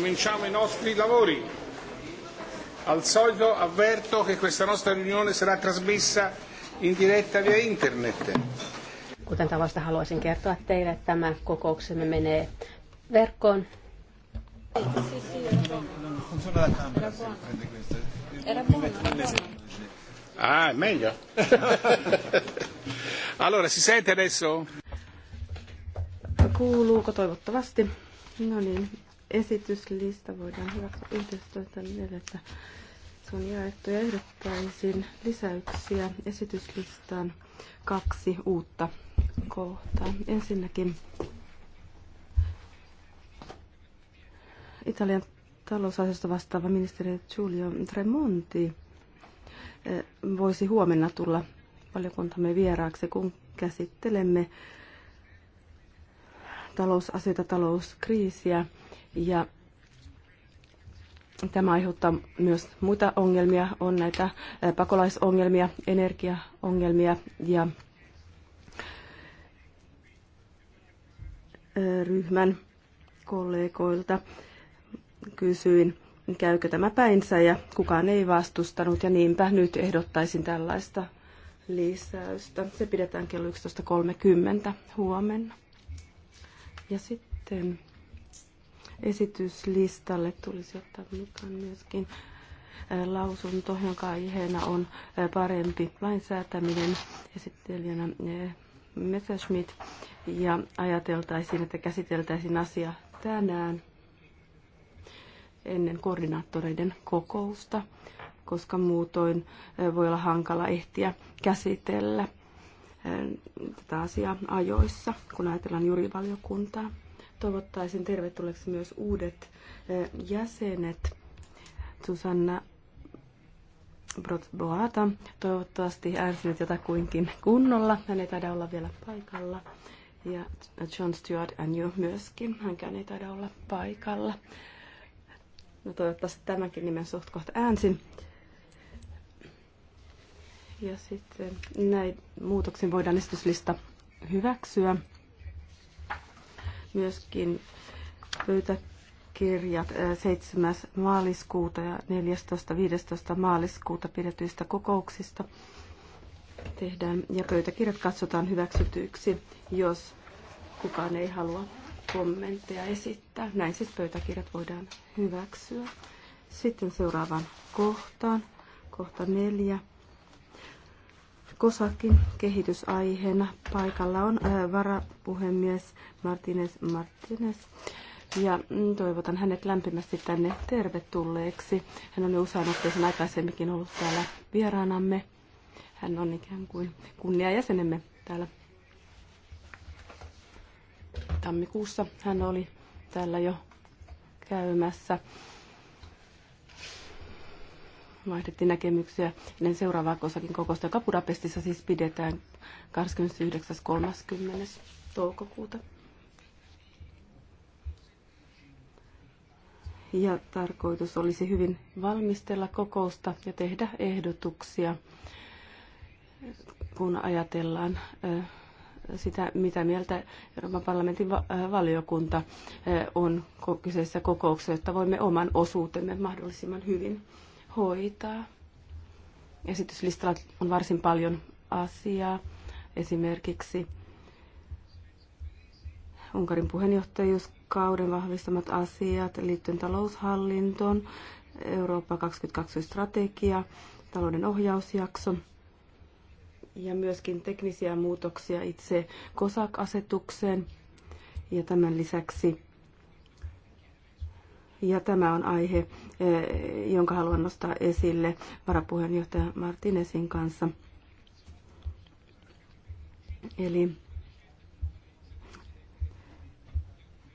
cominciamo i nostri lavori. Al solito avverto che questa nostra riunione sarà trasmessa in diretta via internet. Kuten tavasta haluaisin kertoa teille, että tämä kokouksemme menee verkkoon. Ah, è meglio. allora, si sente adesso? Kuuluuko toivottavasti? No niin, esityslista voidaan hyväksyä että Se on jaettu ja ehdottaisin lisäyksiä esityslistaan kaksi uutta kohtaa. Ensinnäkin Italian talousasioista vastaava ministeri Giulio Tremonti eh, voisi huomenna tulla valiokuntamme vieraaksi, kun käsittelemme talousasioita, talouskriisiä ja tämä aiheuttaa myös muita ongelmia. On näitä pakolaisongelmia, energiaongelmia ja ryhmän kollegoilta kysyin, käykö tämä päinsä ja kukaan ei vastustanut ja niinpä nyt ehdottaisin tällaista lisäystä. Se pidetään kello 11.30 huomenna. Ja sitten esityslistalle tulisi ottaa mukaan myöskin äh, lausunto, jonka aiheena on äh, parempi lainsäätäminen esittelijänä äh, Messerschmitt. ja ajateltaisiin, että käsiteltäisiin asia tänään ennen koordinaattoreiden kokousta, koska muutoin voi olla hankala ehtiä käsitellä tätä asiaa ajoissa, kun ajatellaan jurivaliokuntaa. Toivottaisin tervetulleeksi myös uudet jäsenet. Susanna Brotboata. Toivottavasti äänsinyt jotakuinkin kunnolla. Hän ei taida olla vielä paikalla. Ja John Stuart you myöskin. Hänkään ei taida olla paikalla. No toivottavasti tämänkin nimen suht kohta äänsin. Ja sitten näin muutoksin voidaan esityslista hyväksyä myöskin pöytäkirjat 7. maaliskuuta ja 14.–15. maaliskuuta pidetyistä kokouksista tehdään ja pöytäkirjat katsotaan hyväksytyiksi, jos kukaan ei halua kommentteja esittää. Näin siis pöytäkirjat voidaan hyväksyä. Sitten seuraavaan kohtaan, kohta neljä. Kosakin kehitysaiheena. Paikalla on varapuhemies Martinez Martinez. Ja mm, toivotan hänet lämpimästi tänne tervetulleeksi. Hän on jo usein otteeseen aikaisemminkin ollut täällä vieraanamme. Hän on ikään kuin kunniajäsenemme täällä. Tammikuussa hän oli täällä jo käymässä vaihdettiin näkemyksiä ennen seuraavaa kosakin kokousta, joka Budapestissa siis pidetään 29.30. toukokuuta. Ja tarkoitus olisi hyvin valmistella kokousta ja tehdä ehdotuksia, kun ajatellaan sitä, mitä mieltä Euroopan parlamentin valiokunta on kyseessä kokouksessa, jotta voimme oman osuutemme mahdollisimman hyvin hoitaa. Esityslistalla on varsin paljon asiaa, esimerkiksi Unkarin puheenjohtajuuskauden vahvistamat asiat liittyen taloushallintoon, Eurooppa 2020 strategia, talouden ohjausjakso ja myöskin teknisiä muutoksia itse COSAC-asetukseen. Ja tämän lisäksi ja tämä on aihe, eh, jonka haluan nostaa esille varapuheenjohtaja Martinesin kanssa. Eli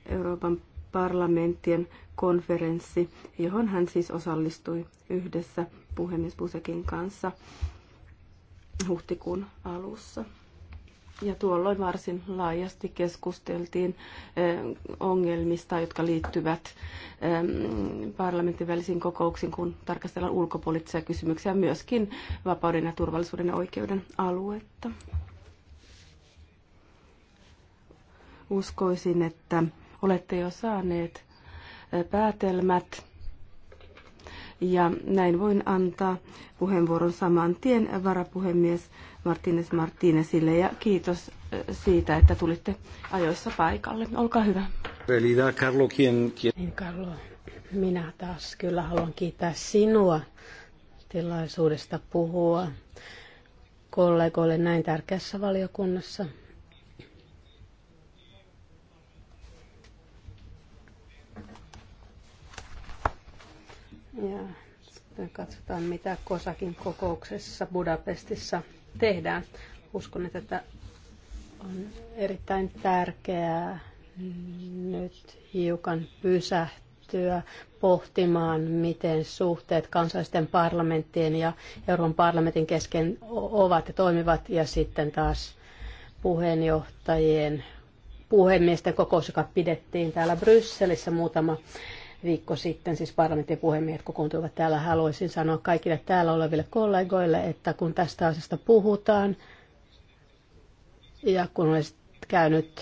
Euroopan parlamenttien konferenssi, johon hän siis osallistui yhdessä puhemies Busekin kanssa huhtikuun alussa. Ja tuolloin varsin laajasti keskusteltiin eh, ongelmista, jotka liittyvät eh, parlamentin välisiin kokouksiin, kun tarkastellaan ulkopoliittisia kysymyksiä, myöskin vapauden ja turvallisuuden ja oikeuden aluetta. Uskoisin, että olette jo saaneet eh, päätelmät ja näin voin antaa puheenvuoron saman tien varapuhemies Martínez Martínezille ja kiitos äh, siitä, että tulitte ajoissa paikalle. Olkaa hyvä. Realidad, Carlo, kien, quien... Niin, Carlo, minä taas kyllä haluan kiittää sinua tilaisuudesta puhua kollegoille näin tärkeässä valiokunnassa. Ja sitten katsotaan, mitä Kosakin kokouksessa Budapestissa tehdään. Uskon, että tämä on erittäin tärkeää nyt hiukan pysähtyä pohtimaan, miten suhteet kansallisten parlamenttien ja Euroopan parlamentin kesken ovat ja toimivat, ja sitten taas puheenjohtajien puhemiesten kokous, joka pidettiin täällä Brysselissä muutama viikko sitten, siis parlamentin puhemiehet kokoontuivat täällä. Haluaisin sanoa kaikille täällä oleville kollegoille, että kun tästä asiasta puhutaan ja kun olisit käynyt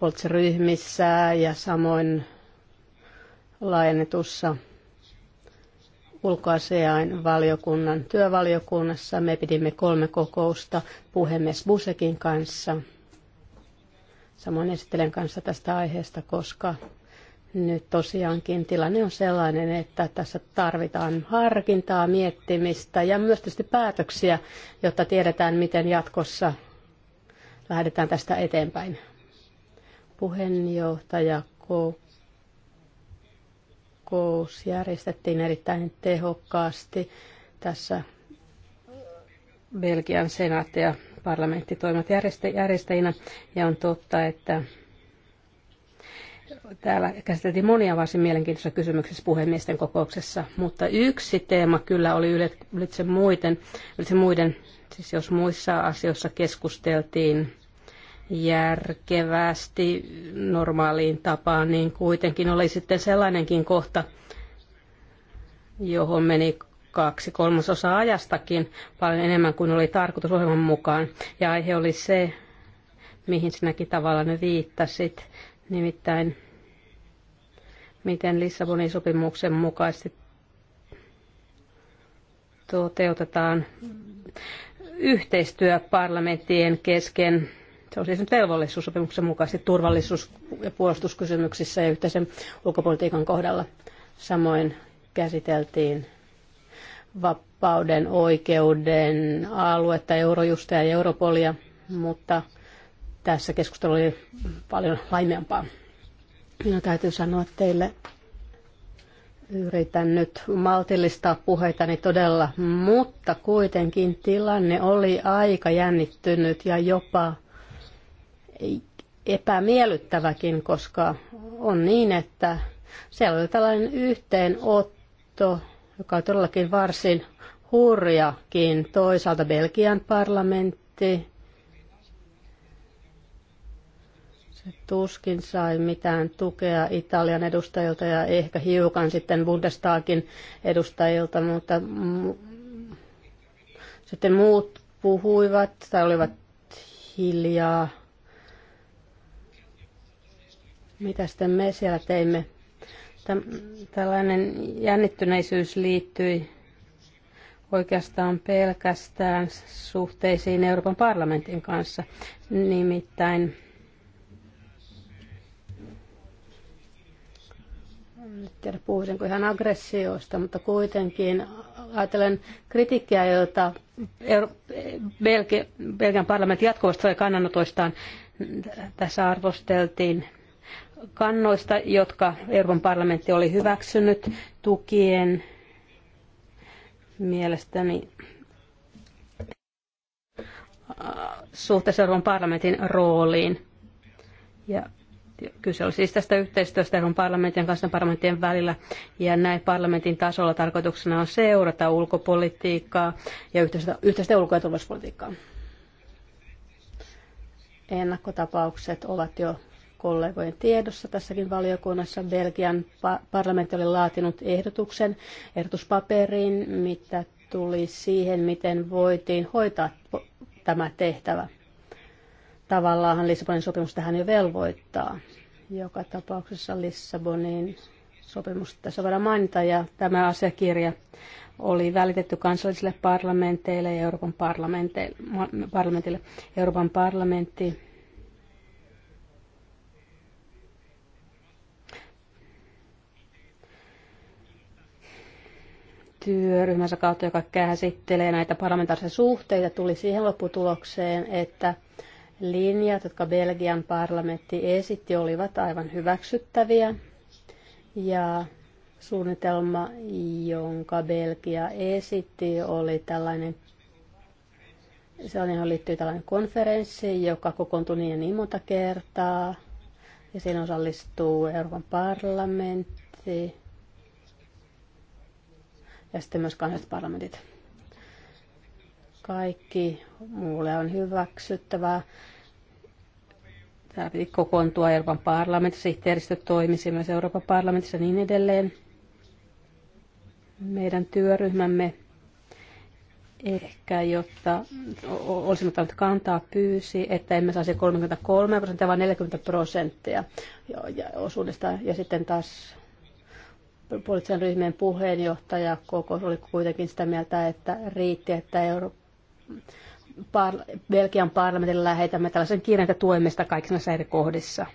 poltsiryhmissä ja samoin laajennetussa ulkoasiain valiokunnan työvaliokunnassa. Me pidimme kolme kokousta puhemies Busekin kanssa, samoin esittelen kanssa tästä aiheesta, koska nyt tosiaankin tilanne on sellainen, että tässä tarvitaan harkintaa, miettimistä ja myös tietysti päätöksiä, jotta tiedetään, miten jatkossa lähdetään tästä eteenpäin. Puheenjohtaja kokous järjestettiin erittäin tehokkaasti. Tässä Belgian senaatti ja parlamentti toimivat järjestäjinä ja on totta, että Täällä käsiteltiin monia varsin mielenkiintoisia kysymyksiä puhemiesten kokouksessa, mutta yksi teema kyllä oli ylitse muiden, ylitse muiden siis jos muissa asioissa keskusteltiin järkevästi normaaliin tapaan, niin kuitenkin oli sitten sellainenkin kohta, johon meni kaksi kolmasosa ajastakin paljon enemmän kuin oli tarkoitus ohjelman mukaan. Ja aihe oli se, mihin sinäkin tavalla ne viittasit, Nimittäin, miten Lissabonin sopimuksen mukaisesti toteutetaan yhteistyö parlamenttien kesken. Se on siis nyt velvollisuus sopimuksen mukaisesti turvallisuus- ja puolustuskysymyksissä ja yhteisen ulkopolitiikan kohdalla. Samoin käsiteltiin vapauden, oikeuden aluetta, Eurojusta ja Europolia, mutta – tässä keskustelu oli paljon laimeampaa. Minun täytyy sanoa teille, yritän nyt maltillistaa puheitani todella, mutta kuitenkin tilanne oli aika jännittynyt ja jopa epämiellyttäväkin, koska on niin, että siellä oli tällainen yhteenotto, joka on todellakin varsin hurjakin. Toisaalta Belgian parlamentti tuskin sai mitään tukea Italian edustajilta ja ehkä hiukan sitten Bundestagin edustajilta, mutta sitten muut puhuivat tai olivat hiljaa. Mitä sitten me siellä teimme? Tällainen jännittyneisyys liittyi oikeastaan pelkästään suhteisiin Euroopan parlamentin kanssa. Nimittäin en tiedä puhuisinko ihan aggressioista, mutta kuitenkin ajatellen kritiikkiä, jota Belgian parlamentti jatkuvasti sai kannanotoistaan. Tässä arvosteltiin kannoista, jotka Euroopan parlamentti oli hyväksynyt tukien mielestäni suhteessa Euroopan parlamentin rooliin. Ja Kyse on siis tästä yhteistyöstä Euroopan parlamentin ja kansanparlamenttien välillä, ja näin parlamentin tasolla tarkoituksena on seurata ulkopolitiikkaa ja yhteistä, yhteistä ulko- ja turvallisuuspolitiikkaa. Ennakkotapaukset ovat jo kollegojen tiedossa tässäkin valiokunnassa. Belgian parlamentti oli laatinut ehdotuksen, ehdotuspaperin, mitä tuli siihen, miten voitiin hoitaa tämä tehtävä. Tavallaan Lissabonin sopimus tähän jo velvoittaa. Joka tapauksessa Lissabonin sopimus tässä voidaan mainita ja tämä asiakirja oli välitetty kansallisille parlamenteille ja Euroopan parlamentille. Euroopan parlamentti työryhmänsä kautta, joka käsittelee näitä parlamentaarisia suhteita, tuli siihen lopputulokseen, että linjat, jotka Belgian parlamentti esitti, olivat aivan hyväksyttäviä. Ja suunnitelma, jonka Belgia esitti, oli tällainen sellainen liittyy tällainen konferenssi, joka kokoontui niin ja niin monta kertaa. Ja siinä osallistuu Euroopan parlamentti ja sitten myös kansalliset parlamentit. Kaikki muulle on hyväksyttävää. Täällä piti kokoontua Euroopan parlamentissa, sihteeristö toimisi myös Euroopan parlamentissa ja niin edelleen. Meidän työryhmämme ehkä, jotta olisin ottanut kantaa, pyysi, että emme saisi 33 prosenttia, vaan 40 prosenttia osuudesta. Ja sitten taas poliittisen ryhmien puheenjohtaja kokous oli kuitenkin sitä mieltä, että riitti, että Euroopan par- Belgian parlamentille lähetämme tällaisen kirjan, että tuemme sitä kaikissa näissä eri kohdissa.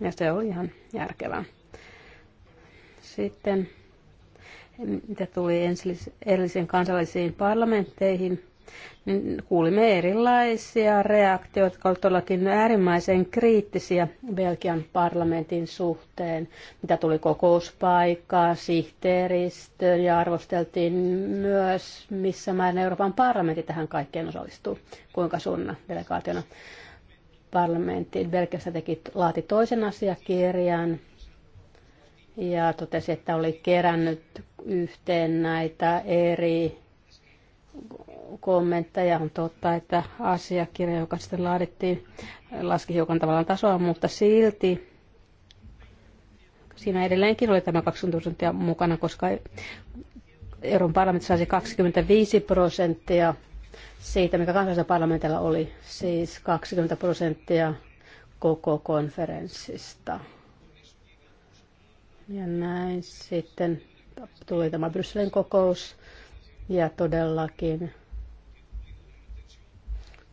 Ja se oli ihan järkevää. Sitten mitä tuli erillisiin kansallisiin parlamentteihin, niin kuulimme erilaisia reaktioita, jotka olivat todellakin äärimmäisen kriittisiä Belgian parlamentin suhteen, mitä tuli kokouspaikkaa, sihteeristö ja arvosteltiin myös, missä määrin Euroopan parlamentti tähän kaikkeen osallistuu, kuinka suurena delegaationa parlamentti Belgiassa teki, laati toisen asiakirjan, ja totesi, että oli kerännyt yhteen näitä eri kommentteja. On totta, että asiakirja, joka sitten laadittiin, laski hiukan tavallaan tasoa, mutta silti siinä edelleenkin oli tämä 20 prosenttia mukana, koska Euroopan parlamentti saisi 25 prosenttia siitä, mikä kansallisella parlamentilla oli, siis 20 prosenttia koko konferenssista. Ja näin sitten tuli tämä Brysselin kokous ja todellakin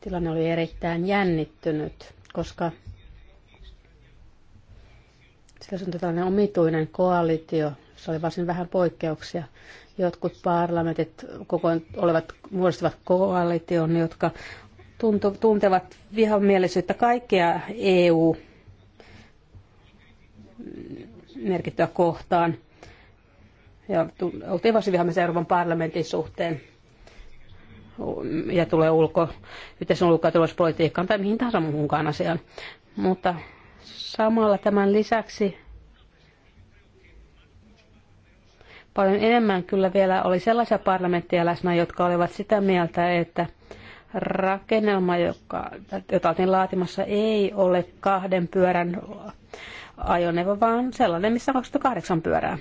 tilanne oli erittäin jännittynyt, koska sillä on tällainen omituinen koalitio, se oli varsin vähän poikkeuksia. Jotkut parlamentit kokoin olevat, muodostivat koalition, jotka tuntu, tuntevat vihamielisyyttä kaikkea EU merkittyä kohtaan – ja oltiin varsin vihamisen Euroopan parlamentin suhteen ja tulee ulko, yhteisön ulko- ja turvallisuuspolitiikkaan tai mihin tahansa muuhunkaan asiaan. Mutta samalla tämän lisäksi paljon enemmän kyllä vielä oli sellaisia parlamentteja läsnä, jotka olivat sitä mieltä, että rakennelma, joka, jota oltiin laatimassa, ei ole kahden pyörän ajoneuvo, vaan sellainen, missä on 28 pyörää.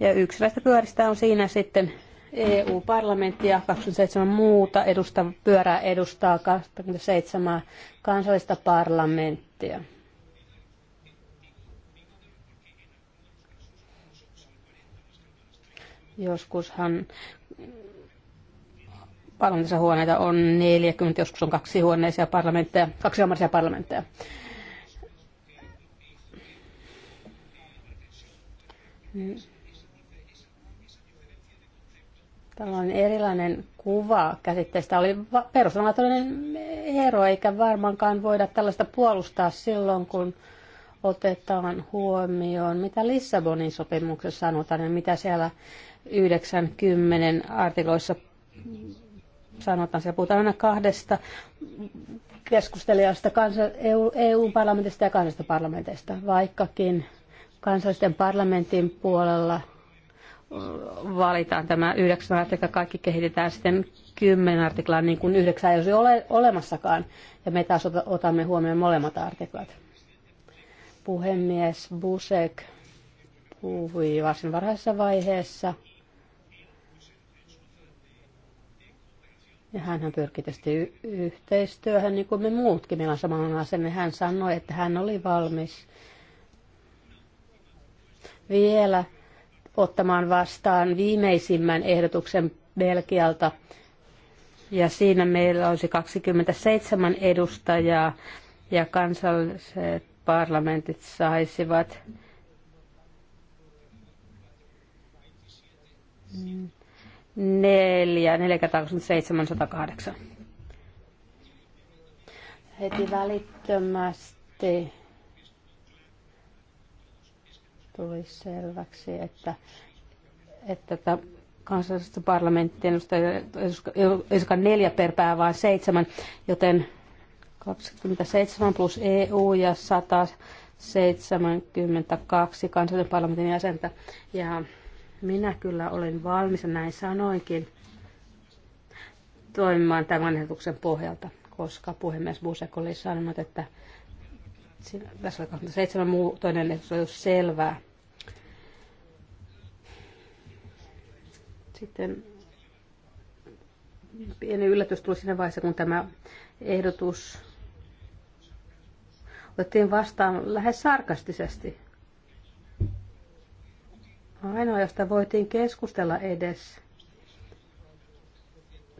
Ja yksi näistä pyöristä on siinä sitten EU-parlamentti ja 27 muuta edusta, pyörää edustaa 27 kansallista parlamenttia. Joskushan parlamentissa huoneita on 40, joskus on kaksi huoneisia parlamentteja, kaksi kammarisia parlamentteja. Mm tällainen erilainen kuva käsitteestä oli perustavanlaatuinen ero, eikä varmaankaan voida tällaista puolustaa silloin, kun otetaan huomioon, mitä Lissabonin sopimuksessa sanotaan ja mitä siellä 90 artikloissa sanotaan. Siellä puhutaan aina kahdesta keskustelijasta EU-parlamentista ja kansallisesta parlamentista, vaikkakin kansallisten parlamentin puolella – valitaan tämä yhdeksän artikla, kaikki kehitetään sitten kymmenen artiklaa, niin kuin yhdeksän ei olisi ole olemassakaan. Ja me taas otamme huomioon molemmat artiklat. Puhemies Busek puhui varsin varhaisessa vaiheessa. Ja hän pyrki tietysti yhteistyöhön, niin kuin me muutkin. Meillä on samanlainen asenne. Hän sanoi, että hän oli valmis vielä ottamaan vastaan viimeisimmän ehdotuksen Belgialta. Ja siinä meillä olisi 27 edustajaa ja kansalliset parlamentit saisivat neljä, neljä Heti välittömästi tuli selväksi, että, että kansallisten parlamenttien edustajia ei neljä per pää, vaan seitsemän, joten 27 plus EU ja 172 kansallisen parlamentin jäsentä. Ja minä kyllä olen valmis, ja näin sanoinkin, toimimaan tämän ehdotuksen pohjalta, koska puhemies Busek oli sanonut, että tässä oli 27 muu toinen ehdotus oli selvää. Sitten pieni yllätys tuli siinä vaiheessa, kun tämä ehdotus otettiin vastaan lähes sarkastisesti. Ainoa, josta voitiin keskustella edes.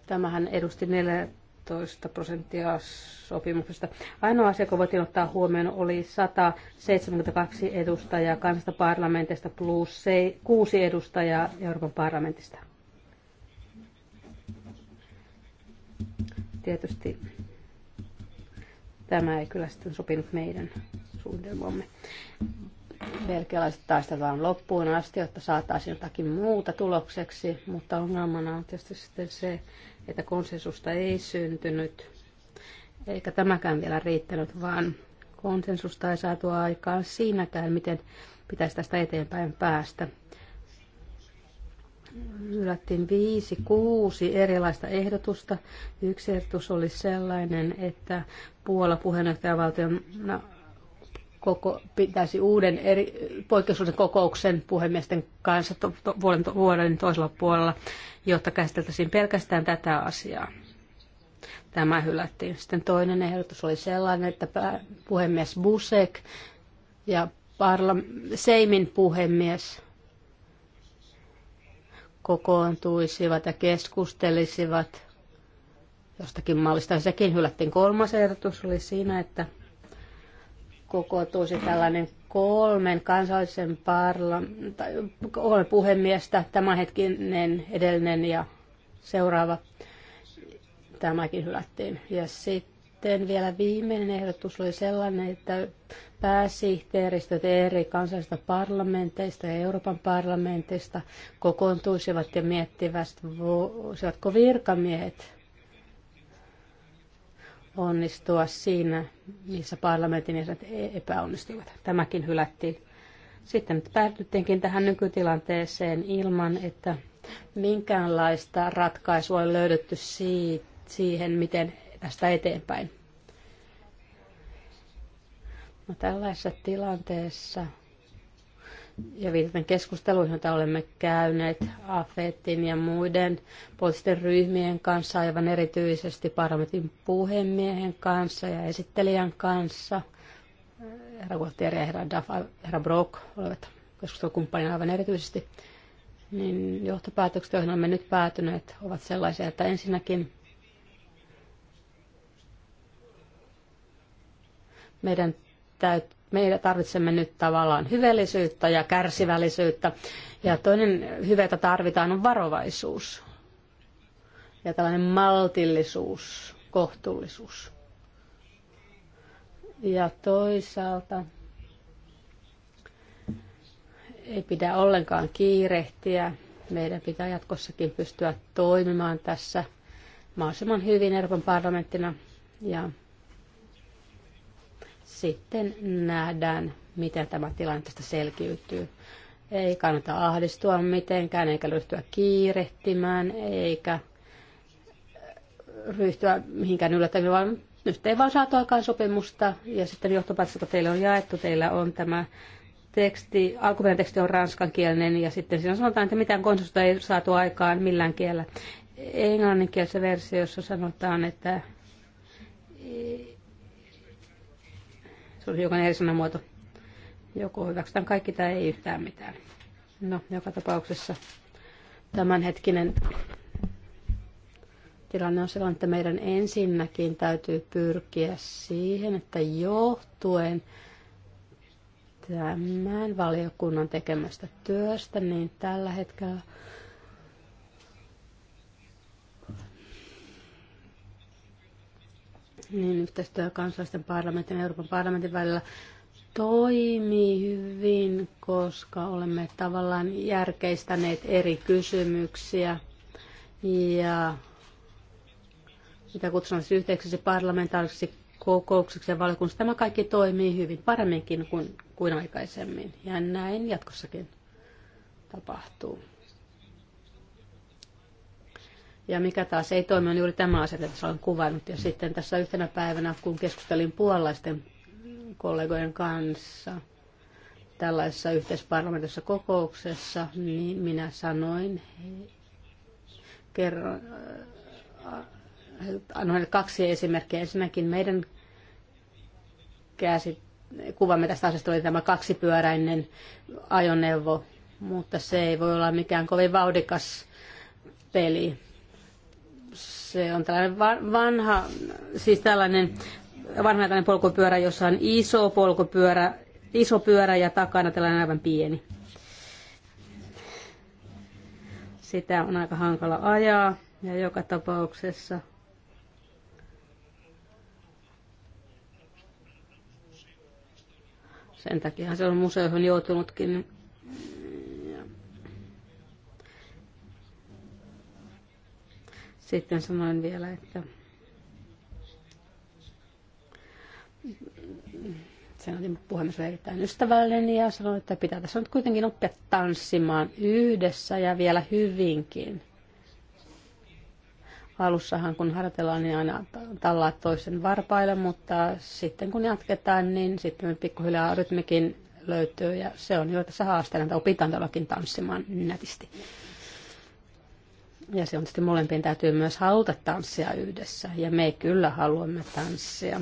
Tämähän edusti 14 prosenttia sopimuksesta. Ainoa asia, kun voitiin ottaa huomioon, oli 172 edustajaa kansasta parlamentista plus 6 edustajaa Euroopan parlamentista. Tietysti tämä ei kyllä sitten sopinut meidän suunnitelmamme. Belgialaiset taistellaan loppuun asti, jotta saataisiin jotakin muuta tulokseksi, mutta ongelmana on tietysti sitten se, että konsensusta ei syntynyt, eikä tämäkään vielä riittänyt, vaan konsensusta ei saatu aikaan siinäkään, miten pitäisi tästä eteenpäin päästä. Yllättiin viisi, kuusi erilaista ehdotusta. Yksi ehdotus oli sellainen, että Puola puheenjohtajavaltion koko, pitäisi uuden eri, poikkeusuuden kokouksen puhemiesten kanssa to, to, vuoden, vuoden toisella puolella, jotta käsiteltäisiin pelkästään tätä asiaa. Tämä hylättiin. Sitten toinen ehdotus oli sellainen, että puhemies Busek ja parla, Seimin puhemies kokoontuisivat ja keskustelisivat jostakin mallista. Sekin hylättiin. Kolmas ehdotus oli siinä, että kokoontuisi tällainen kolmen kansallisen parla- tai kolme puhemiestä, tämänhetkinen, edellinen ja seuraava. Tämäkin hylättiin. Ja sitten sitten vielä viimeinen ehdotus oli sellainen, että pääsihteeristöt eri kansallisista parlamenteista ja Euroopan parlamentista kokoontuisivat ja miettivät, voisivatko virkamiehet onnistua siinä, missä parlamentin jäsenet e- epäonnistuivat. Tämäkin hylättiin. Sitten päädyttiinkin tähän nykytilanteeseen ilman, että minkäänlaista ratkaisua on löydetty siitä, siihen, miten tästä eteenpäin. No, tällaisessa tilanteessa ja viitaten keskusteluihin, joita olemme käyneet AFETin ja muiden poliittisten ryhmien kanssa, aivan erityisesti parlamentin puhemiehen kanssa ja esittelijän kanssa. Herra Gualtieri ja herra, Duff, herra Brock olivat keskustelukumppanina aivan erityisesti. Niin johtopäätökset, joihin olemme nyt päätyneet, ovat sellaisia, että ensinnäkin Meidän täyt, me tarvitsemme nyt tavallaan hyvällisyyttä ja kärsivällisyyttä. Ja toinen hyvä, jota tarvitaan, on varovaisuus ja tällainen maltillisuus, kohtuullisuus. Ja toisaalta ei pidä ollenkaan kiirehtiä. Meidän pitää jatkossakin pystyä toimimaan tässä mahdollisimman hyvin Euroopan parlamenttina ja sitten nähdään, miten tämä tilanne tästä selkiytyy. Ei kannata ahdistua mitenkään, eikä ryhtyä kiirehtimään, eikä ryhtyä mihinkään yllättäviin, vaan nyt ei vaan saatu aikaan sopimusta. Ja sitten johtopäätös, kun teille on jaettu, teillä on tämä teksti, alkuperäinen teksti on ranskankielinen ja sitten siinä sanotaan, että mitään konsulta ei saatu aikaan millään kielellä. Englanninkielisessä versiossa sanotaan, että se oli hiukan eri sanamuoto. Joko hyväksytään kaikki tai ei yhtään mitään. No, joka tapauksessa tämänhetkinen tilanne on sellainen, että meidän ensinnäkin täytyy pyrkiä siihen, että johtuen tämän valiokunnan tekemästä työstä, niin tällä hetkellä niin yhteistyö kansallisten parlamentin ja Euroopan parlamentin välillä toimii hyvin, koska olemme tavallaan järkeistäneet eri kysymyksiä ja mitä kutsutaan siis yhteiseksi parlamentaariseksi kokoukseksi ja valiokunnassa. Tämä kaikki toimii hyvin paremminkin kuin, kuin aikaisemmin ja näin jatkossakin tapahtuu. Ja mikä taas ei toimi, on juuri tämä asia, jota olen kuvannut. Ja sitten tässä yhtenä päivänä, kun keskustelin puolalaisten kollegojen kanssa tällaisessa yhteisparlamentissa kokouksessa, niin minä sanoin, kerron, äh, annoin kaksi esimerkkiä. Ensinnäkin meidän käsit, kuvamme tästä asiasta oli tämä kaksipyöräinen ajoneuvo, mutta se ei voi olla mikään kovin vauhdikas peli. Se on tällainen vanha, siis tällainen vanha tällainen polkupyörä, jossa on iso polkupyörä, iso pyörä ja takana tällainen aivan pieni. Sitä on aika hankala ajaa ja joka tapauksessa sen takia se on museoihin joutunutkin Sitten sanoin vielä, että on puhemies erittäin ystävällinen ja sanoin, että pitää tässä nyt kuitenkin oppia tanssimaan yhdessä ja vielä hyvinkin. Alussahan kun harjoitellaan, niin aina tallaa toisen varpaille, mutta sitten kun jatketaan, niin sitten pikkuhiljaa rytmikin löytyy ja se on jo tässä haasteena, että opitaan todellakin tanssimaan nätisti. Ja se on sitten molempien täytyy myös haluta tanssia yhdessä. Ja me kyllä haluamme tanssia.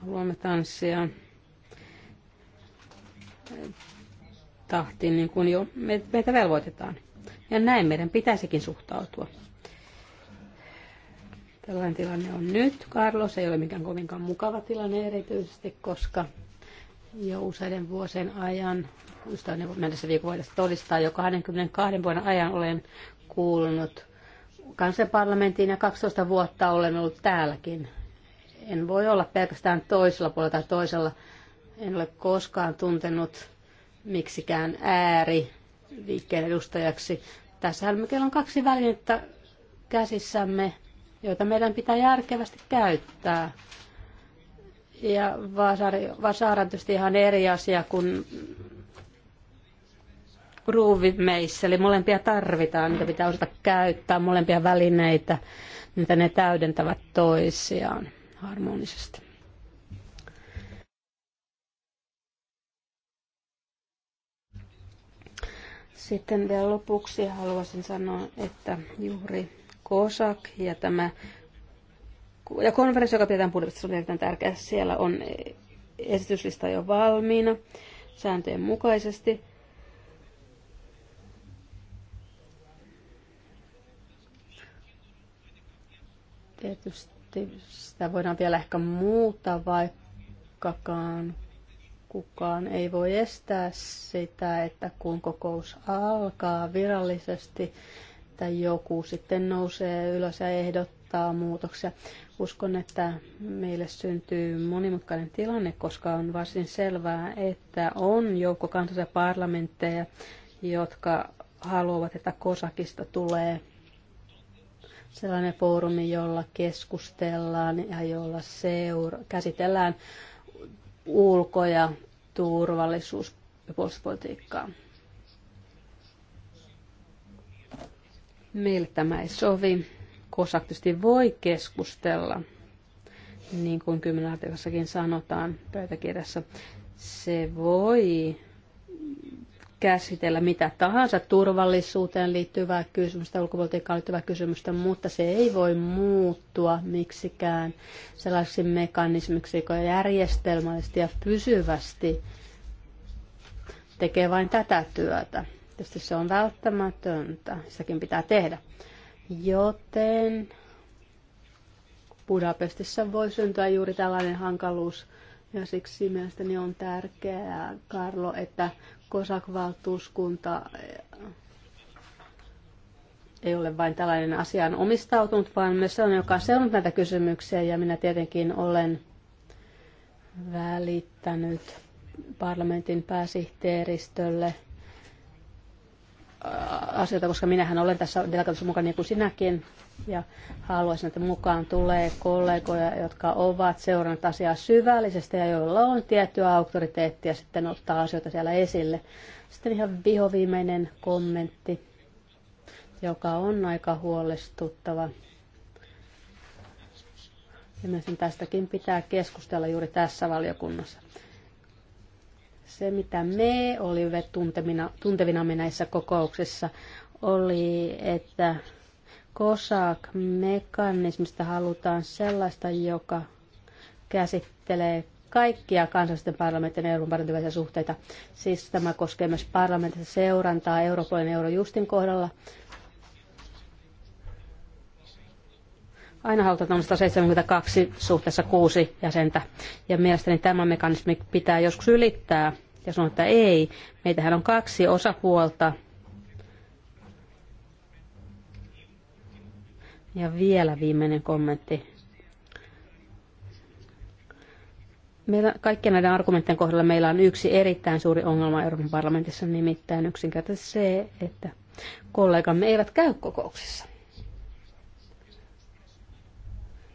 Haluamme tanssia tahtiin, niin kuin jo meitä velvoitetaan. Ja näin meidän pitäisikin suhtautua. Tällainen tilanne on nyt. Carlos ei ole mikään kovinkaan mukava tilanne erityisesti, koska jo useiden vuosien ajan, ystäväni mennessä viikon voidaan todistaa, jo 22 vuoden ajan olen kuulunut kansanparlamenttiin ja 12 vuotta olen ollut täälläkin. En voi olla pelkästään toisella puolella tai toisella. En ole koskaan tuntenut miksikään ääri liikkeen edustajaksi. Tässähän meillä on kaksi välinettä käsissämme, joita meidän pitää järkevästi käyttää ja Vasara on tietysti ihan eri asia kuin eli Molempia tarvitaan, niitä pitää osata käyttää, molempia välineitä, mitä ne täydentävät toisiaan harmonisesti. Sitten vielä lopuksi haluaisin sanoa, että juuri Kosak ja tämä ja konferenssi, joka pidetään budjetissa, on erittäin tärkeä. Siellä on esityslista jo valmiina sääntöjen mukaisesti. Tietysti sitä voidaan vielä ehkä muuttaa, vaikkakaan kukaan ei voi estää sitä, että kun kokous alkaa virallisesti, että joku sitten nousee ylös ja ehdottaa, aiheuttaa muutoksia. Uskon, että meille syntyy monimutkainen tilanne, koska on varsin selvää, että on joukko kansallisia parlamentteja, jotka haluavat, että Kosakista tulee sellainen foorumi, jolla keskustellaan ja jolla seura- käsitellään ulko- ja turvallisuus- ja puolustuspolitiikkaa. Meille tämä ei sovi rikosaktisti voi keskustella, niin kuin kymmenen sanotaan pöytäkirjassa. Se voi käsitellä mitä tahansa turvallisuuteen liittyvää kysymystä, ulkopolitiikkaan liittyvää kysymystä, mutta se ei voi muuttua miksikään sellaiseksi mekanismiksi, joka järjestelmällisesti ja pysyvästi tekee vain tätä työtä. Tietysti se on välttämätöntä, sitäkin pitää tehdä. Joten Budapestissa voi syntyä juuri tällainen hankaluus. Ja siksi mielestäni on tärkeää, Karlo, että Kosak-valtuuskunta eh, ei ole vain tällainen asiaan omistautunut, vaan myös sellainen, joka on seurannut näitä kysymyksiä. Ja minä tietenkin olen välittänyt parlamentin pääsihteeristölle – asioita, koska minähän olen tässä delegaatiossa mukana niin kuin sinäkin. Ja haluaisin, että mukaan tulee kollegoja, jotka ovat seuranneet asiaa syvällisesti ja joilla on tiettyä auktoriteettia sitten ottaa asioita siellä esille. Sitten ihan vihoviimeinen kommentti, joka on aika huolestuttava. Ja tästäkin pitää keskustella juuri tässä valiokunnassa. Se, mitä me olimme tuntevina, tuntevinamme näissä kokouksissa, oli, että COSAC-mekanismista halutaan sellaista, joka käsittelee kaikkia kansallisten parlamentin ja Euroopan välisiä suhteita. Siis tämä koskee myös parlamentin seurantaa Euroopan ja Eurojustin kohdalla. Aina halutaan tuommoista 72 suhteessa kuusi jäsentä. Ja mielestäni tämä mekanismi pitää joskus ylittää ja sanoa, että ei. Meitähän on kaksi osapuolta. Ja vielä viimeinen kommentti. Meillä, kaikkien näiden argumenttien kohdalla meillä on yksi erittäin suuri ongelma Euroopan parlamentissa, nimittäin yksinkertaisesti se, että kollegamme eivät käy kokouksissa.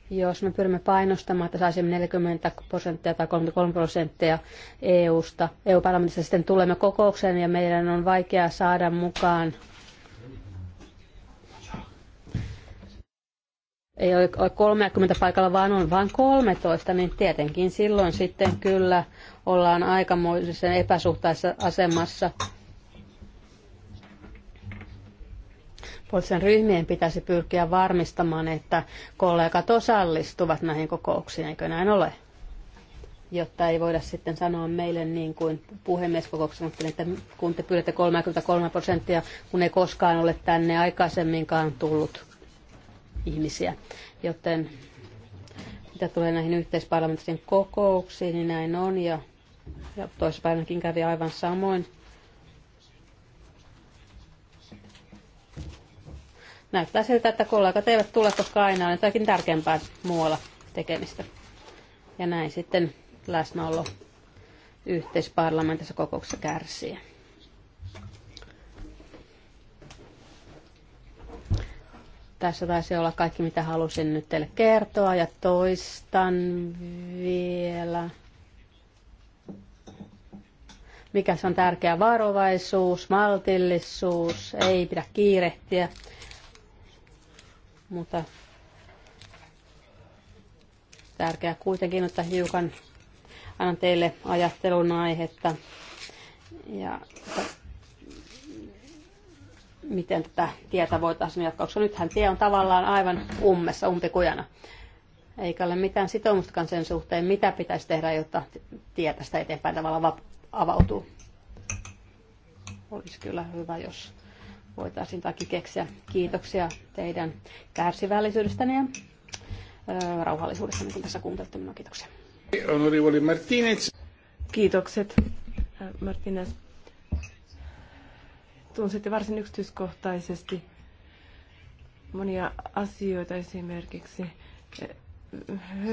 Jos me pyrimme painostamaan, että saisimme 40 prosenttia tai 33 prosenttia EU-sta, eu parlamentista sitten tulemme kokoukseen ja meidän on vaikea saada mukaan ei ole 30 paikalla, vaan on vain 13, niin tietenkin silloin sitten kyllä ollaan aikamoisessa epäsuhtaisessa asemassa. poliittisen ryhmien pitäisi pyrkiä varmistamaan, että kollegat osallistuvat näihin kokouksiin, eikö näin ole? jotta ei voida sitten sanoa meille niin kuin puhemieskokouksessa, mutta että kun te pyydätte 33 prosenttia, kun ei koskaan ole tänne aikaisemminkaan tullut ihmisiä. Joten mitä tulee näihin yhteisparlamentaarisiin kokouksiin, niin näin on ja, ja toispäivänäkin kävi aivan samoin. näyttää siltä, että kollegat eivät tule, koska aina on jotakin tärkeämpää muualla tekemistä. Ja näin sitten läsnäolo yhteisparlamentissa kokouksessa kärsii. Tässä taisi olla kaikki, mitä halusin nyt teille kertoa ja toistan vielä. Mikä se on tärkeä varovaisuus, maltillisuus, ei pidä kiirehtiä mutta tärkeää kuitenkin, että hiukan annan teille ajattelun aihetta ja miten tätä tietä voitaisiin jatkaa, koska nythän tie on tavallaan aivan ummessa, umpikujana. Eikä ole mitään sitoumustakaan sen suhteen, mitä pitäisi tehdä, jotta tietä sitä eteenpäin tavallaan avautuu. Olisi kyllä hyvä, jos voitaisiin takia keksiä. Kiitoksia teidän kärsivällisyydestänne ja rauhallisuudestani, kun tässä kuuntelitte minua. Kiitoksia. Honorevoli Martinez. Kiitokset, Martinez. Tunsitte varsin yksityiskohtaisesti monia asioita esimerkiksi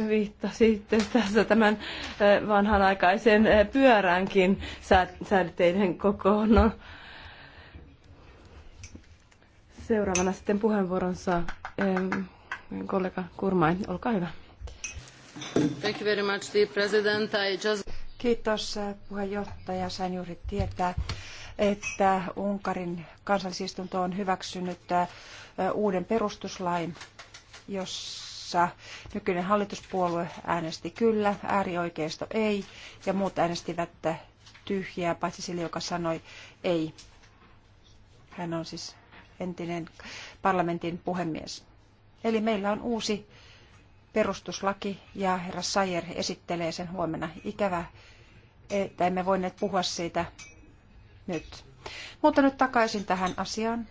viittasitte tässä tämän vanhanaikaisen pyöränkin säädetteiden kokoon. No, Seuraavana sitten puheenvuoronsa kollega Kurmain. Olkaa hyvä. Thank you very much, dear president. I just... Kiitos äh, puheenjohtaja. Sain juuri tietää, että Unkarin kansallisistunto on hyväksynyt äh, uuden perustuslain, jossa nykyinen hallituspuolue äänesti kyllä, äärioikeisto ei ja muut äänestivät äh, tyhjää, paitsi sille, joka sanoi ei. Hän on siis entinen parlamentin puhemies. Eli meillä on uusi perustuslaki ja herra Sayer esittelee sen huomenna. Ikävä, että emme voineet puhua siitä nyt. Mutta nyt takaisin tähän asiaan.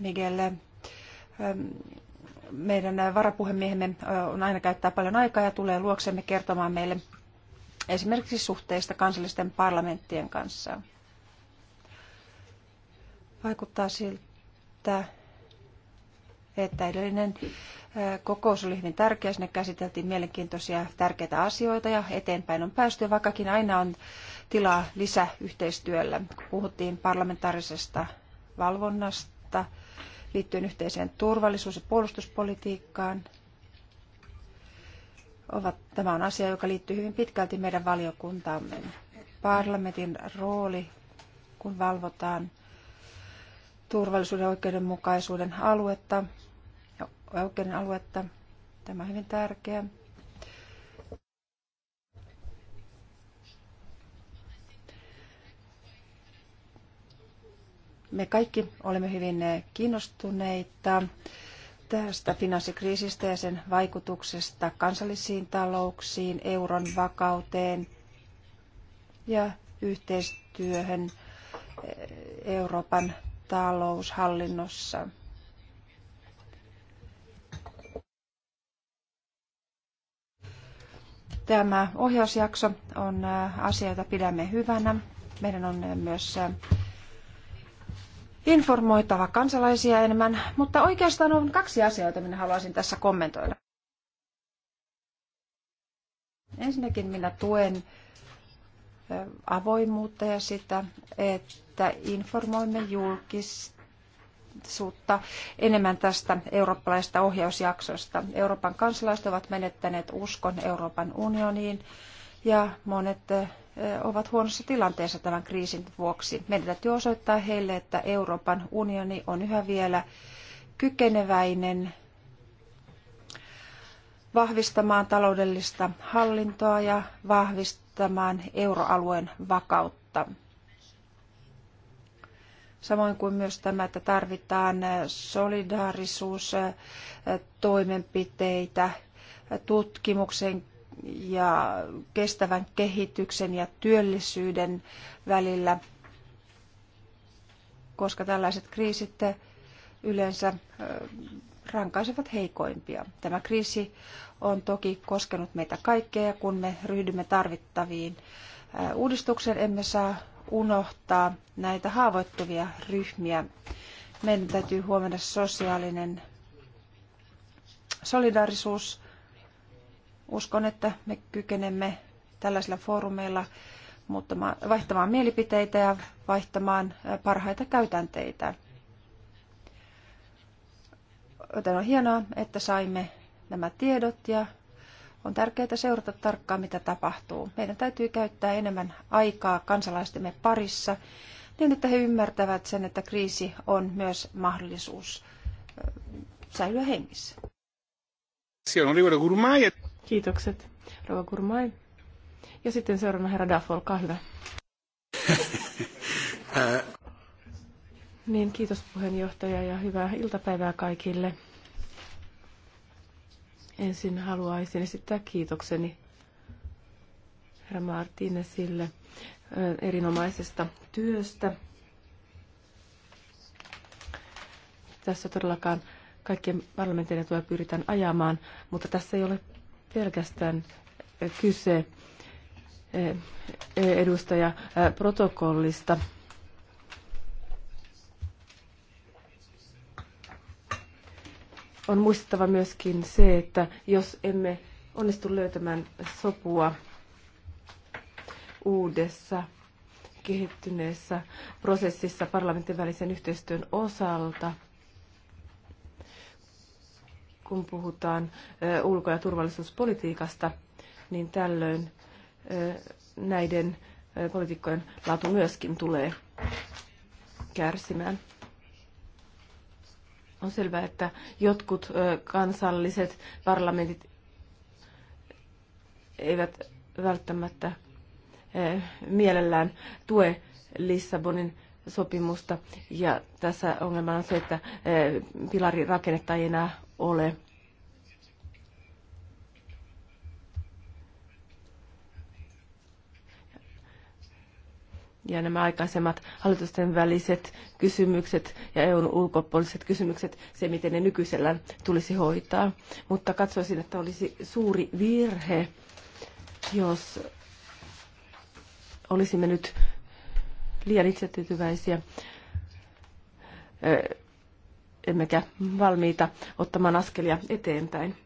Miguel, ähm, meidän varapuhemiehemme äh, on aina käyttää paljon aikaa ja tulee luoksemme kertomaan meille esimerkiksi suhteista kansallisten parlamenttien kanssa. Vaikuttaa siltä, että edellinen kokous oli hyvin tärkeä. Sinne käsiteltiin mielenkiintoisia tärkeitä asioita ja eteenpäin on päästy, vaikkakin aina on tilaa lisäyhteistyöllä. Puhuttiin parlamentaarisesta valvonnasta liittyen yhteiseen turvallisuus- ja puolustuspolitiikkaan, ovat, tämä on asia, joka liittyy hyvin pitkälti meidän valiokuntaamme. Parlamentin rooli, kun valvotaan turvallisuuden oikeudenmukaisuuden aluetta, oikeuden aluetta, tämä on hyvin tärkeä. Me kaikki olemme hyvin kiinnostuneita tästä finanssikriisistä ja sen vaikutuksesta kansallisiin talouksiin, euron vakauteen ja yhteistyöhön eh, Euroopan taloushallinnossa. Tämä ohjausjakso on eh, asia, jota pidämme hyvänä. Meidän on eh, myös informoitava kansalaisia enemmän, mutta oikeastaan on kaksi asiaa, joita minä haluaisin tässä kommentoida. Ensinnäkin minä tuen avoimuutta ja sitä, että informoimme julkisuutta enemmän tästä eurooppalaista ohjausjaksosta. Euroopan kansalaiset ovat menettäneet uskon Euroopan unioniin ja monet ovat huonossa tilanteessa tämän kriisin vuoksi. Meidän täytyy osoittaa heille, että Euroopan unioni on yhä vielä kykeneväinen vahvistamaan taloudellista hallintoa ja vahvistamaan euroalueen vakautta. Samoin kuin myös tämä, että tarvitaan solidaarisuustoimenpiteitä, tutkimuksen ja kestävän kehityksen ja työllisyyden välillä, koska tällaiset kriisit eh, yleensä eh, rankaisevat heikoimpia. Tämä kriisi on toki koskenut meitä kaikkea, ja kun me ryhdymme tarvittaviin eh, uudistuksen emme saa unohtaa näitä haavoittuvia ryhmiä. Meidän täytyy huomioida sosiaalinen solidaarisuus Uskon, että me kykenemme tällaisilla foorumeilla vaihtamaan mielipiteitä ja vaihtamaan parhaita käytänteitä. Joten on hienoa, että saimme nämä tiedot ja on tärkeää seurata tarkkaan, mitä tapahtuu. Meidän täytyy käyttää enemmän aikaa kansalaistemme parissa niin, että he ymmärtävät sen, että kriisi on myös mahdollisuus säilyä hengissä. Kiitokset, Rova Gurmai. Ja sitten seuraavana herra Daff, olkaa hyvä. Äh. niin, kiitos puheenjohtaja ja hyvää iltapäivää kaikille. Ensin haluaisin esittää kiitokseni herra Martinesille äh, erinomaisesta työstä. Tässä todellakaan kaikkien parlamenttien tuen pyritään ajamaan, mutta tässä ei ole pelkästään eh, kyse eh, eh, edustaja protokollista. On muistettava myöskin se, että jos emme onnistu löytämään sopua uudessa kehittyneessä prosessissa parlamentin välisen yhteistyön osalta – kun puhutaan ulko- ja turvallisuuspolitiikasta, niin tällöin näiden poliitikkojen laatu myöskin tulee kärsimään. On selvää, että jotkut kansalliset parlamentit eivät välttämättä mielellään tue Lissabonin sopimusta. Ja tässä ongelmana on se, että pilarirakennetta ei enää ole. Ja nämä aikaisemmat hallitusten väliset kysymykset ja EUn ulkopuoliset kysymykset, se miten ne nykyisellään tulisi hoitaa. Mutta katsoisin, että olisi suuri virhe, jos olisimme nyt liian itsetyytyväisiä emmekä valmiita ottamaan askelia eteenpäin.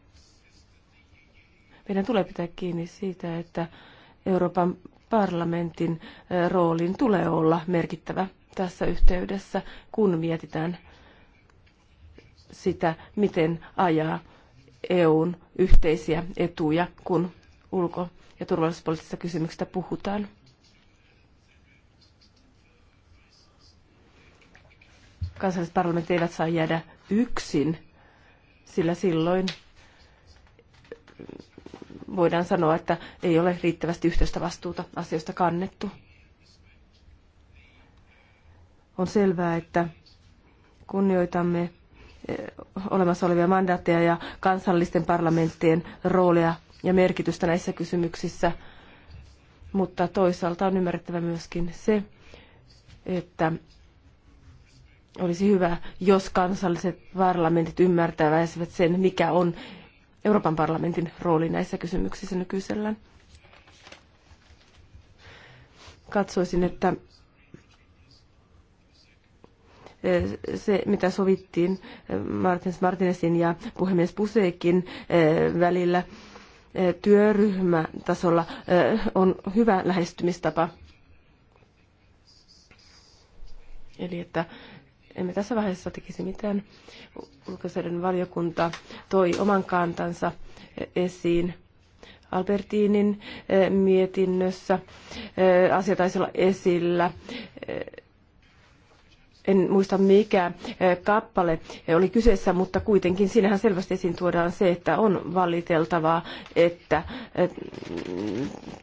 Meidän tulee pitää kiinni siitä, että Euroopan parlamentin roolin tulee olla merkittävä tässä yhteydessä, kun mietitään sitä, miten ajaa EUn yhteisiä etuja, kun ulko- ja turvallisuuspoliittisista kysymyksistä puhutaan. kansalliset parlamentit eivät saa jäädä yksin, sillä silloin voidaan sanoa, että ei ole riittävästi yhteistä vastuuta asioista kannettu. On selvää, että kunnioitamme eh, olemassa olevia mandaatteja ja kansallisten parlamenttien roolia ja merkitystä näissä kysymyksissä, mutta toisaalta on ymmärrettävä myöskin se, että olisi hyvä, jos kansalliset parlamentit ymmärtäväisivät sen, mikä on Euroopan parlamentin rooli näissä kysymyksissä nykyisellään. Katsoisin, että e, se, mitä sovittiin e, Martins Martinesin ja puhemies Puseekin e, välillä työryhmätasolla, on hyvä lähestymistapa. Eli että emme tässä vaiheessa tekisi mitään. Ulkoasioiden valiokunta toi oman kantansa esiin Albertinin eh, mietinnössä. Eh, asia taisi olla esillä. Eh, en muista mikä kappale oli kyseessä, mutta kuitenkin siinähän selvästi esiin tuodaan se, että on valiteltavaa, että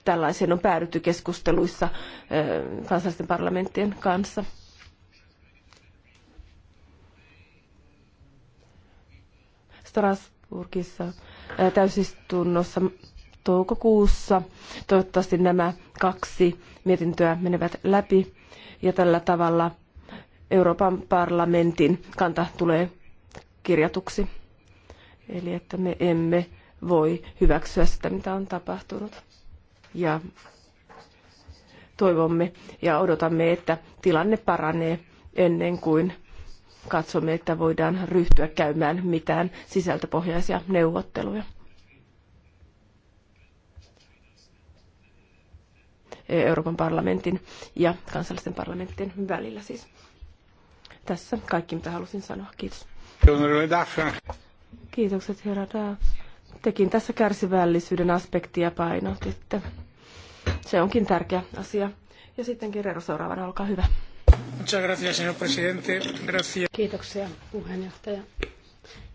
tällaiseen on päädytty keskusteluissa kansallisten parlamenttien kanssa. Strasbourgissa täysistunnossa toukokuussa. Toivottavasti nämä kaksi mietintöä menevät läpi ja tällä tavalla Euroopan parlamentin kanta tulee kirjatuksi. Eli että me emme voi hyväksyä sitä, mitä on tapahtunut. Ja toivomme ja odotamme, että tilanne paranee ennen kuin katsomme, että voidaan ryhtyä käymään mitään sisältöpohjaisia neuvotteluja. Euroopan parlamentin ja kansallisten parlamenttien välillä siis. Tässä kaikki, mitä halusin sanoa. Kiitos. Kiitokset, herra Daff. Tekin tässä kärsivällisyyden aspektia painotitte. Se onkin tärkeä asia. Ja sitten Kirjero seuraavana, olkaa hyvä. Kiitoksia, puheenjohtaja.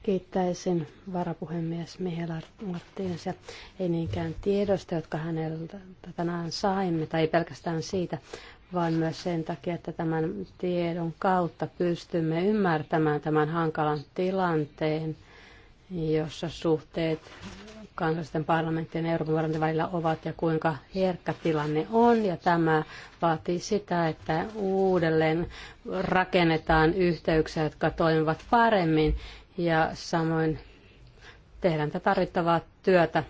Kiittäisin varapuhemies Mihela Marttinsia ei niinkään tiedosta, jotka häneltä tänään saimme, tai ei pelkästään siitä, vaan myös sen takia, että tämän tiedon kautta pystymme ymmärtämään tämän hankalan tilanteen, jossa suhteet kansallisten parlamenttien ja Euroopan parlamentin välillä ovat ja kuinka herkkä tilanne on. Ja tämä vaatii sitä, että uudelleen rakennetaan yhteyksiä, jotka toimivat paremmin ja samoin tehdään tätä tarvittavaa työtä,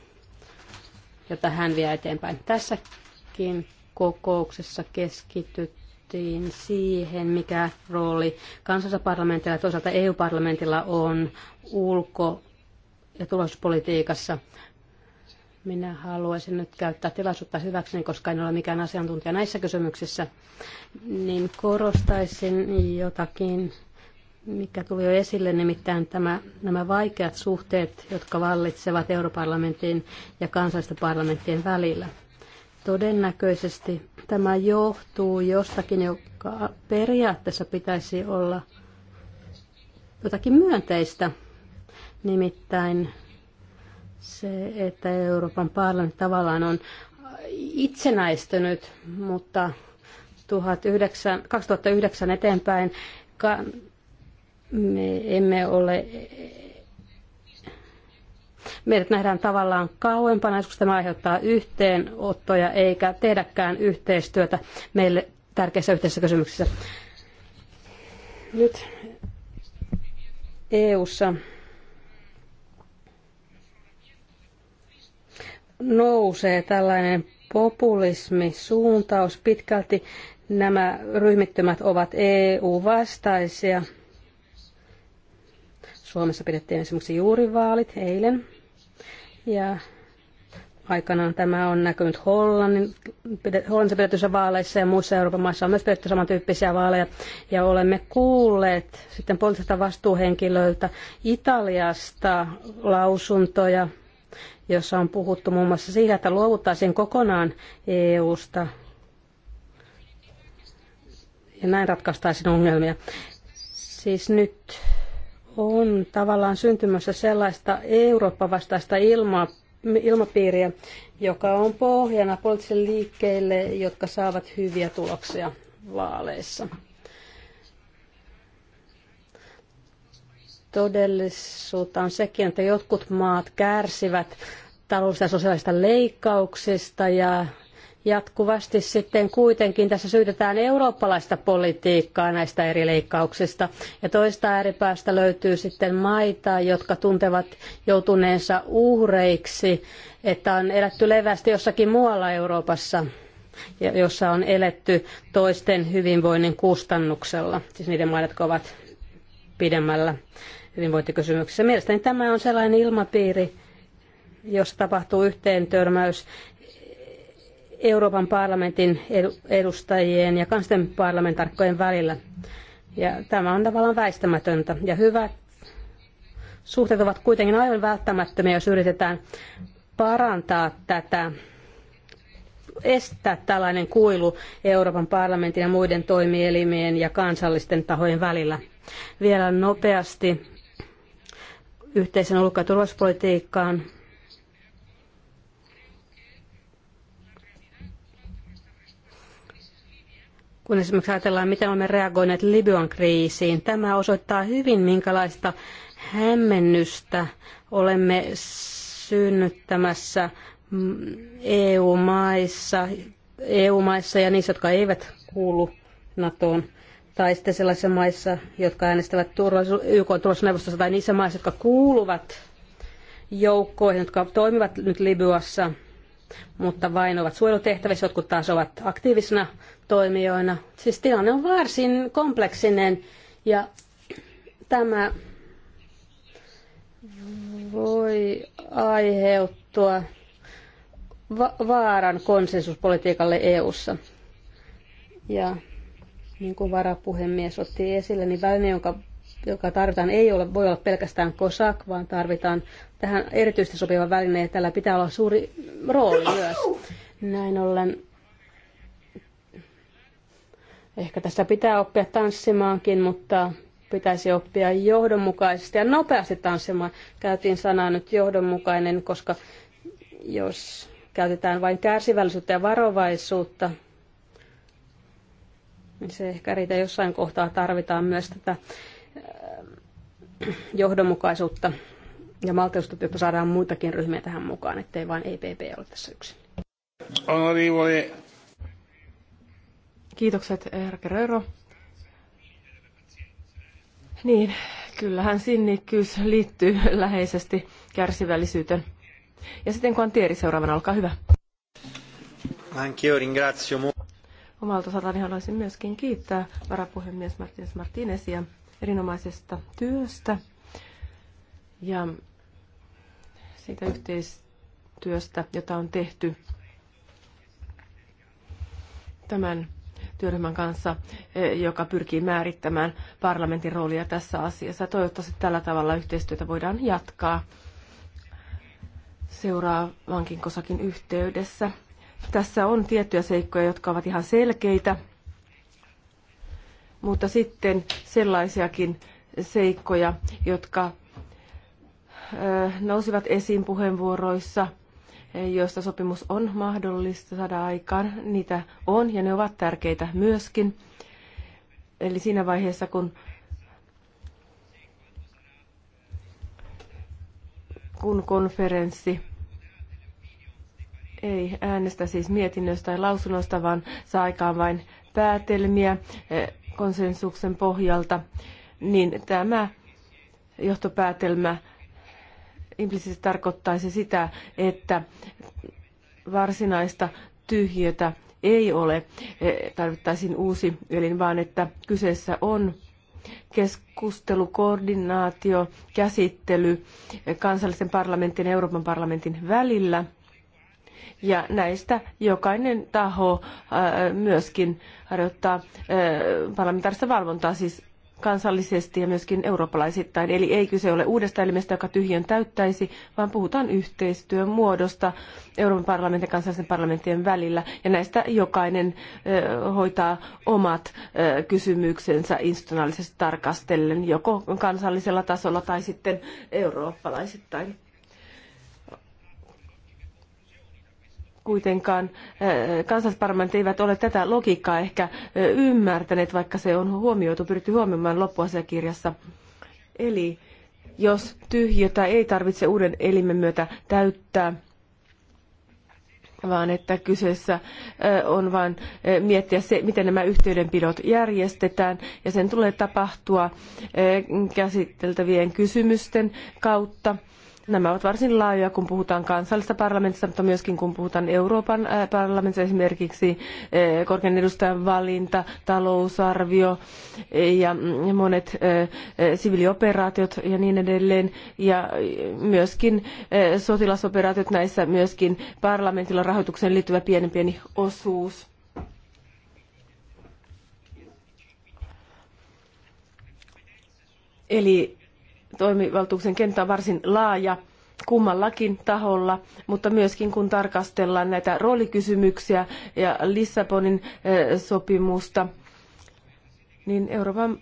jota hän vie eteenpäin. Tässäkin kokouksessa keskityttiin siihen, mikä rooli kansallisella parlamentilla ja toisaalta EU-parlamentilla on ulko ja tulospolitiikassa. Minä haluaisin nyt käyttää tilaisuutta hyväksi, koska en ole mikään asiantuntija näissä kysymyksissä, niin korostaisin jotakin, mikä tuli jo esille, nimittäin tämä, nämä vaikeat suhteet, jotka vallitsevat europarlamentin ja kansallisten parlamenttien välillä. Todennäköisesti tämä johtuu jostakin, joka periaatteessa pitäisi olla jotakin myönteistä Nimittäin se, että Euroopan parlamentti tavallaan on itsenäistynyt, mutta 2009, 2009 eteenpäin me emme ole Meidät nähdään tavallaan kauempana, koska tämä aiheuttaa yhteenottoja eikä tehdäkään yhteistyötä meille tärkeissä yhteisissä kysymyksissä. Nyt EU-ssa nousee tällainen populismisuuntaus. Pitkälti nämä ryhmittymät ovat EU-vastaisia. Suomessa pidettiin esimerkiksi juuri vaalit eilen. Ja aikanaan tämä on näkynyt Hollannin, Hollannissa pidetyissä vaaleissa ja muissa Euroopan maissa on myös pidetty samantyyppisiä vaaleja. Ja olemme kuulleet sitten poliittisilta vastuuhenkilöiltä Italiasta lausuntoja – jossa on puhuttu muun muassa siitä, että luovuttaisiin kokonaan EUsta ja näin ratkaistaisiin ongelmia. Siis nyt on tavallaan syntymässä sellaista Eurooppa-vastaista ilmapiiriä, joka on pohjana poliittisille liikkeille, jotka saavat hyviä tuloksia vaaleissa. todellisuutta on sekin, että jotkut maat kärsivät taloudellisista ja sosiaalista leikkauksista ja jatkuvasti sitten kuitenkin tässä syytetään eurooppalaista politiikkaa näistä eri leikkauksista. Ja toista ääripäästä löytyy sitten maita, jotka tuntevat joutuneensa uhreiksi, että on eletty levästi jossakin muualla Euroopassa, jossa on eletty toisten hyvinvoinnin kustannuksella, siis niiden maat, jotka ovat pidemmällä hyvinvointikysymyksissä. Mielestäni tämä on sellainen ilmapiiri, jossa tapahtuu yhteen törmäys Euroopan parlamentin edustajien ja kansallisten parlamentarkkojen välillä. Ja tämä on tavallaan väistämätöntä. Ja hyvät suhteet ovat kuitenkin aivan välttämättömiä, jos yritetään parantaa tätä, estää tällainen kuilu Euroopan parlamentin ja muiden toimielimien ja kansallisten tahojen välillä. Vielä nopeasti yhteisen ulko- ja turvallisuuspolitiikkaan. Kun esimerkiksi ajatellaan, miten olemme reagoineet Libyan kriisiin, tämä osoittaa hyvin, minkälaista hämmennystä olemme synnyttämässä EU-maissa, EU-maissa ja niissä, jotka eivät kuulu NATOon tai sitten sellaisissa maissa, jotka äänestävät YK turvallisuusneuvostossa tai niissä maissa, jotka kuuluvat joukkoihin, jotka toimivat nyt Libyassa, mutta vain ovat suojelutehtävissä, jotkut taas ovat aktiivisina toimijoina. Siis tilanne on varsin kompleksinen ja tämä voi aiheuttua va- vaaran konsensuspolitiikalle EU:ssa. Ja niin kuin varapuhemies otti esille, niin väline, jonka, joka tarvitaan, ei ole, voi olla pelkästään kosak, vaan tarvitaan tähän erityisesti sopiva väline, ja tällä pitää olla suuri rooli myös. Näin ollen ehkä tässä pitää oppia tanssimaankin, mutta pitäisi oppia johdonmukaisesti ja nopeasti tanssimaan. Käytiin sanaa nyt johdonmukainen, koska jos käytetään vain kärsivällisyyttä ja varovaisuutta, se ehkä riitä jossain kohtaa tarvitaan myös tätä äh, johdonmukaisuutta ja malteusta, jotta saadaan muitakin ryhmiä tähän mukaan, ettei vain EPP ole tässä yksin. Kiitokset, Erke röyro Niin, kyllähän sinnikkyys liittyy läheisesti kärsivällisyyteen. Ja sitten tieri seuraavana, olkaa hyvä. Anch'io ringrazio Omalta osaltani haluaisin myöskin kiittää varapuhemies Martins Martinesia erinomaisesta työstä ja siitä yhteistyöstä, jota on tehty tämän työryhmän kanssa, e, joka pyrkii määrittämään parlamentin roolia tässä asiassa. Toivottavasti tällä tavalla yhteistyötä voidaan jatkaa seuraavankin kosakin yhteydessä. Tässä on tiettyjä seikkoja, jotka ovat ihan selkeitä, mutta sitten sellaisiakin seikkoja, jotka nousivat esiin puheenvuoroissa, joista sopimus on mahdollista saada aikaan. Niitä on ja ne ovat tärkeitä myöskin. Eli siinä vaiheessa, kun kun konferenssi ei äänestä siis mietinnöstä tai lausunnosta, vaan saa aikaan vain päätelmiä eh, konsensuksen pohjalta, niin tämä johtopäätelmä implisiittisesti tarkoittaisi sitä, että varsinaista tyhjötä ei ole, eh, tarvittaisiin uusi elin, vaan että kyseessä on keskustelu, koordinaatio, käsittely eh, kansallisen parlamentin ja Euroopan parlamentin välillä – ja näistä jokainen taho äh, myöskin harjoittaa äh, parlamentaarista valvontaa, siis kansallisesti ja myöskin eurooppalaisittain. Eli ei kyse ole uudesta elimestä, joka tyhjön täyttäisi, vaan puhutaan yhteistyön muodosta Euroopan parlamentin ja kansallisten parlamenttien välillä. Ja näistä jokainen äh, hoitaa omat kysymyksensä institutionaalisesti tarkastellen, joko kansallisella tasolla tai sitten eurooppalaisittain. kuitenkaan kansallisparlamentit eivät ole tätä logiikkaa ehkä ymmärtäneet, vaikka se on huomioitu, pyritty huomioimaan loppuasiakirjassa. Eli jos tyhjötä ei tarvitse uuden elimen myötä täyttää, vaan että kyseessä on vain miettiä se, miten nämä yhteydenpidot järjestetään, ja sen tulee tapahtua käsiteltävien kysymysten kautta Nämä ovat varsin laajoja, kun puhutaan kansallista parlamentista, mutta myöskin kun puhutaan Euroopan parlamentista, esimerkiksi korkean edustajan valinta, talousarvio ja mm, monet siviilioperaatiot ja niin edelleen. Ja myöskin sotilasoperaatiot näissä myöskin parlamentilla rahoitukseen liittyvä pieni pieni osuus. Eli toimivaltuuksien kenttä on varsin laaja kummallakin taholla, mutta myöskin kun tarkastellaan näitä roolikysymyksiä ja Lissabonin eh, sopimusta, niin Euroopan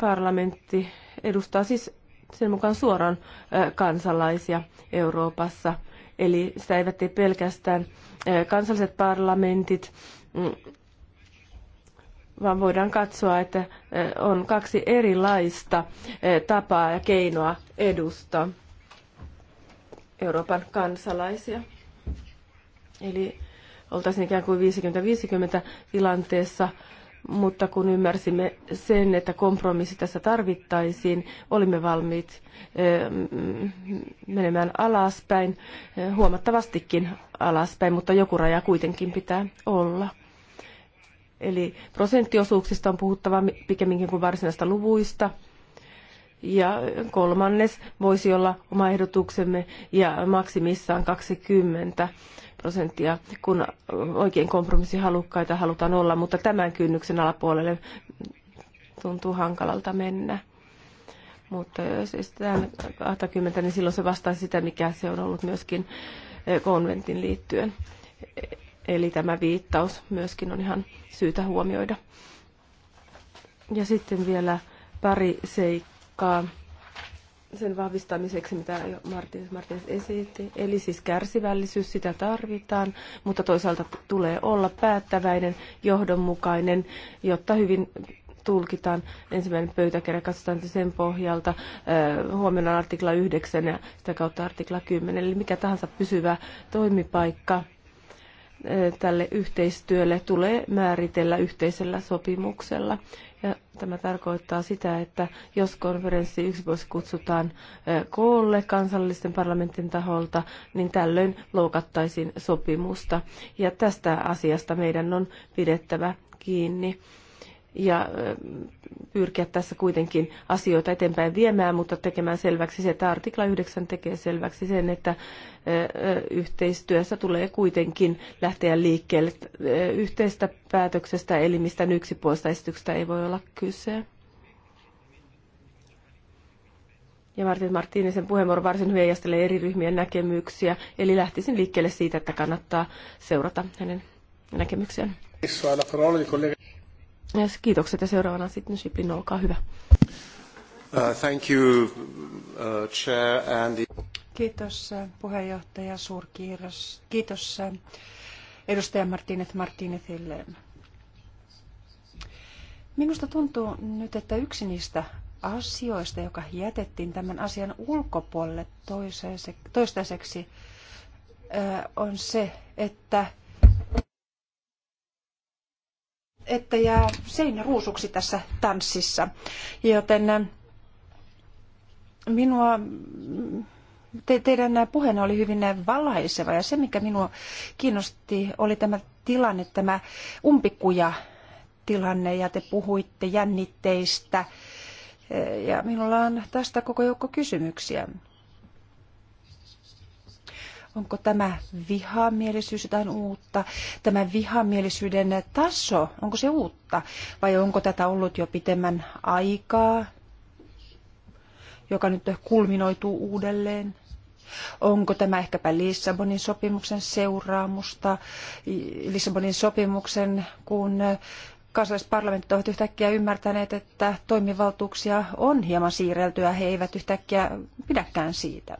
parlamentti edustaa siis sen mukaan suoraan eh, kansalaisia Euroopassa. Eli sitä eivät tee pelkästään eh, kansalliset parlamentit, mm, vaan voidaan katsoa, että on kaksi erilaista tapaa ja keinoa edustaa Euroopan kansalaisia. Eli oltaisiin ikään kuin 50-50 tilanteessa, mutta kun ymmärsimme sen, että kompromissi tässä tarvittaisiin, olimme valmiit menemään alaspäin, huomattavastikin alaspäin, mutta joku raja kuitenkin pitää olla. Eli prosenttiosuuksista on puhuttava pikemminkin kuin varsinaista luvuista. Ja kolmannes voisi olla oma ehdotuksemme ja maksimissaan 20 prosenttia, kun oikein kompromissihalukkaita halutaan olla, mutta tämän kynnyksen alapuolelle tuntuu hankalalta mennä. Mutta jos estetään 20, niin silloin se vastaa sitä, mikä se on ollut myöskin konventin liittyen. Eli tämä viittaus myöskin on ihan syytä huomioida. Ja sitten vielä pari seikkaa sen vahvistamiseksi, mitä jo Martins, Martins esitti. Eli siis kärsivällisyys, sitä tarvitaan, mutta toisaalta tulee olla päättäväinen, johdonmukainen, jotta hyvin tulkitaan ensimmäinen pöytäkirja, katsotaan sen pohjalta, huomenna artikla 9 ja sitä kautta artikla 10, eli mikä tahansa pysyvä toimipaikka tälle yhteistyölle tulee määritellä yhteisellä sopimuksella. Ja tämä tarkoittaa sitä, että jos konferenssi yksipuolisesti kutsutaan koolle kansallisten parlamentin taholta, niin tällöin loukattaisiin sopimusta. Ja tästä asiasta meidän on pidettävä kiinni ja pyrkiä tässä kuitenkin asioita eteenpäin viemään, mutta tekemään selväksi se, että artikla 9 tekee selväksi sen, että yhteistyössä tulee kuitenkin lähteä liikkeelle yhteistä päätöksestä, eli mistä yksipuolista esityksestä ei voi olla kyse. Ja Martin Martinisen puheenvuoro varsin heijastelee eri ryhmien näkemyksiä, eli lähtisin liikkeelle siitä, että kannattaa seurata hänen näkemyksiään. Yes, kiitokset ja seuraavana sitten Shiplin, olkaa hyvä. Uh, thank you, uh, chair and... Kiitos uh, puheenjohtaja, suurkiitos. Kiitos uh, edustaja Martinet Martinetille. Minusta tuntuu nyt, että yksi niistä asioista, joka jätettiin tämän asian ulkopuolelle toistaiseksi, uh, on se, että että jää seinäruusuksi tässä tanssissa. Joten minua, te, teidän puheenne oli hyvin valaiseva ja se mikä minua kiinnosti oli tämä tilanne, tämä umpikuja tilanne ja te puhuitte jännitteistä ja minulla on tästä koko joukko kysymyksiä. Onko tämä vihamielisyys jotain uutta? Tämä vihamielisyyden taso, onko se uutta? Vai onko tätä ollut jo pitemmän aikaa, joka nyt kulminoituu uudelleen? Onko tämä ehkäpä Lissabonin sopimuksen seuraamusta, Lissabonin sopimuksen, kun kansallisparlamentit ovat yhtäkkiä ymmärtäneet, että toimivaltuuksia on hieman siirreltyä, he eivät yhtäkkiä pidäkään siitä.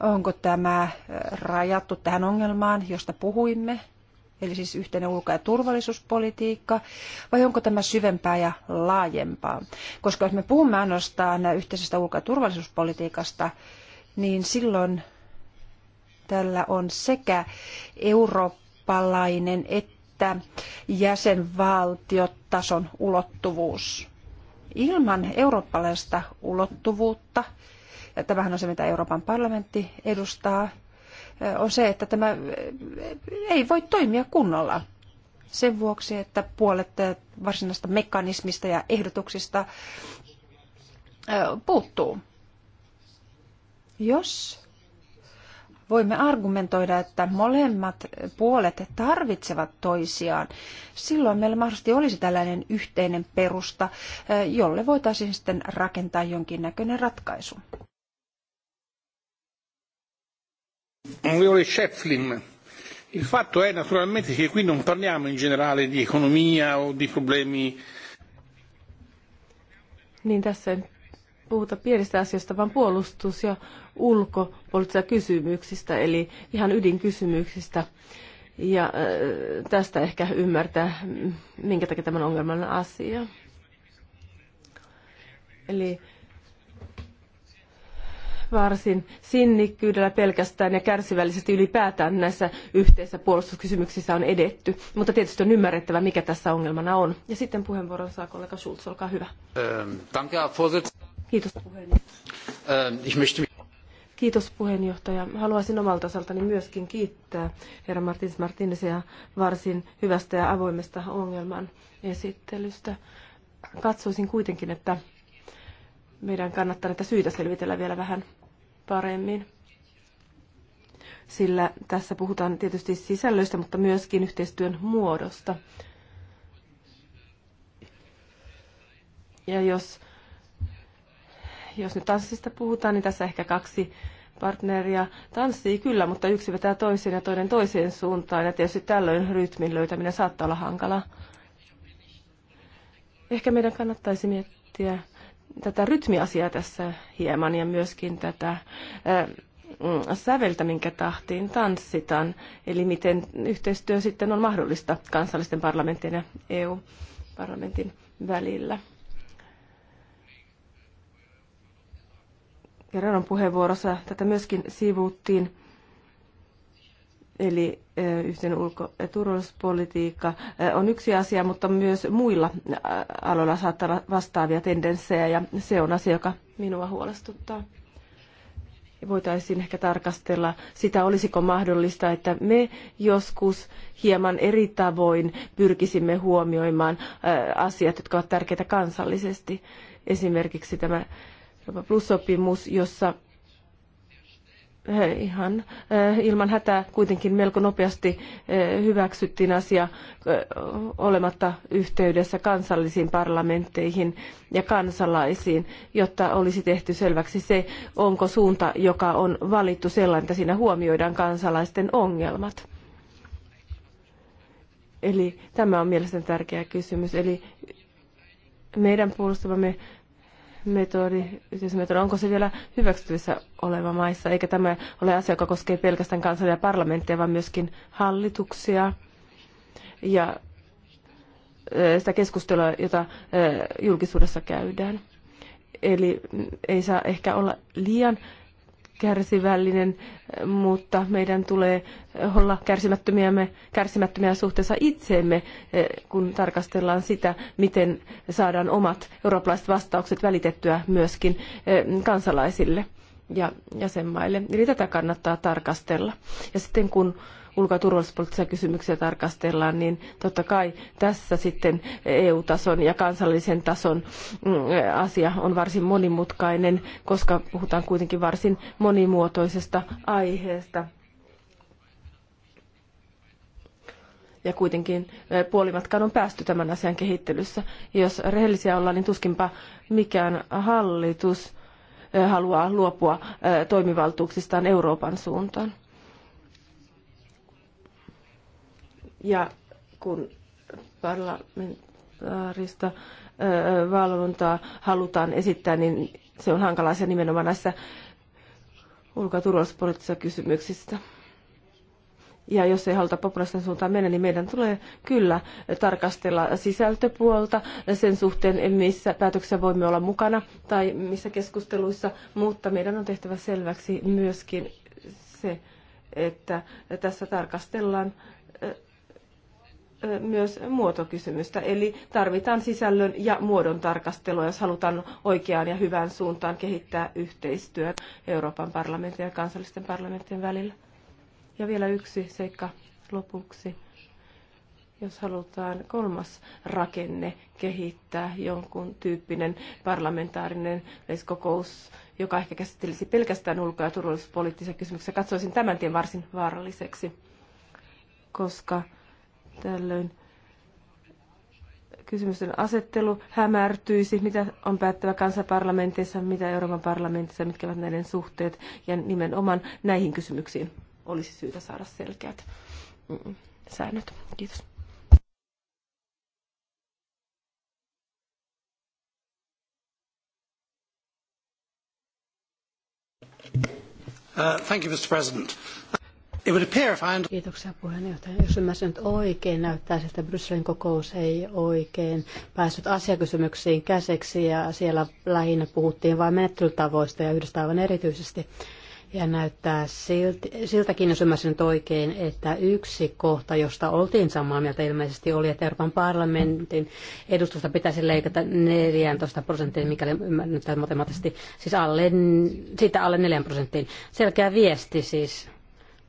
Onko tämä äh, rajattu tähän ongelmaan, josta puhuimme, eli siis yhteinen ulko- ja turvallisuuspolitiikka, vai onko tämä syvempää ja laajempaa? Koska jos me puhumme ainoastaan yhteisestä ulko- ja turvallisuuspolitiikasta, niin silloin tällä on sekä eurooppalainen että jäsenvaltiotason ulottuvuus. Ilman eurooppalaista ulottuvuutta – tämähän on se, mitä Euroopan parlamentti edustaa, on se, että tämä ei voi toimia kunnolla sen vuoksi, että puolet varsinaista mekanismista ja ehdotuksista puuttuu. Jos voimme argumentoida, että molemmat puolet tarvitsevat toisiaan, silloin meillä mahdollisesti olisi tällainen yhteinen perusta, jolle voitaisiin sitten rakentaa jonkinnäköinen ratkaisu. Onorevole Schefflin, il fatto è naturalmente che qui non parliamo in generale di economia o di problemi. Niin tässä ei puhuta pienistä asioista, vaan puolustus- ja ulkopoliittisista kysymyksistä, eli ihan ydinkysymyksistä. Ja äh, tästä ehkä ymmärtää, minkä takia tämän ongelman asia. Eli varsin sinnikkyydellä pelkästään ja kärsivällisesti ylipäätään näissä yhteisissä puolustuskysymyksissä on edetty. Mutta tietysti on ymmärrettävä, mikä tässä ongelmana on. Ja sitten puheenvuoron saa kollega Schulz, olkaa hyvä. Ähm, Kiitos puheenjohtaja. Ähm, Kiitos puheenjohtaja. Haluaisin omalta osaltani myöskin kiittää herra Martins Martinesia varsin hyvästä ja avoimesta ongelman esittelystä. Katsoisin kuitenkin, että meidän kannattaa näitä syitä selvitellä vielä vähän paremmin. Sillä tässä puhutaan tietysti sisällöistä, mutta myöskin yhteistyön muodosta. Ja jos, jos nyt tanssista puhutaan, niin tässä ehkä kaksi partneria tanssii kyllä, mutta yksi vetää toiseen ja toinen toiseen suuntaan. Ja tietysti tällöin rytmin löytäminen saattaa olla hankala. Ehkä meidän kannattaisi miettiä tätä rytmiasiaa tässä hieman ja myöskin tätä mm, säveltä, minkä tahtiin tanssitaan, eli miten yhteistyö sitten on mahdollista kansallisten parlamenttien ja EU-parlamentin välillä. Kerran puheenvuorossa tätä myöskin sivuuttiin. Eli yhteen ulko- ja turvallisuuspolitiikka on yksi asia, mutta myös muilla aloilla saattaa olla vastaavia tendenssejä ja se on asia, joka minua huolestuttaa. Voitaisiin ehkä tarkastella sitä, olisiko mahdollista, että me joskus hieman eri tavoin pyrkisimme huomioimaan asiat, jotka ovat tärkeitä kansallisesti. Esimerkiksi tämä Plus-sopimus, jossa ihan eh, ilman hätää kuitenkin melko nopeasti eh, hyväksyttiin asia eh, olematta yhteydessä kansallisiin parlamentteihin ja kansalaisiin, jotta olisi tehty selväksi se, onko suunta, joka on valittu sellainen, että siinä huomioidaan kansalaisten ongelmat. Eli tämä on mielestäni tärkeä kysymys. Eli meidän puolustavamme metodi, yhteisömetodi, siis onko se vielä hyväksyttävissä oleva maissa, eikä tämä ole asia, joka koskee pelkästään kansallisia parlamentteja, vaan myöskin hallituksia. Ja sitä keskustelua, jota julkisuudessa käydään. Eli mm, ei saa ehkä olla liian kärsivällinen, mutta meidän tulee olla kärsimättömiämme, kärsimättömiä suhteessa itseemme, kun tarkastellaan sitä, miten saadaan omat eurooppalaiset vastaukset välitettyä myöskin kansalaisille ja jäsenmaille. Eli tätä kannattaa tarkastella. Ja sitten kun ulko- ja turvallisuuspoliittisia kysymyksiä tarkastellaan, niin totta kai tässä sitten EU-tason ja kansallisen tason mm, asia on varsin monimutkainen, koska puhutaan kuitenkin varsin monimuotoisesta aiheesta. ja kuitenkin puolimatkaan on päästy tämän asian kehittelyssä. Jos rehellisiä ollaan, niin tuskinpa mikään hallitus haluaa luopua toimivaltuuksistaan Euroopan suuntaan. Ja kun parlamentaarista valvontaa halutaan esittää, niin se on hankalaa se nimenomaan näissä ulko- ja kysymyksissä. Ja jos ei haluta populaisten suuntaan mennä, niin meidän tulee kyllä tarkastella sisältöpuolta sen suhteen, missä päätöksessä voimme olla mukana tai missä keskusteluissa, mutta meidän on tehtävä selväksi myöskin se, että tässä tarkastellaan myös muotokysymystä, eli tarvitaan sisällön ja muodon tarkastelua, jos halutaan oikeaan ja hyvään suuntaan kehittää yhteistyötä Euroopan parlamentin ja kansallisten parlamenttien välillä. Ja vielä yksi seikka lopuksi. Jos halutaan kolmas rakenne kehittää, jonkun tyyppinen parlamentaarinen yleiskokous, joka ehkä käsittelisi pelkästään ulko- ja turvallisuuspoliittisia kysymyksiä, katsoisin tämän tien varsin vaaralliseksi, koska Tällöin kysymysten asettelu hämärtyisi, mitä on päättävä kansanparlamenteissa, mitä Euroopan parlamentissa, mitkä ovat näiden suhteet, ja nimenomaan näihin kysymyksiin olisi syytä saada selkeät mm, säännöt. Kiitos. Uh, thank you, Mr. President. Kiitoksia puheenjohtaja. Jos ymmärsin nyt oikein, näyttää siltä, että Brysselin kokous ei oikein päässyt asiakysymyksiin käseksi ja siellä lähinnä puhuttiin vain menettelytavoista ja yhdestä aivan erityisesti. Ja näyttää silti, siltäkin, jos ymmärsin nyt oikein, että yksi kohta, josta oltiin samaa mieltä ilmeisesti, oli, että Euroopan parlamentin edustusta pitäisi leikata 14 prosenttiin, mikäli ymmärrän matemaattisesti, siis alle, siitä alle 4 prosenttiin. Selkeä viesti siis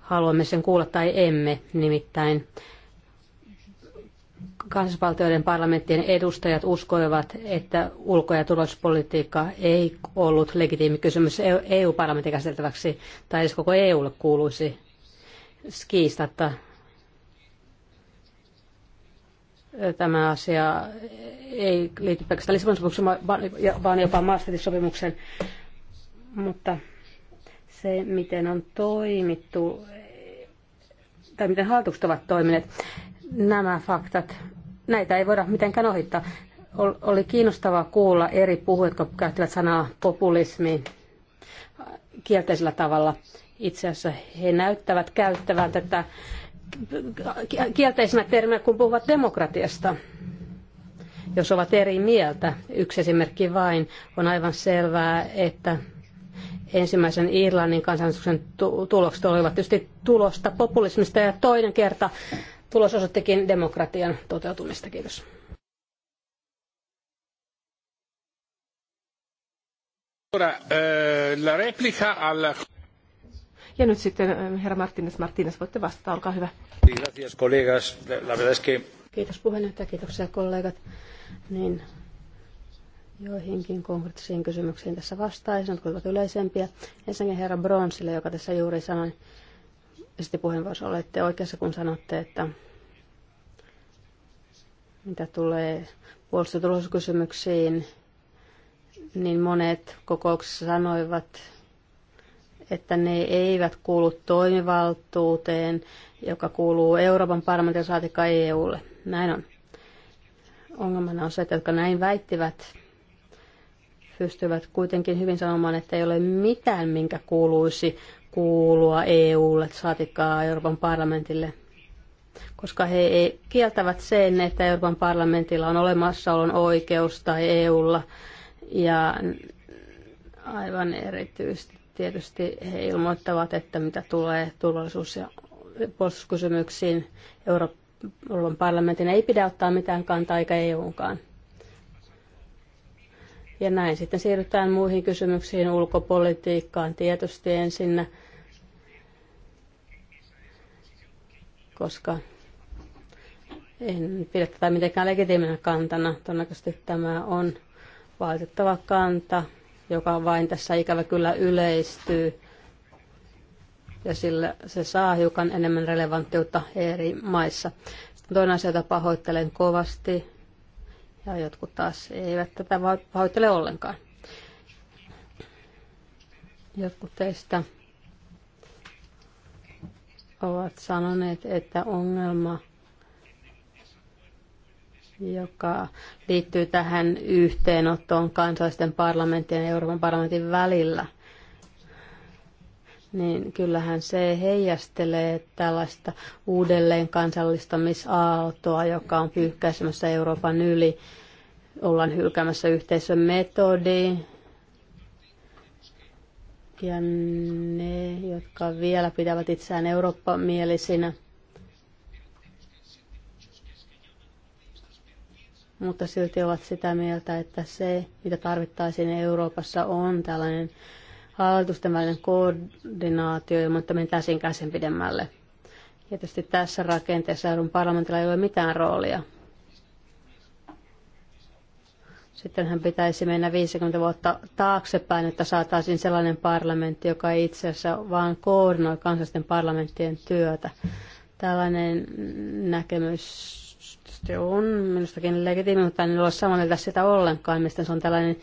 haluamme sen kuulla tai emme, nimittäin kansanvaltioiden parlamenttien edustajat uskoivat, että ulko- ja turvallisuuspolitiikka ei ollut legitiimi kysymys e- EU-parlamentin käsiteltäväksi tai edes koko EUlle kuuluisi skiistatta. Tämä asia ei liity pelkästään Lisbonin sopimuksen, vaan jopa Maastrichtin sopimuksen, Mutta se, miten on toimittu tai miten hallitukset ovat toimineet. Nämä faktat, näitä ei voida mitenkään ohittaa. Oli kiinnostavaa kuulla eri puhujat, jotka käyttivät sanaa populismi kielteisellä tavalla. Itse asiassa he näyttävät käyttävän tätä kielteisenä terminä, kun puhuvat demokratiasta. Jos ovat eri mieltä, yksi esimerkki vain, on aivan selvää, että ensimmäisen Irlannin kansanäänestyksen tulokset olivat tietysti tulosta populismista ja toinen kerta tulos osoittikin demokratian toteutumista. Kiitos. Eh, ja nyt sitten eh, herra Martínez Martínez, voitte vastata, olkaa hyvä. Kiitos kollegas. La verdad es que... Kiitos puheenjohtaja, kiitoksia kollegat. Niin, joihinkin konkreettisiin kysymyksiin tässä vastaisin, jotka olivat yleisempiä. Ensinnäkin herra Bronsille, joka tässä juuri sanoi, esitti puheenvuorossa, olette oikeassa, kun sanotte, että mitä tulee puolustustuloskysymyksiin, niin monet kokouksessa sanoivat, että ne eivät kuulu toimivaltuuteen, joka kuuluu Euroopan parlamentin saatikka EUlle. Näin on. Ongelmana on se, että jotka näin väittivät, pystyvät kuitenkin hyvin sanomaan, että ei ole mitään, minkä kuuluisi kuulua EUlle, saatikaa Euroopan parlamentille, koska he e- kieltävät sen, että Euroopan parlamentilla on olemassaolon oikeus tai EUlla, ja aivan erityisesti tietysti he ilmoittavat, että mitä tulee turvallisuus- ja puolustuskysymyksiin, Euroopan parlamentin ei pidä ottaa mitään kantaa eikä EUnkaan. Ja näin sitten siirrytään muihin kysymyksiin, ulkopolitiikkaan tietysti ensinnä, koska en pidä tätä mitenkään legitiiminä kantana. Todennäköisesti tämä on valitettava kanta, joka vain tässä ikävä kyllä yleistyy. Ja sillä se saa hiukan enemmän relevanttiutta eri maissa. Sitten toinen asia, jota pahoittelen kovasti, ja jotkut taas eivät tätä pahoittele ollenkaan. Jotkut teistä ovat sanoneet, että ongelma, joka liittyy tähän yhteenottoon kansallisten parlamenttien ja Euroopan parlamentin välillä – niin kyllähän se heijastelee tällaista uudelleen kansallistamisaaltoa, joka on pyyhkäisemässä Euroopan yli. Ollaan hylkäämässä yhteisön metodi. Ja ne, jotka vielä pitävät itseään eurooppamielisinä, mutta silti ovat sitä mieltä, että se, mitä tarvittaisiin Euroopassa, on tällainen hallitusten välinen koordinaatio, mutta mentäisiin käsin pidemmälle. Ja tietysti tässä rakenteessa Euroopan parlamentilla ei ole mitään roolia. Sittenhän pitäisi mennä 50 vuotta taaksepäin, että saataisiin sellainen parlamentti, joka ei itse asiassa vaan koordinoi kansallisten parlamenttien työtä. Tällainen näkemys on minustakin legitiimi, mutta en ole samaa mieltä sitä ollenkaan, mistä se on tällainen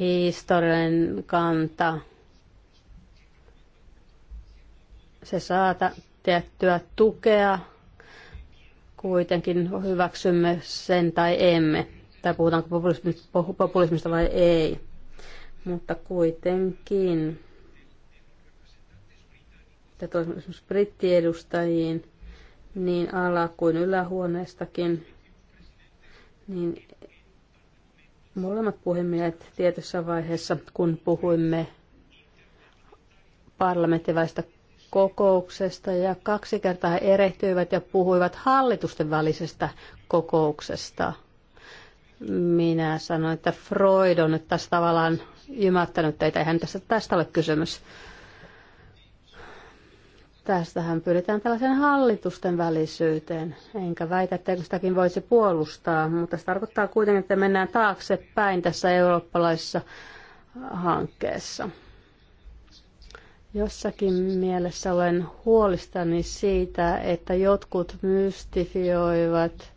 historiallinen kanta se saata tiettyä tukea. Kuitenkin hyväksymme sen tai emme. Tai puhutaanko populismista vai ei. Mutta kuitenkin. Ja toisaalta esimerkiksi brittiedustajiin niin ala- kuin ylähuoneestakin, niin molemmat puhemiehet tietyssä vaiheessa, kun puhuimme parlamenttiväistä kokouksesta ja kaksi kertaa he erehtyivät ja puhuivat hallitusten välisestä kokouksesta. Minä sanoin, että Freud on nyt tässä tavallaan ymmärtänyt teitä, eihän tässä tästä ole kysymys. Tästähän pyritään tällaisen hallitusten välisyyteen. Enkä väitä, että sitäkin voisi puolustaa, mutta se tarkoittaa kuitenkin, että mennään taaksepäin tässä eurooppalaisessa hankkeessa. Jossakin mielessä olen huolistani siitä, että jotkut mystifioivat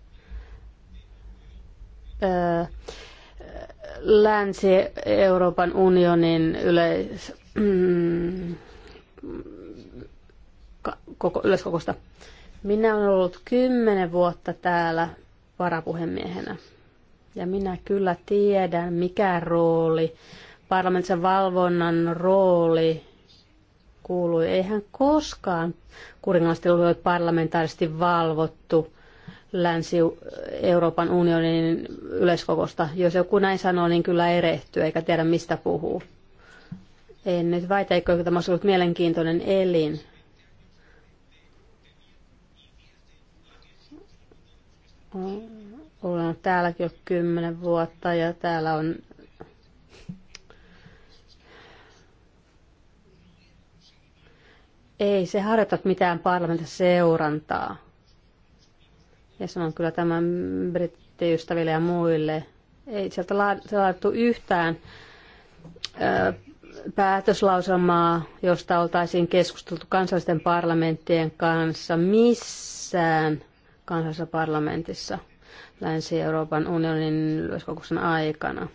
ää, Länsi-Euroopan unionin yleis, mm, koko, yleiskokosta. Minä olen ollut kymmenen vuotta täällä varapuhemiehenä. Ja minä kyllä tiedän, mikä rooli, parlamentin valvonnan rooli kuului. Eihän koskaan kurinalaisten ole parlamentaarisesti valvottu Länsi-Euroopan unionin yleiskokosta. Jos joku näin sanoo, niin kyllä erehtyy eikä tiedä mistä puhuu. En nyt väitä, eikö tämä olisi ollut mielenkiintoinen elin. Olen täälläkin jo kymmenen vuotta ja täällä on Ei se harjoita mitään parlamentin seurantaa. Ja sanon kyllä tämän brittiystäville ja muille. Ei sieltä laadittu yhtään ö, päätöslauselmaa, josta oltaisiin keskusteltu kansallisten parlamenttien kanssa missään kansallisessa parlamentissa Länsi-Euroopan unionin yleiskokouksen aikana.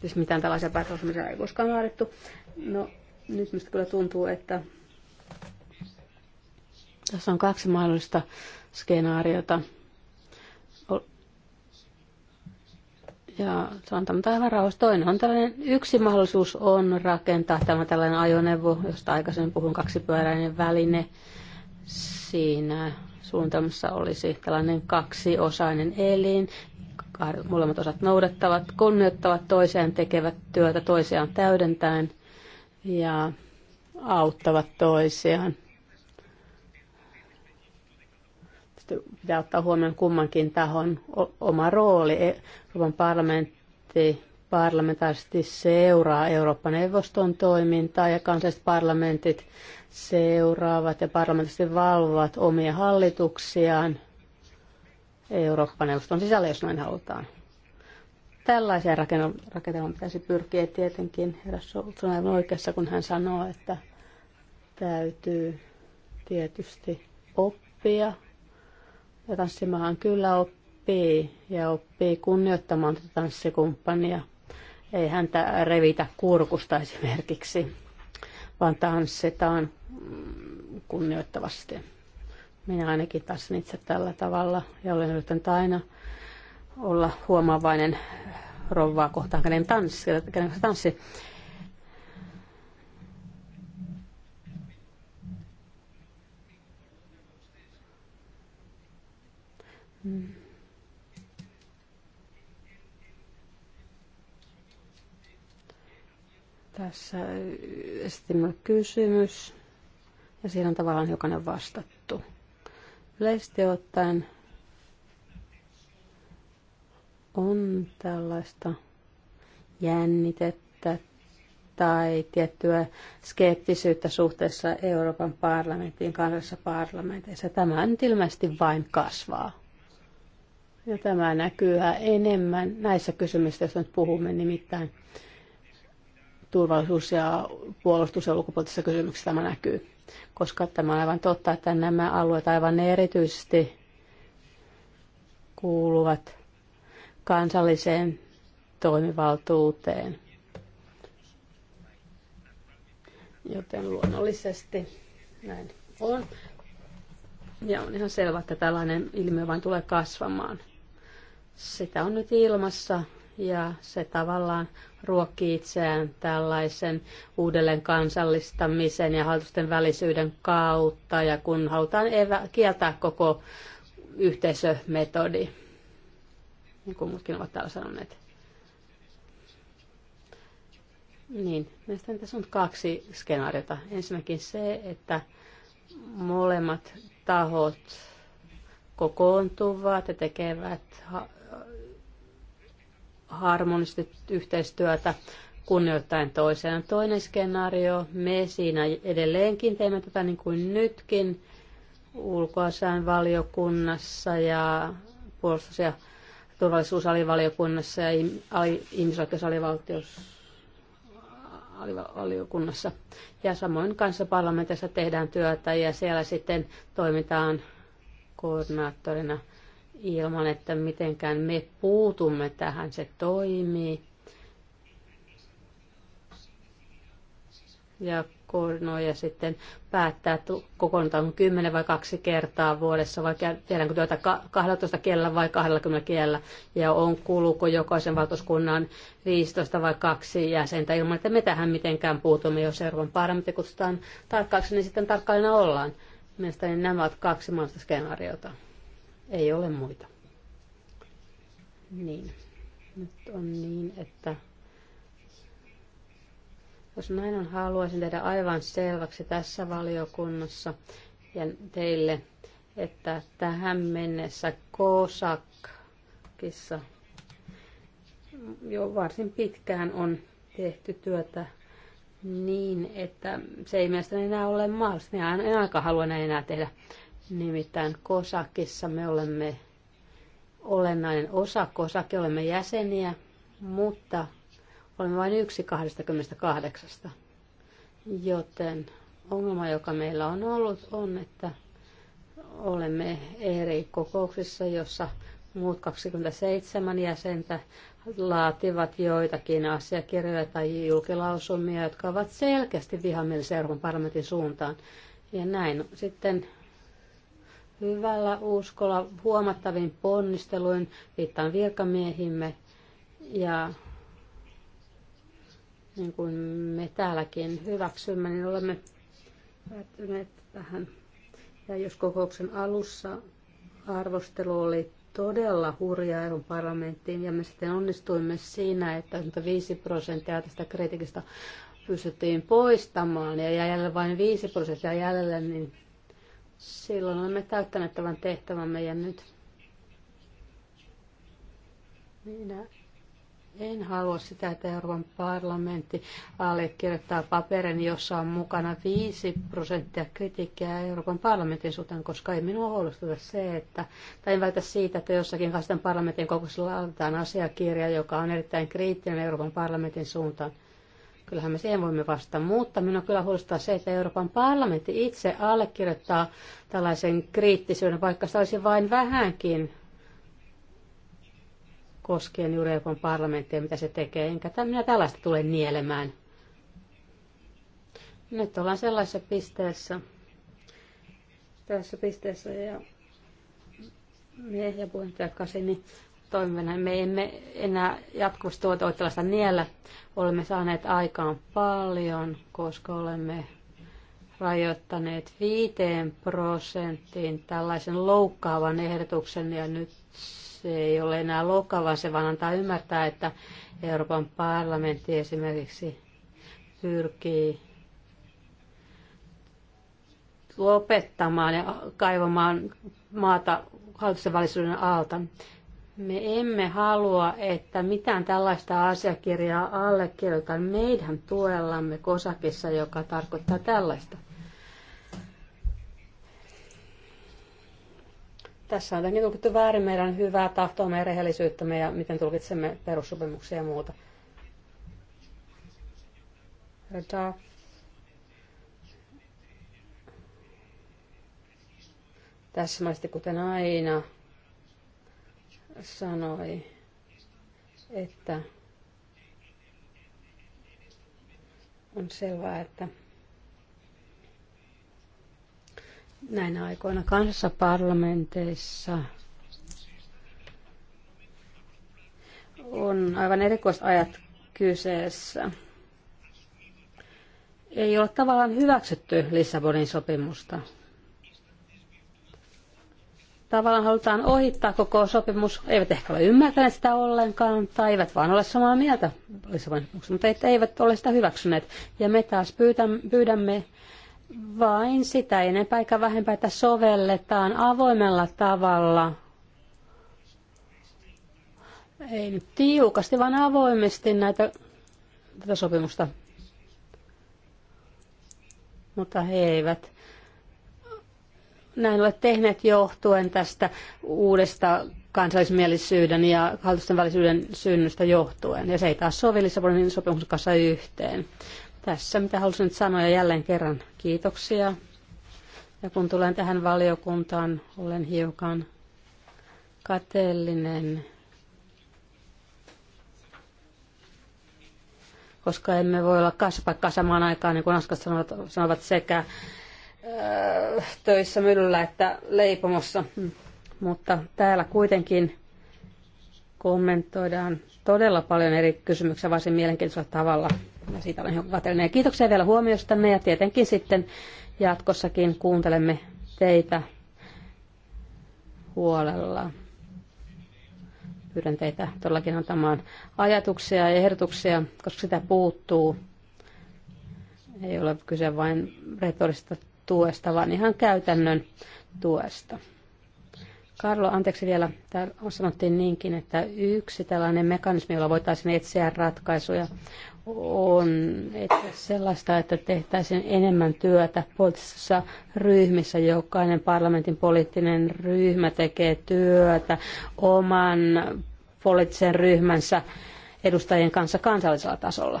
Siis mitään tällaisia päätöksiä ei koskaan laadittu. No, nyt minusta kyllä tuntuu, että tässä on kaksi mahdollista skenaariota. Ja sanotaan tämä rahoitus. Toinen on tällainen, yksi mahdollisuus on rakentaa tämä tällainen ajoneuvo, josta aikaisemmin puhun, kaksipyöräinen väline. Siinä suunnitelmassa olisi tällainen kaksiosainen elin, molemmat osat noudattavat, kunnioittavat toiseen, tekevät työtä toisiaan täydentäen ja auttavat toisiaan. Sitten pitää ottaa huomioon kummankin tahon oma rooli. E- Euroopan parlamentti parlamentaarisesti seuraa Euroopan neuvoston toimintaa ja kansalliset parlamentit seuraavat ja parlamentaarisesti valvovat omia hallituksiaan – Eurooppa-neuvoston sisällä, jos noin halutaan. Tällaisia rakennelmia pitäisi pyrkiä tietenkin. Eräs on aivan oikeassa, kun hän sanoo, että täytyy tietysti oppia. Ja tanssimahan kyllä oppii ja oppii kunnioittamaan tätä tanssikumppania. Ei häntä revitä kurkusta esimerkiksi, vaan tanssitaan kunnioittavasti minä ainakin taas itse tällä tavalla ja olen yrittänyt aina olla huomaavainen rouvaa kohtaan, kenen tanssi, kenen tanssi. Tässä esitimme kysymys ja siinä on tavallaan jokainen vastattu. Yleisesti ottaen on tällaista jännitettä tai tiettyä skeptisyyttä suhteessa Euroopan parlamenttiin, kansallisissa parlamenteissa. Tämä nyt ilmeisesti vain kasvaa. Ja tämä näkyy yhä enemmän näissä kysymyksissä, joista nyt puhumme, nimittäin turvallisuus- ja puolustus- ja ulkopuolisissa kysymyksissä tämä näkyy koska tämä on aivan totta, että nämä alueet aivan erityisesti kuuluvat kansalliseen toimivaltuuteen. Joten luonnollisesti näin on. Ja on ihan selvää, että tällainen ilmiö vain tulee kasvamaan. Sitä on nyt ilmassa ja se tavallaan ruokki itseään tällaisen uudelleen kansallistamisen ja hallitusten välisyyden kautta ja kun halutaan evä- kieltää koko yhteisömetodi, niin kuin muutkin ovat täällä sanoneet. Niin, mielestäni tässä on kaksi skenaariota. Ensinnäkin se, että molemmat tahot kokoontuvat ja tekevät harmonisesti yhteistyötä kunnioittain toiseen. Toinen skenaario, me siinä edelleenkin teemme tätä niin kuin nytkin ulkoasainvaliokunnassa ja puolustus- ja turvallisuusalivaliokunnassa ja ihmisoikeusalivaliokunnassa. Ja samoin kanssa parlamentissa tehdään työtä ja siellä sitten toimitaan koordinaattorina – ilman, että mitenkään me puutumme tähän, se toimii. Ja ja sitten päättää, kokoonnutaan 10 vai kaksi kertaa vuodessa, vai tiedänkö työtä 12 kielellä vai 20 kielellä, ja on kuuluuko jokaisen valtuuskunnan 15 vai kaksi jäsentä ilman, että me tähän mitenkään puutumme, jos Euroopan parlamentti kutsutaan tarkkaaksi, niin sitten tarkkaina ollaan. Mielestäni nämä ovat kaksi mahdollista skenaariota. Ei ole muita. Niin. Nyt on niin, että jos näin on, haluaisin tehdä aivan selväksi tässä valiokunnassa ja teille, että tähän mennessä Kosakissa jo varsin pitkään on tehty työtä niin, että se ei mielestäni enää ole mahdollista. Minä en aika halua enää tehdä. Nimittäin Kosakissa me olemme olennainen osa Kosakia, olemme jäseniä, mutta olemme vain yksi 28. Joten ongelma, joka meillä on ollut, on, että olemme eri kokouksissa, jossa muut 27 jäsentä laativat joitakin asiakirjoja tai julkilausumia, jotka ovat selkeästi vihamielisiä Euroopan parlamentin suuntaan. Ja näin sitten hyvällä uskolla, huomattavin ponnisteluin, viittaan virkamiehimme ja niin kuin me täälläkin hyväksymme, niin olemme päättyneet tähän. Ja jos kokouksen alussa arvostelu oli todella hurjaa EUn parlamenttiin ja me sitten onnistuimme siinä, että 5 prosenttia tästä kritiikistä pystyttiin poistamaan ja jäljellä vain 5 prosenttia jäljellä, niin Silloin olemme täyttäneet tämän tehtävän meidän nyt minä en halua sitä, että Euroopan parlamentti allekirjoittaa paperin, jossa on mukana 5 prosenttia kritiikkiä Euroopan parlamentin suhteen, koska ei minua huolestuta se, että, tai en välitä siitä, että jossakin kansan parlamentin kokouksella annetaan asiakirja, joka on erittäin kriittinen Euroopan parlamentin suuntaan. Kyllähän me siihen voimme vastata, mutta minua kyllä huolestuttaa se, että Euroopan parlamentti itse allekirjoittaa tällaisen kriittisyyden, vaikka se olisi vain vähänkin koskien juuri Euroopan parlamenttia, mitä se tekee, enkä minä tällaista tule nielemään. Nyt ollaan sellaisessa pisteessä, tässä pisteessä ja me ja puheenjohtaja Kasi, niin toimivana. Me emme enää jatkuvasti voi tällaista niellä. Olemme saaneet aikaan paljon, koska olemme rajoittaneet viiteen prosenttiin tällaisen loukkaavan ehdotuksen ja nyt se ei ole enää loukkaava, se vaan antaa ymmärtää, että Euroopan parlamentti esimerkiksi pyrkii lopettamaan ja kaivamaan maata hallitusten alta. Me emme halua, että mitään tällaista asiakirjaa allekirjoitetaan meidän tuellamme kosakissa, joka tarkoittaa tällaista. Tässä on jotenkin tulkittu väärin meidän hyvää tahtoamme meidän rehellisyyttä ja miten tulkitsemme perussopimuksia ja muuta. Tässä Täsmällisesti kuten aina sanoi, että on selvää, että näinä aikoina kansassa parlamenteissa on aivan erikoiset ajat kyseessä. Ei ole tavallaan hyväksytty Lissabonin sopimusta tavallaan halutaan ohittaa koko sopimus, eivät ehkä ole ymmärtäneet sitä ollenkaan, tai eivät vaan ole samaa mieltä Lissabonin mutta eivät ole sitä hyväksyneet. Ja me taas pyytämme, pyydämme vain sitä enempää eikä vähempää, että sovelletaan avoimella tavalla. Ei nyt tiukasti, vaan avoimesti näitä, tätä sopimusta. Mutta he eivät näin olet tehneet johtuen tästä uudesta kansallismielisyyden ja hallitusten välisyyden synnystä johtuen. Ja se ei taas sovi Lissabonin sopimuksen kanssa yhteen. Tässä mitä halusin nyt sanoa ja jälleen kerran kiitoksia. Ja kun tulen tähän valiokuntaan, olen hiukan kateellinen, koska emme voi olla kasvapaikkaa samaan aikaan, niin kuin Askas sanovat, sanovat sekä Öö, töissä myllyllä että leipomossa. Mm. Mutta täällä kuitenkin kommentoidaan todella paljon eri kysymyksiä varsin mielenkiintoisella tavalla. Ja siitä olen hiukan kateellinen. Kiitoksia vielä huomiostanne ja tietenkin sitten jatkossakin kuuntelemme teitä huolella. Pyydän teitä todellakin antamaan ajatuksia ja ehdotuksia, koska sitä puuttuu. Ei ole kyse vain retorista tuesta, vaan ihan käytännön tuesta. Karlo, anteeksi vielä, täällä sanottiin niinkin, että yksi tällainen mekanismi, jolla voitaisiin etsiä ratkaisuja, on että sellaista, että tehtäisiin enemmän työtä poliittisissa ryhmissä. Jokainen parlamentin poliittinen ryhmä tekee työtä oman poliittisen ryhmänsä edustajien kanssa kansallisella tasolla.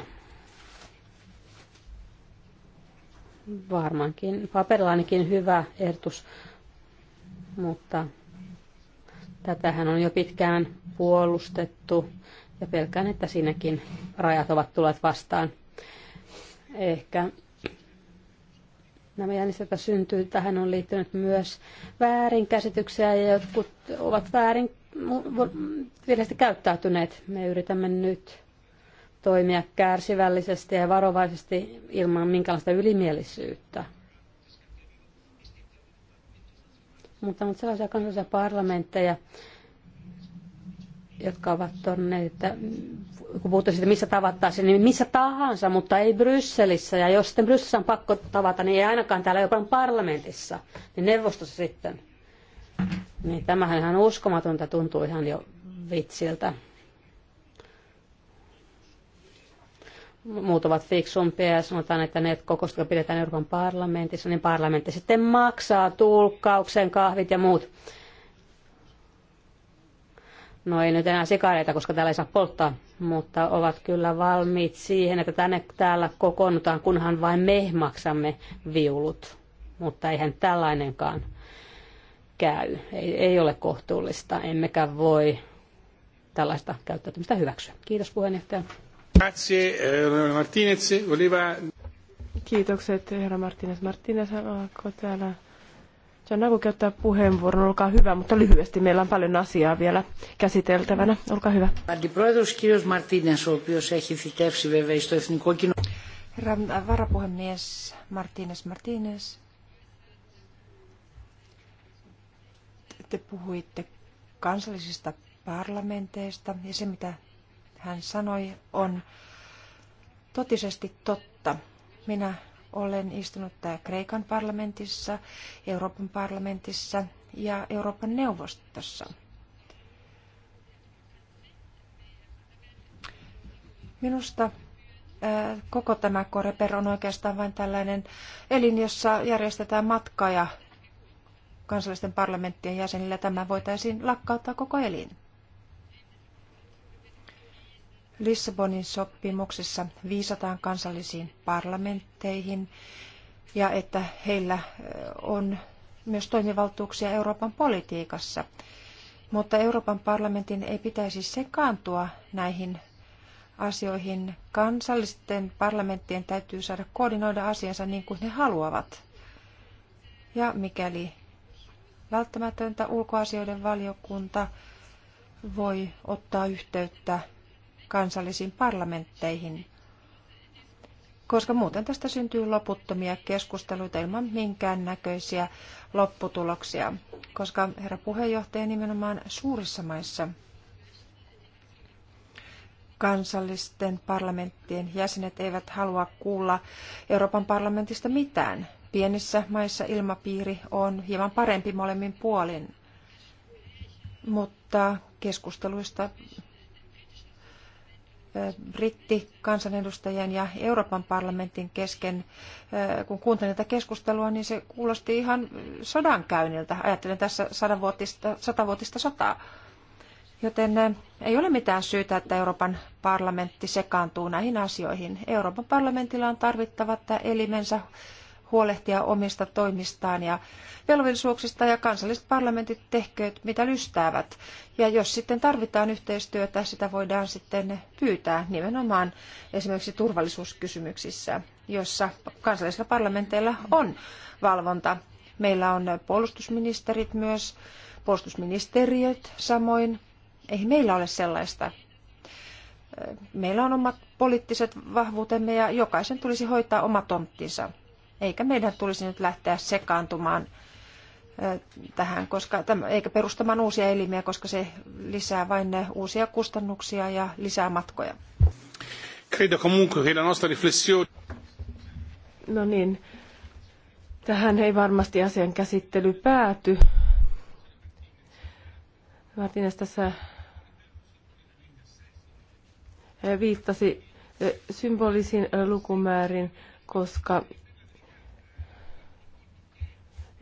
varmaankin paperilla ainakin hyvä ehdotus, mutta tätähän on jo pitkään puolustettu ja pelkään, että siinäkin rajat ovat tulleet vastaan. Ehkä nämä jännistetä syntyy. Tähän on liittynyt myös väärinkäsityksiä ja jotkut ovat väärin virheellisesti käyttäytyneet. Me yritämme nyt toimia kärsivällisesti ja varovaisesti ilman minkäänlaista ylimielisyyttä. Mutta on sellaisia kansallisia parlamentteja, jotka ovat tuonne, että kun puhutaan siitä, missä tavattaisiin, niin missä tahansa, mutta ei Brysselissä. Ja jos sitten Brysselissä on pakko tavata, niin ei ainakaan täällä Euroopan parlamentissa, niin neuvostossa sitten. Niin tämähän ihan uskomatonta tuntuu ihan jo vitsiltä. muut ovat fiksumpia ja sanotaan, että ne kokoukset, jotka pidetään Euroopan parlamentissa, niin parlamentti sitten maksaa tulkkauksen, kahvit ja muut. No ei nyt enää sikareita, koska täällä ei saa polttaa, mutta ovat kyllä valmiit siihen, että tänne täällä kokoonnutaan, kunhan vain me maksamme viulut. Mutta eihän tällainenkaan käy. Ei, ei ole kohtuullista, emmekä voi tällaista käyttäytymistä hyväksyä. Kiitos puheenjohtaja. Eh, Kiitokset, herra Martinez. Martinez, onko täällä? Se on aiku käyttää puheenvuoron, olkaa hyvä, mutta lyhyesti. Meillä on paljon asiaa vielä käsiteltävänä. Olkaa hyvä. Αντιπρόεδρος κύριος Μαρτίνες, ο οποίος έχει θητεύσει βέβαια στο Εθνικό Κοινό. Herra varapuhemies Martinez. Martinez, te puhuitte kansallisista parlamenteista ja se mitä hän sanoi, on totisesti totta. Minä olen istunut Kreikan parlamentissa, Euroopan parlamentissa ja Euroopan neuvostossa. Minusta äh, koko tämä Koreper on oikeastaan vain tällainen elin, jossa järjestetään matkaa ja kansallisten parlamenttien jäsenillä tämä voitaisiin lakkauttaa koko elin. Lissabonin sopimuksessa viisataan kansallisiin parlamentteihin ja että heillä on myös toimivaltuuksia Euroopan politiikassa. Mutta Euroopan parlamentin ei pitäisi sekaantua näihin asioihin. Kansallisten parlamenttien täytyy saada koordinoida asiansa niin kuin ne haluavat. Ja mikäli välttämätöntä ulkoasioiden valiokunta voi ottaa yhteyttä kansallisiin parlamentteihin, koska muuten tästä syntyy loputtomia keskusteluita ilman minkäännäköisiä lopputuloksia, koska herra puheenjohtaja nimenomaan suurissa maissa kansallisten parlamenttien jäsenet eivät halua kuulla Euroopan parlamentista mitään. Pienissä maissa ilmapiiri on hieman parempi molemmin puolin, mutta keskusteluista britti kansanedustajien ja Euroopan parlamentin kesken, kun kuuntelin tätä keskustelua, niin se kuulosti ihan sodankäynniltä. Ajattelen tässä satavuotista, satavuotista sotaa. Joten ei ole mitään syytä, että Euroopan parlamentti sekaantuu näihin asioihin. Euroopan parlamentilla on tarvittavat elimensä huolehtia omista toimistaan ja velvollisuuksista ja kansalliset parlamentit tehkööt mitä lystäävät. Ja jos sitten tarvitaan yhteistyötä, sitä voidaan sitten pyytää nimenomaan esimerkiksi turvallisuuskysymyksissä, jossa kansallisilla parlamenteilla on valvonta. Meillä on puolustusministerit myös, puolustusministeriöt samoin. Ei meillä ole sellaista meillä on omat poliittiset vahvuutemme ja jokaisen tulisi hoitaa oma tonttinsa. Eikä meidän tulisi nyt lähteä sekaantumaan tähän, koska, eikä perustamaan uusia elimiä, koska se lisää vain ne uusia kustannuksia ja lisää matkoja. Credo comunque che la nostra riflessione... No niin, tähän ei varmasti asian käsittely pääty. Martines tässä viittasi symbolisiin lukumäärin, koska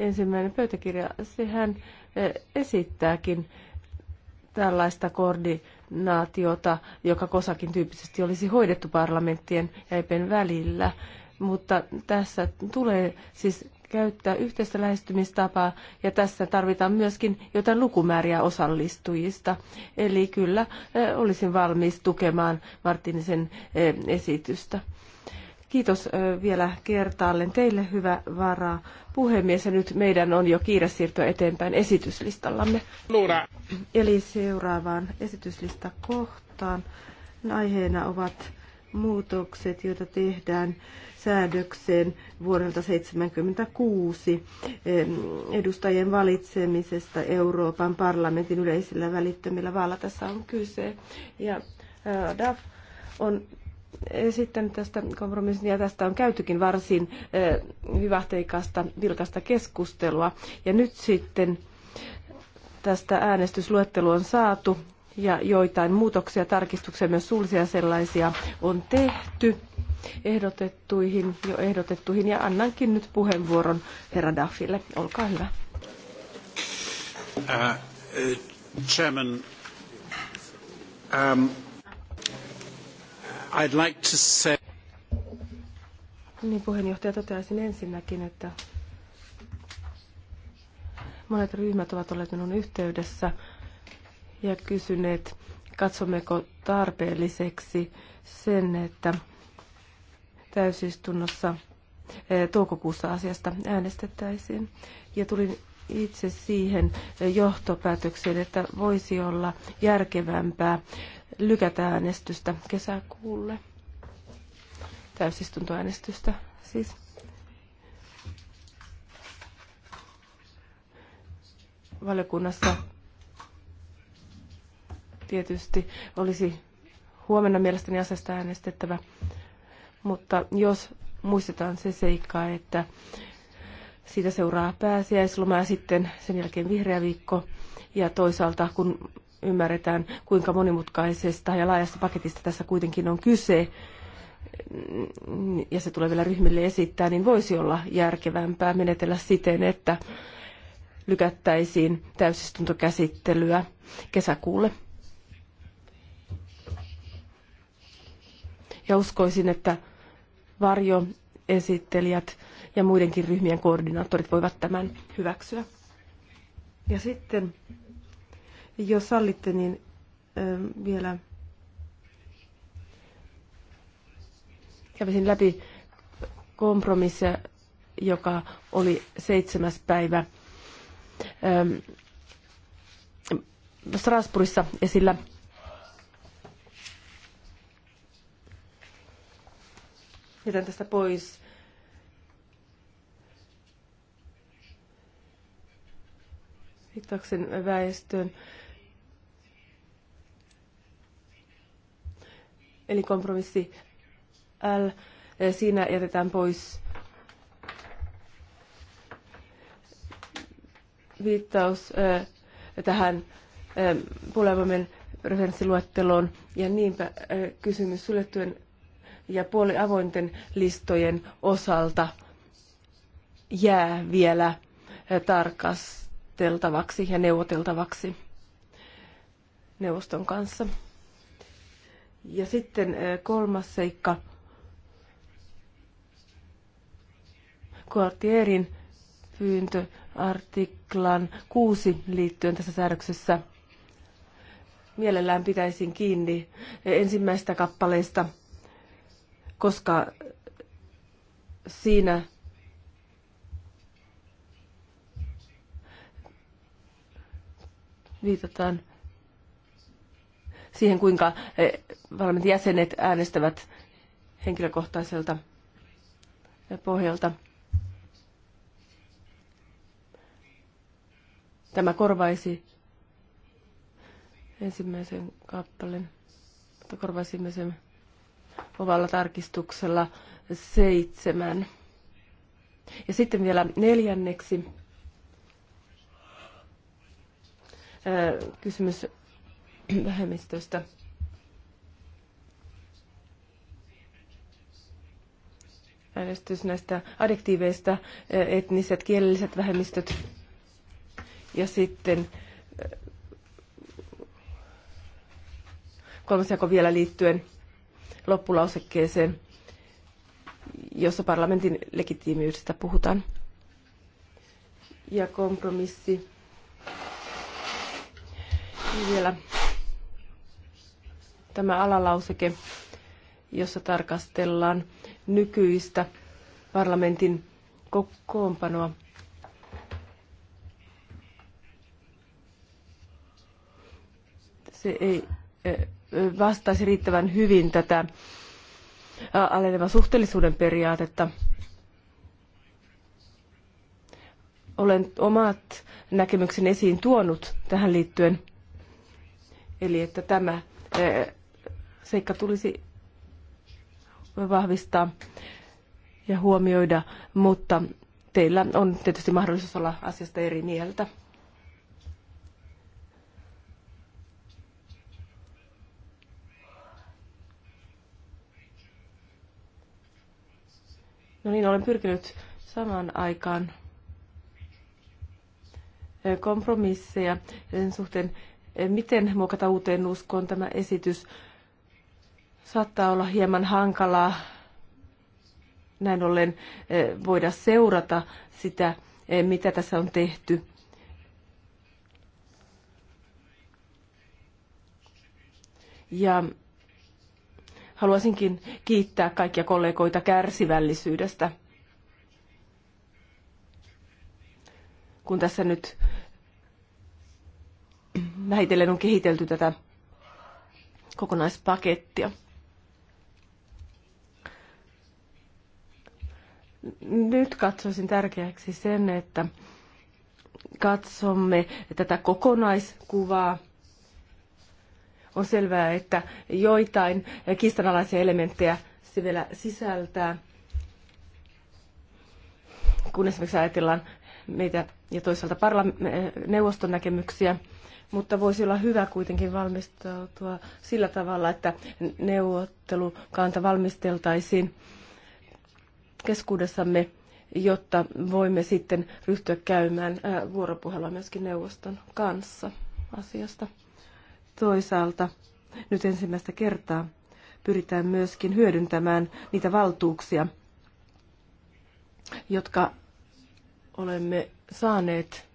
ensimmäinen pöytäkirja, sehän eh, esittääkin tällaista koordinaatiota, joka kosakin tyyppisesti olisi hoidettu parlamenttien ja EPen välillä. Mutta tässä tulee siis käyttää yhteistä lähestymistapaa ja tässä tarvitaan myöskin jotain lukumääriä osallistujista. Eli kyllä eh, olisin valmis tukemaan Martinisen eh, esitystä. Kiitos vielä kertaalleen teille, hyvä varaa puhemies. Ja nyt meidän on jo kiire siirtyä eteenpäin esityslistallamme. Luna. Eli seuraavaan esityslistakohtaan. Aiheena ovat muutokset, joita tehdään säädökseen vuodelta 1976 edustajien valitsemisesta Euroopan parlamentin yleisillä välittömillä vaalla. Tässä on kyse. Ja DAF on sitten tästä kompromissin ja tästä on käytykin varsin eh, hyvähteikasta, vilkasta keskustelua. Ja nyt sitten tästä äänestysluettelu on saatu ja joitain muutoksia, tarkistuksia, myös suullisia sellaisia on tehty ehdotettuihin, jo ehdotettuihin ja annankin nyt puheenvuoron herra Daffille. Olkaa hyvä. Uh, uh, chairman, um... I'd like to say... Niin puheenjohtaja toteaisin ensinnäkin, että monet ryhmät ovat olleet minun yhteydessä ja kysyneet, katsommeko tarpeelliseksi sen, että täysistunnossa eh, toukokuussa asiasta äänestettäisiin. Ja tulin itse siihen johtopäätökseen, että voisi olla järkevämpää lykätä äänestystä kesäkuulle. Täysistuntoäänestystä siis. Valiokunnassa tietysti olisi huomenna mielestäni asiasta äänestettävä, mutta jos muistetaan se seikka, että siitä seuraa pääsiäisloma ja sitten sen jälkeen vihreä viikko. Ja toisaalta, kun ymmärretään, kuinka monimutkaisesta ja laajasta paketista tässä kuitenkin on kyse, ja se tulee vielä ryhmille esittää, niin voisi olla järkevämpää menetellä siten, että lykättäisiin täysistuntokäsittelyä kesäkuulle. Ja uskoisin, että varjoesittelijät ja muidenkin ryhmien koordinaattorit voivat tämän hyväksyä. Ja sitten, jos sallitte, niin ähm, vielä kävisin läpi kompromissia, joka oli seitsemäs päivä ähm, Strasbourgissa esillä. Jätän tästä pois Viktoksen väestön. Eli kompromissi L, eh, siinä jätetään pois viittaus eh, tähän eh, puolemamen referenssiluetteloon ja niinpä kysymys suljettujen ja puoliavointen listojen osalta jää vielä tarkas valmisteltavaksi ja neuvoteltavaksi neuvoston kanssa. Ja sitten kolmas seikka. Quartierin pyyntö artiklan 6 liittyen tässä säädöksessä. Mielellään pitäisin kiinni ensimmäistä kappaleesta, koska siinä viitataan siihen, kuinka valmiit eh, jäsenet äänestävät henkilökohtaiselta eh, pohjalta. Tämä korvaisi ensimmäisen kappaleen, mutta korvaisimme sen ovalla tarkistuksella seitsemän. Ja sitten vielä neljänneksi kysymys vähemmistöstä. Äänestys näistä adjektiiveista, etniset, kielelliset vähemmistöt ja sitten kolmas jako vielä liittyen loppulausekkeeseen, jossa parlamentin legitiimiydestä puhutaan. Ja kompromissi vielä tämä alalauseke, jossa tarkastellaan nykyistä parlamentin kokoonpanoa. Se ei eh, vastaisi riittävän hyvin tätä alenevan suhteellisuuden periaatetta. Olen omat näkemykseni esiin tuonut tähän liittyen. Eli että tämä eh, seikka tulisi vahvistaa ja huomioida, mutta teillä on tietysti mahdollisuus olla asiasta eri mieltä. No niin, olen pyrkinyt samaan aikaan eh, kompromisseja sen suhteen, miten muokata uuteen uskoon tämä esitys. Saattaa olla hieman hankalaa näin ollen eh, voida seurata sitä, eh, mitä tässä on tehty. Ja haluaisinkin kiittää kaikkia kollegoita kärsivällisyydestä, kun tässä nyt vähitellen on kehitelty tätä kokonaispakettia. Nyt katsoisin tärkeäksi sen, että katsomme tätä kokonaiskuvaa. On selvää, että joitain kiistanalaisia elementtejä se vielä sisältää, kun esimerkiksi ajatellaan meitä ja toisaalta neuvoston näkemyksiä – mutta voisi olla hyvä kuitenkin valmistautua sillä tavalla, että neuvottelukanta valmisteltaisiin keskuudessamme, jotta voimme sitten ryhtyä käymään vuoropuhelua myöskin neuvoston kanssa asiasta. Toisaalta nyt ensimmäistä kertaa pyritään myöskin hyödyntämään niitä valtuuksia, jotka olemme saaneet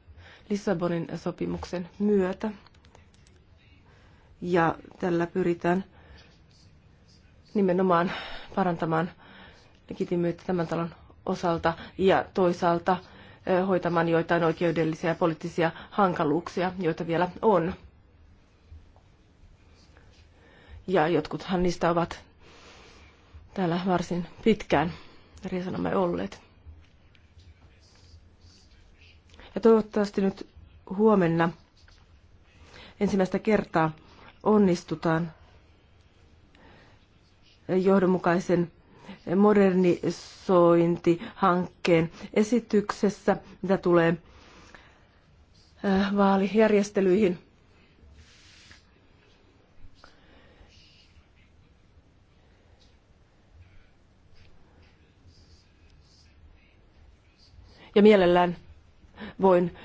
Lissabonin sopimuksen myötä. Ja tällä pyritään nimenomaan parantamaan legitimyyttä tämän talon osalta ja toisaalta hoitamaan joitain oikeudellisia ja poliittisia hankaluuksia, joita vielä on. Ja jotkuthan niistä ovat täällä varsin pitkään riesanamme olleet. Ja toivottavasti nyt huomenna ensimmäistä kertaa onnistutaan johdonmukaisen modernisointihankkeen esityksessä, mitä tulee äh, vaalijärjestelyihin. Ja mielellään voin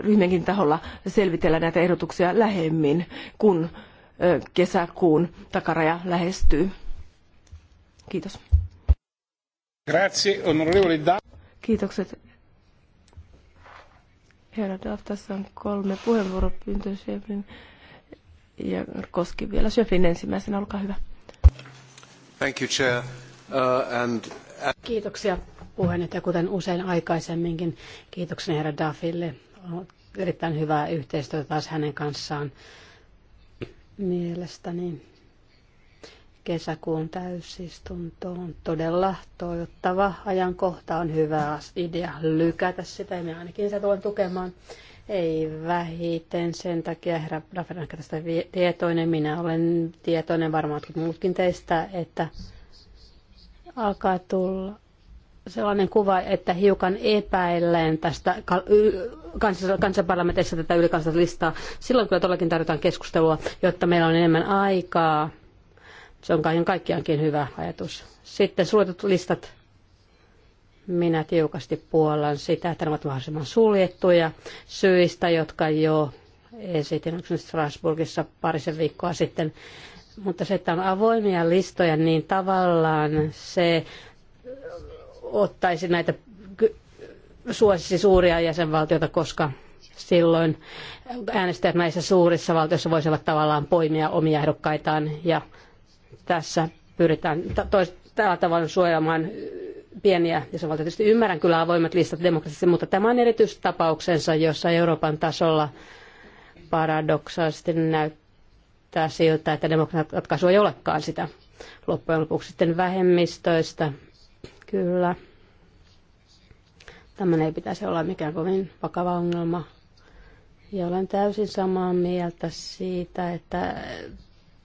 ryhmienkin taholla selvitellä näitä ehdotuksia lähemmin, kun kesäkuun takaraja lähestyy. Kiitos. Grazie, onorevole Kiitokset. Herra Daff, tässä on kolme puheenvuoropyyntöä Schöflin ja Koski vielä. Schöflin ensimmäisenä, olkaa hyvä. Thank you, Chair. Uh, and... Kiitoksia ja kuten usein aikaisemminkin. Kiitoksen herra Daffille. On erittäin hyvää yhteistyötä taas hänen kanssaan mielestäni. Kesäkuun täysistunto on todella toivottava ajankohta. On hyvä idea lykätä sitä ja minä ainakin sitä tulen tukemaan. Ei vähiten sen takia, herra Rafferanka, tästä tietoinen. Minä olen tietoinen varmaan muutkin teistä, että alkaa tulla sellainen kuva, että hiukan epäilleen tästä kansanparlamentissa tätä ylikansallista listaa. Silloin kyllä todellakin tarvitaan keskustelua, jotta meillä on enemmän aikaa. Se on kaiken kaikkiaankin hyvä ajatus. Sitten suljetut listat. Minä tiukasti puolan sitä, että ne ovat mahdollisimman suljettuja syistä, jotka jo esitin Strasbourgissa parisen viikkoa sitten. Mutta se, että on avoimia listoja, niin tavallaan se ottaisi näitä, suosisi suuria jäsenvaltioita, koska silloin äänestäjät näissä suurissa valtioissa voisivat tavallaan poimia omia ehdokkaitaan ja tässä pyritään tois, tällä tavalla suojelemaan pieniä jäsenvaltioita. Tietysti ymmärrän kyllä avoimet listat demokratisesti, mutta tämä on erityistapauksensa, jossa Euroopan tasolla paradoksaalisesti näyttää siltä, että demokratian ei olekaan sitä loppujen lopuksi sitten vähemmistöistä. Kyllä. Tämän ei pitäisi olla mikään kovin vakava ongelma. Ja olen täysin samaa mieltä siitä, että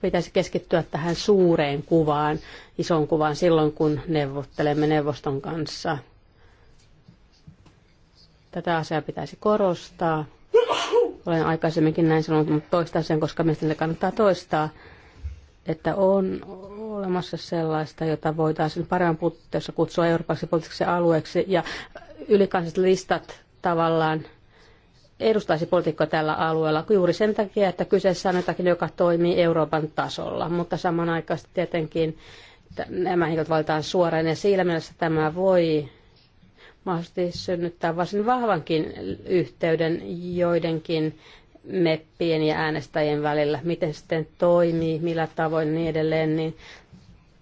pitäisi keskittyä tähän suureen kuvaan, isoon kuvaan silloin, kun neuvottelemme neuvoston kanssa. Tätä asiaa pitäisi korostaa. Olen aikaisemminkin näin sanonut, mutta toistan sen, koska mielestäni se kannattaa toistaa, että on olemassa sellaista, jota voitaisiin paremmin puutteessa kutsua eurooppalaisiksi poliittiseksi alueeksi, ja ylikansalliset listat tavallaan edustaisi poliitikkoa tällä alueella juuri sen takia, että kyseessä on jotakin, joka toimii Euroopan tasolla, mutta samanaikaisesti tietenkin nämä henkilöt valitaan suoraan, ja siinä mielessä tämä voi mahdollisesti synnyttää varsin vahvankin yhteyden joidenkin meppien ja äänestäjien välillä, miten se sitten toimii, millä tavoin niin edelleen, niin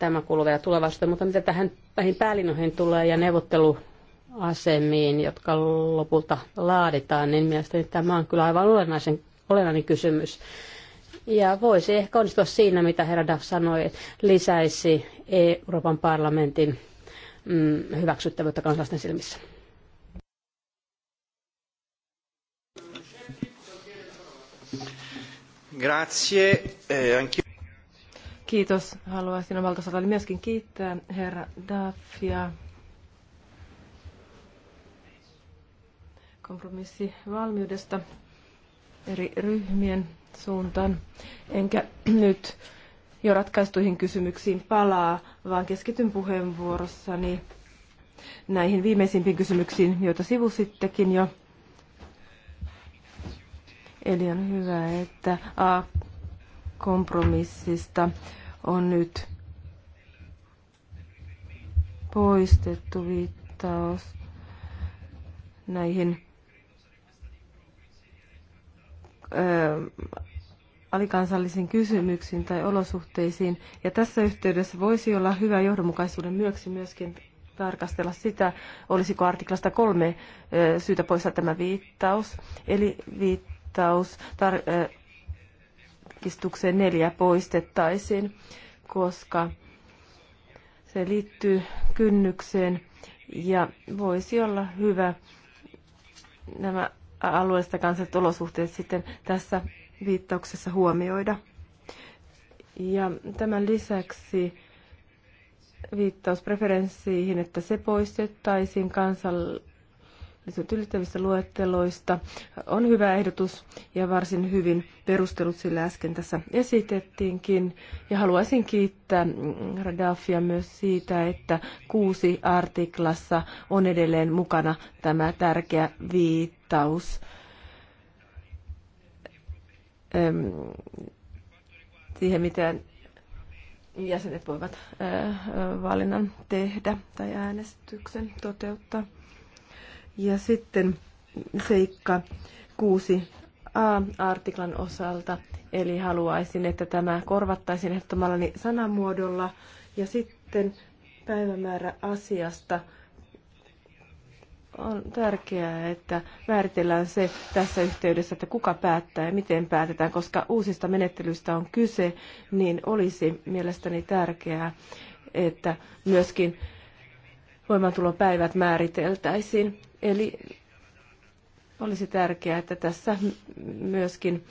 Tämä kuuluu vielä tulevaisuuteen, mutta mitä tähän näihin päälinnoihin tulee ja neuvotteluasemiin, jotka lopulta laaditaan, niin mielestäni tämä on kyllä aivan olennaisen, olennainen kysymys. Ja voisi ehkä onnistua siinä, mitä herra Duff sanoi, että lisäisi Euroopan parlamentin mm, hyväksyttävyyttä kansalaisten silmissä. Grazie. Eh, anche... Kiitos. Haluaisin omalta osaltani myöskin kiittää herra Daffia. kompromissivalmiudesta eri ryhmien suuntaan. Enkä nyt jo ratkaistuihin kysymyksiin palaa, vaan keskityn puheenvuorossani näihin viimeisimpiin kysymyksiin, joita sivusittekin jo. Eli on hyvä, että A kompromissista on nyt poistettu viittaus näihin ö, alikansallisiin kysymyksiin tai olosuhteisiin. Ja tässä yhteydessä voisi olla hyvä johdonmukaisuuden myöksi myöskin tarkastella sitä, olisiko artiklasta kolme syytä poistaa tämä viittaus. Eli viittaus tar- tarkistukseen neljä poistettaisiin, koska se liittyy kynnykseen ja voisi olla hyvä nämä alueelliset kansalliset olosuhteet sitten tässä viittauksessa huomioida. Ja tämän lisäksi viittaus preferenssiin, että se poistettaisiin kansal- tyydyttävistä luetteloista. On hyvä ehdotus ja varsin hyvin perustelut sillä äsken tässä esitettiinkin. Ja haluaisin kiittää mm, Radafia myös siitä, että kuusi artiklassa on edelleen mukana tämä tärkeä viittaus siihen, miten jäsenet voivat valinnan tehdä tai äänestyksen toteuttaa. Ja sitten seikka 6a-artiklan osalta, eli haluaisin, että tämä korvattaisiin ehdottomallani sanamuodolla. Ja sitten päivämäärä asiasta on tärkeää, että määritellään se tässä yhteydessä, että kuka päättää ja miten päätetään, koska uusista menettelyistä on kyse, niin olisi mielestäni tärkeää, että myöskin voimantulopäivät määriteltäisiin. Eli olisi tärkeää, että tässä myöskin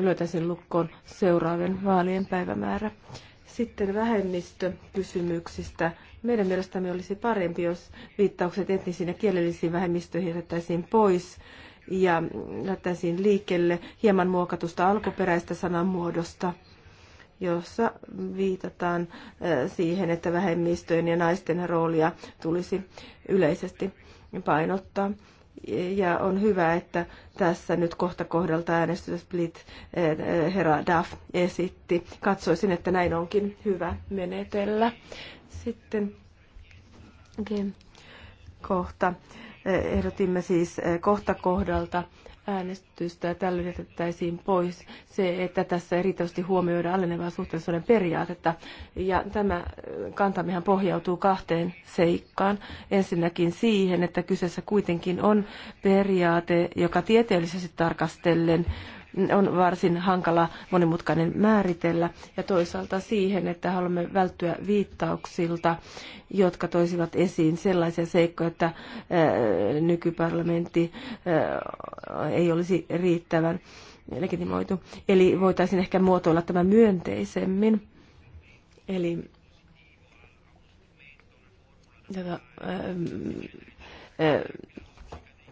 löytäisin lukkoon seuraavien vaalien päivämäärä. Sitten vähemmistökysymyksistä. Meidän mielestämme olisi parempi, jos viittaukset etnisiin ja kielellisiin vähemmistöihin jätettäisiin pois ja lähtäisiin liikkeelle hieman muokatusta alkuperäistä sanamuodosta, jossa viitataan äh, siihen, että vähemmistöjen ja naisten roolia tulisi yleisesti painottaa. Ja on hyvä, että tässä nyt kohta kohdalta äänestys Split eh, herra Duff esitti. Katsoisin, että näin onkin hyvä menetellä. Sitten okay. kohta Ehdotimme siis eh, kohta kohdalta äänestystä ja tällöin jätettäisiin pois se, että tässä erityisesti huomioidaan alenevaa suhteellisuuden periaatetta. Ja tämä eh, kantamihan pohjautuu kahteen seikkaan. Ensinnäkin siihen, että kyseessä kuitenkin on periaate, joka tieteellisesti tarkastellen on varsin hankala monimutkainen määritellä ja toisaalta siihen, että haluamme välttyä viittauksilta, jotka toisivat esiin sellaisia seikkoja, että eh, nykyparlamentti eh, ei olisi riittävän legitimoitu. Eli voitaisiin ehkä muotoilla tämä myönteisemmin. Eli tätä, ää, eh,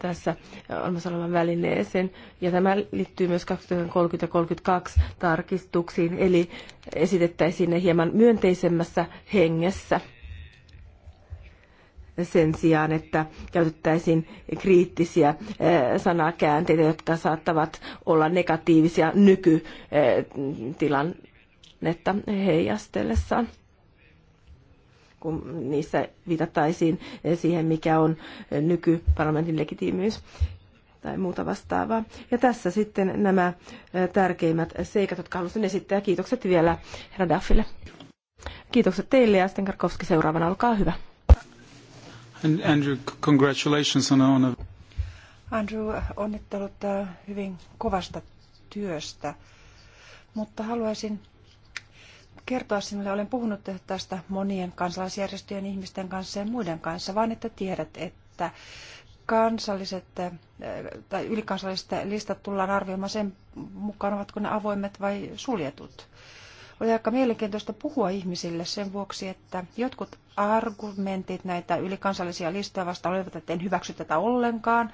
tässä olemassa välineeseen. Ja tämä liittyy myös 2030 ja 2032 tarkistuksiin, eli esitettäisiin ne hieman myönteisemmässä hengessä sen sijaan, että käytettäisiin kriittisiä eh, sanakäänteitä, jotka saattavat olla negatiivisia nykytilannetta eh, heijastellessaan kun niissä viitattaisiin eh, siihen, mikä on eh, nykyparlamentin legitiimiys tai muuta vastaavaa. Ja tässä sitten nämä eh, tärkeimmät seikat, jotka halusin esittää. Kiitokset vielä herra Daffille. Kiitokset teille ja sitten Karkovski seuraavana, olkaa hyvä. Andrew, congratulations on, on Andrew, onnittelut hyvin kovasta työstä, mutta haluaisin kertoa sinulle, olen puhunut tästä monien kansalaisjärjestöjen ihmisten kanssa ja muiden kanssa, vaan että tiedät, että kansalliset eh, tai ylikansalliset listat tullaan arvioimaan sen mukaan, ovatko ne avoimet vai suljetut. Oli aika mielenkiintoista puhua ihmisille sen vuoksi, että jotkut argumentit näitä ylikansallisia listoja vastaan olivat, että en hyväksy tätä ollenkaan,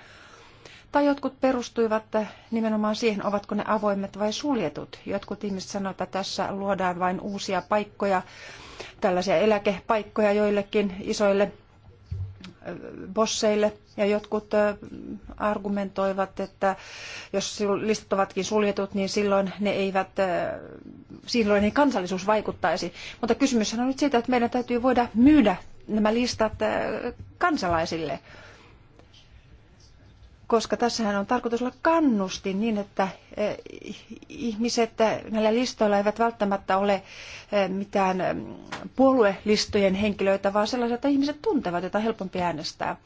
tai jotkut perustuivat nimenomaan siihen, ovatko ne avoimet vai suljetut. Jotkut ihmiset sanoivat, että tässä luodaan vain uusia paikkoja, tällaisia eläkepaikkoja joillekin isoille bosseille ja jotkut argumentoivat, että jos listat ovatkin suljetut, niin silloin ne eivät, silloin ei kansallisuus vaikuttaisi. Mutta kysymys on nyt siitä, että meidän täytyy voida myydä nämä listat kansalaisille koska tässähän on tarkoitus olla kannustin niin, että e, ihmiset näillä listoilla eivät välttämättä ole e, mitään puoluelistojen henkilöitä, vaan sellaisia, että ihmiset tuntevat, joita on helpompi äänestää.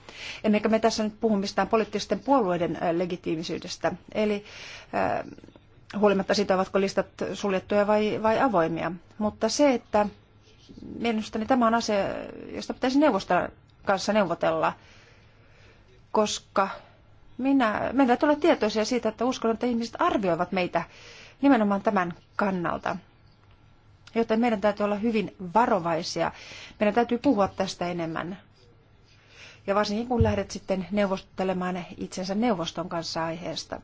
Emmekä me tässä nyt puhu mistään poliittisten puolueiden e, legitiimisyydestä. Eli huolimatta siitä, ovatko listat suljettuja vai, vai avoimia. Mutta se, että mielestäni tämä on asia, josta pitäisi neuvosta kanssa neuvotella, koska minä, meidän täytyy olla tietoisia siitä, että uskon, että ihmiset arvioivat meitä nimenomaan tämän kannalta. Joten meidän täytyy olla hyvin varovaisia. Meidän täytyy puhua tästä enemmän. Ja varsinkin kun lähdet sitten neuvostelemaan itsensä neuvoston kanssa aiheesta.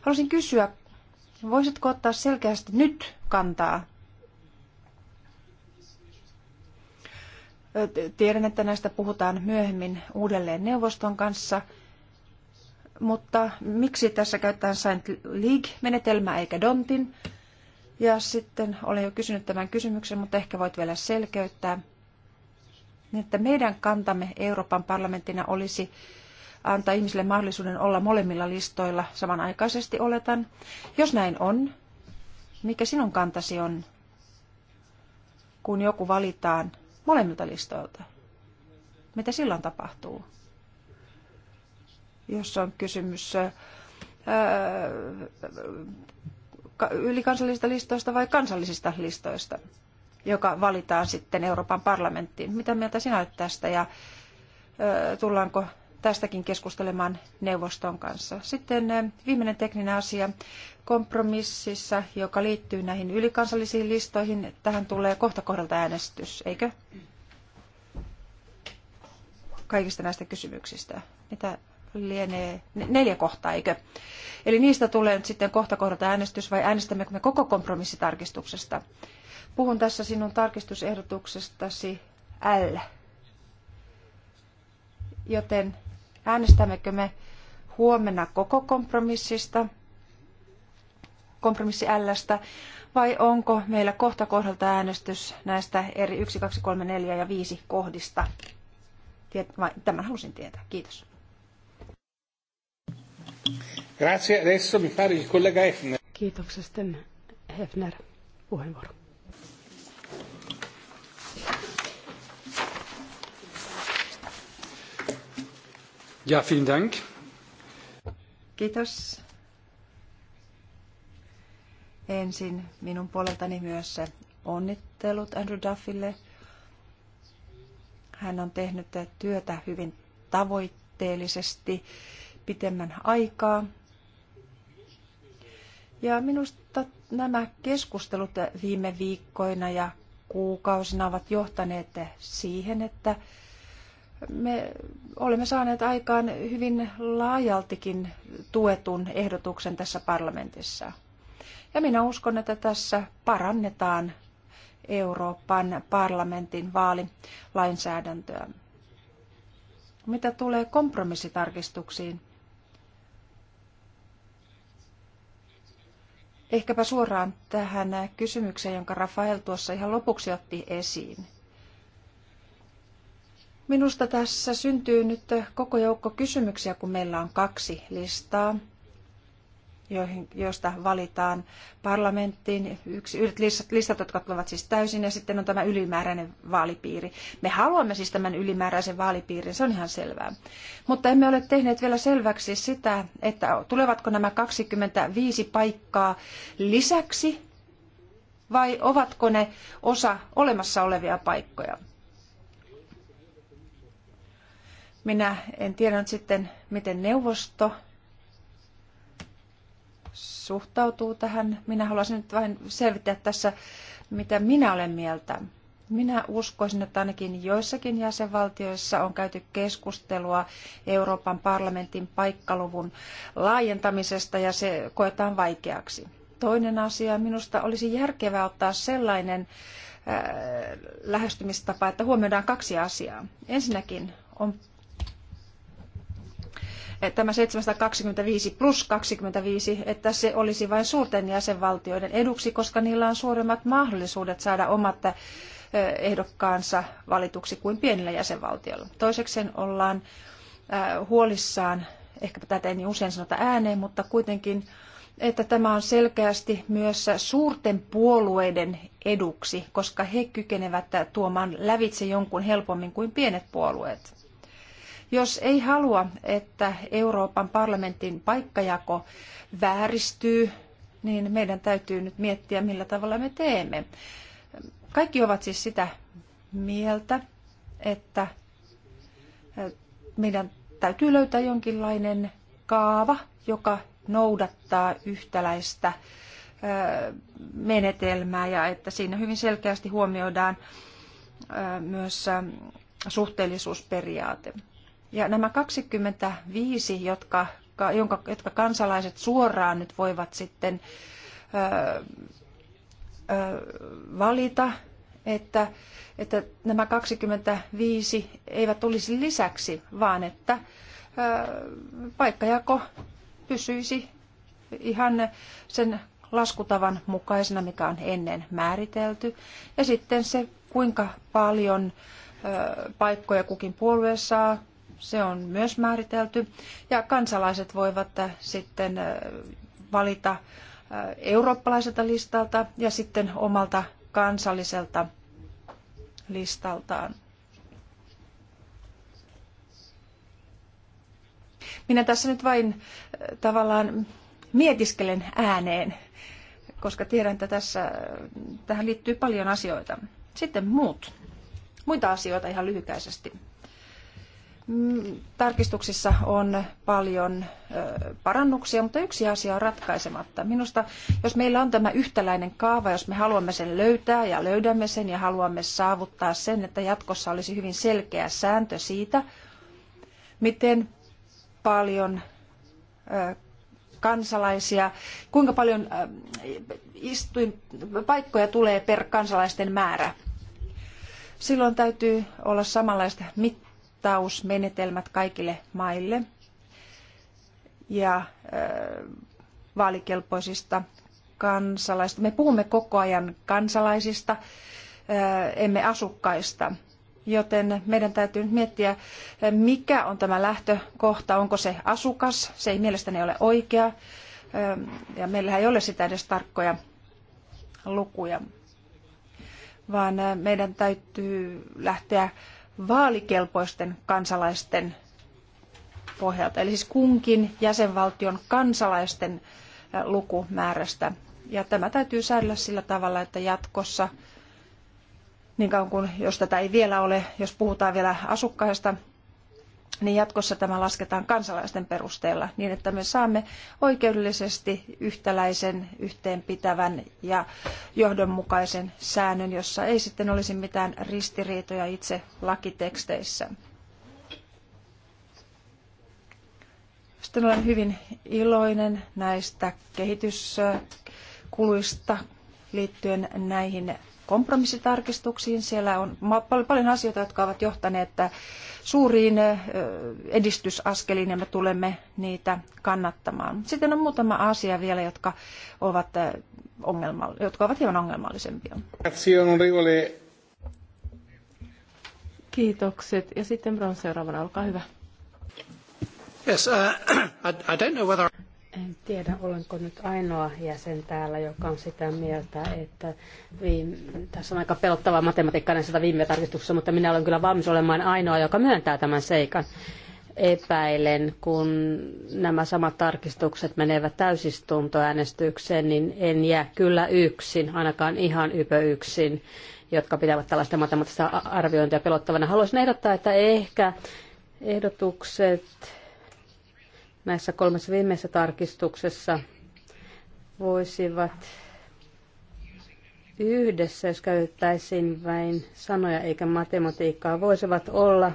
Haluaisin kysyä, voisitko ottaa selkeästi nyt kantaa Tiedän, että näistä puhutaan myöhemmin uudelleen neuvoston kanssa – mutta miksi tässä käytetään Saint League-menetelmää eikä dontin? Ja sitten olen jo kysynyt tämän kysymyksen, mutta ehkä voit vielä selkeyttää, niin että meidän kantamme Euroopan parlamenttina olisi antaa ihmisille mahdollisuuden olla molemmilla listoilla samanaikaisesti, oletan. Jos näin on, mikä sinun kantasi on, kun joku valitaan molemmilta listoilta? Mitä silloin tapahtuu? Jossa on kysymys ylikansallisista listoista vai kansallisista listoista, joka valitaan sitten Euroopan parlamenttiin. Mitä mieltä sinä olet tästä ja tullaanko tästäkin keskustelemaan neuvoston kanssa. Sitten viimeinen tekninen asia kompromississa, joka liittyy näihin ylikansallisiin listoihin. Tähän tulee kohta kohdalta äänestys, eikö? Kaikista näistä kysymyksistä. Mitä lienee neljä kohtaa, eikö? Eli niistä tulee nyt sitten kohta kohdata äänestys vai äänestämmekö me koko kompromissitarkistuksesta? Puhun tässä sinun tarkistusehdotuksestasi L. Joten äänestämmekö me huomenna koko kompromissista, kompromissi Lstä, vai onko meillä kohta kohdalta äänestys näistä eri 1, 2, 3, 4 ja 5 kohdista? Tämän halusin tietää. Kiitos. Grazie. Adesso mi pare il collega Hefner. Kiitoksia Hefner puheenvuoro. Ja, vielen Dank. Kiitos. Ensin minun puoleltani myös onnittelut Andrew Duffille. Hän on tehnyt työtä hyvin tavoitteellisesti pitemmän aikaa ja minusta nämä keskustelut viime viikkoina ja kuukausina ovat johtaneet siihen, että me olemme saaneet aikaan hyvin laajaltikin tuetun ehdotuksen tässä parlamentissa. Ja minä uskon, että tässä parannetaan Euroopan parlamentin vaalilainsäädäntöä. Mitä tulee kompromissitarkistuksiin, Ehkäpä suoraan tähän kysymykseen, jonka Rafael tuossa ihan lopuksi otti esiin. Minusta tässä syntyy nyt koko joukko kysymyksiä, kun meillä on kaksi listaa joista valitaan parlamenttiin, yksi, listat, listat, jotka tulevat siis täysin, ja sitten on tämä ylimääräinen vaalipiiri. Me haluamme siis tämän ylimääräisen vaalipiirin, se on ihan selvää. Mutta emme ole tehneet vielä selväksi sitä, että tulevatko nämä 25 paikkaa lisäksi, vai ovatko ne osa olemassa olevia paikkoja. Minä en tiedä nyt sitten, miten neuvosto suhtautuu tähän. Minä haluaisin nyt vain selvittää tässä, mitä minä olen mieltä. Minä uskoisin, että ainakin joissakin jäsenvaltioissa on käyty keskustelua Euroopan parlamentin paikkaluvun laajentamisesta ja se koetaan vaikeaksi. Toinen asia, minusta olisi järkevää ottaa sellainen äh, lähestymistapa, että huomioidaan kaksi asiaa. Ensinnäkin on tämä 725 plus 25, että se olisi vain suurten jäsenvaltioiden eduksi, koska niillä on suuremmat mahdollisuudet saada omat ehdokkaansa valituksi kuin pienillä jäsenvaltioilla. Toiseksi ollaan huolissaan, ehkä tätä ei niin usein sanota ääneen, mutta kuitenkin että tämä on selkeästi myös suurten puolueiden eduksi, koska he kykenevät tuomaan lävitse jonkun helpommin kuin pienet puolueet. Jos ei halua, että Euroopan parlamentin paikkajako vääristyy, niin meidän täytyy nyt miettiä, millä tavalla me teemme. Kaikki ovat siis sitä mieltä, että meidän täytyy löytää jonkinlainen kaava, joka noudattaa yhtäläistä menetelmää ja että siinä hyvin selkeästi huomioidaan myös suhteellisuusperiaate. Ja nämä 25, jotka, jonka, jotka kansalaiset suoraan nyt voivat sitten ö, ö, valita, että, että nämä 25 eivät olisi lisäksi, vaan että ö, paikkajako pysyisi ihan sen laskutavan mukaisena, mikä on ennen määritelty. Ja sitten se, kuinka paljon paikkoja kukin puolue saa, se on myös määritelty. Ja kansalaiset voivat äh, sitten äh, valita äh, eurooppalaiselta listalta ja sitten omalta kansalliselta listaltaan. Minä tässä nyt vain tavallaan mietiskelen ääneen, koska tiedän, että tässä, tähän liittyy paljon asioita. Sitten muut. Muita asioita ihan lyhykäisesti. Mm, tarkistuksissa on paljon parannuksia, mutta yksi asia on ratkaisematta. Minusta, jos meillä on tämä yhtäläinen kaava, jos me haluamme sen löytää ja löydämme sen ja haluamme saavuttaa sen, että jatkossa olisi hyvin selkeä sääntö siitä, miten paljon kansalaisia, kuinka paljon istuinpaikkoja tulee per kansalaisten määrä. Silloin täytyy olla samanlaista mittaa mittausmenetelmät kaikille maille ja vaalikelpoisista kansalaisista. Me puhumme koko ajan kansalaisista, emme asukkaista. Joten meidän täytyy nyt miettiä, mikä on tämä lähtökohta, onko se asukas, se ei mielestäni ole oikea. Ja meillähän ei ole sitä edes tarkkoja lukuja, vaan meidän täytyy lähteä vaalikelpoisten kansalaisten pohjalta, eli siis kunkin jäsenvaltion kansalaisten lukumäärästä. Ja tämä täytyy säädellä sillä tavalla, että jatkossa, niin kauan kuin jos tätä ei vielä ole, jos puhutaan vielä asukkaista niin jatkossa tämä lasketaan kansalaisten perusteella niin, että me saamme oikeudellisesti yhtäläisen, yhteenpitävän ja johdonmukaisen säännön, jossa ei sitten olisi mitään ristiriitoja itse lakiteksteissä. Sitten olen hyvin iloinen näistä kehityskuluista liittyen näihin kompromissitarkistuksiin. Siellä on paljon asioita, jotka ovat johtaneet äh, suuriin äh, edistysaskeliin ja me tulemme niitä kannattamaan. Sitten on muutama asia vielä, jotka ovat, äh, ongelmal- jotka ovat hieman ongelmallisempia. Kiitokset. Ja sitten Bron seuraavana, olkaa hyvä. Yes, uh, I, I don't know whether... En tiedä, olenko nyt ainoa jäsen täällä, joka on sitä mieltä, että viime, tässä on aika pelottava matematiikka näissä viime tarkistuksessa, mutta minä olen kyllä valmis olemaan ainoa, joka myöntää tämän seikan. Epäilen, kun nämä samat tarkistukset menevät täysistuntoäänestykseen, niin en jää kyllä yksin, ainakaan ihan ypö yksin, jotka pitävät tällaista matemaattista arviointia pelottavana. Haluaisin ehdottaa, että ehkä ehdotukset näissä kolmessa viimeisessä tarkistuksessa voisivat yhdessä, jos käytettäisiin vain sanoja eikä matematiikkaa, voisivat olla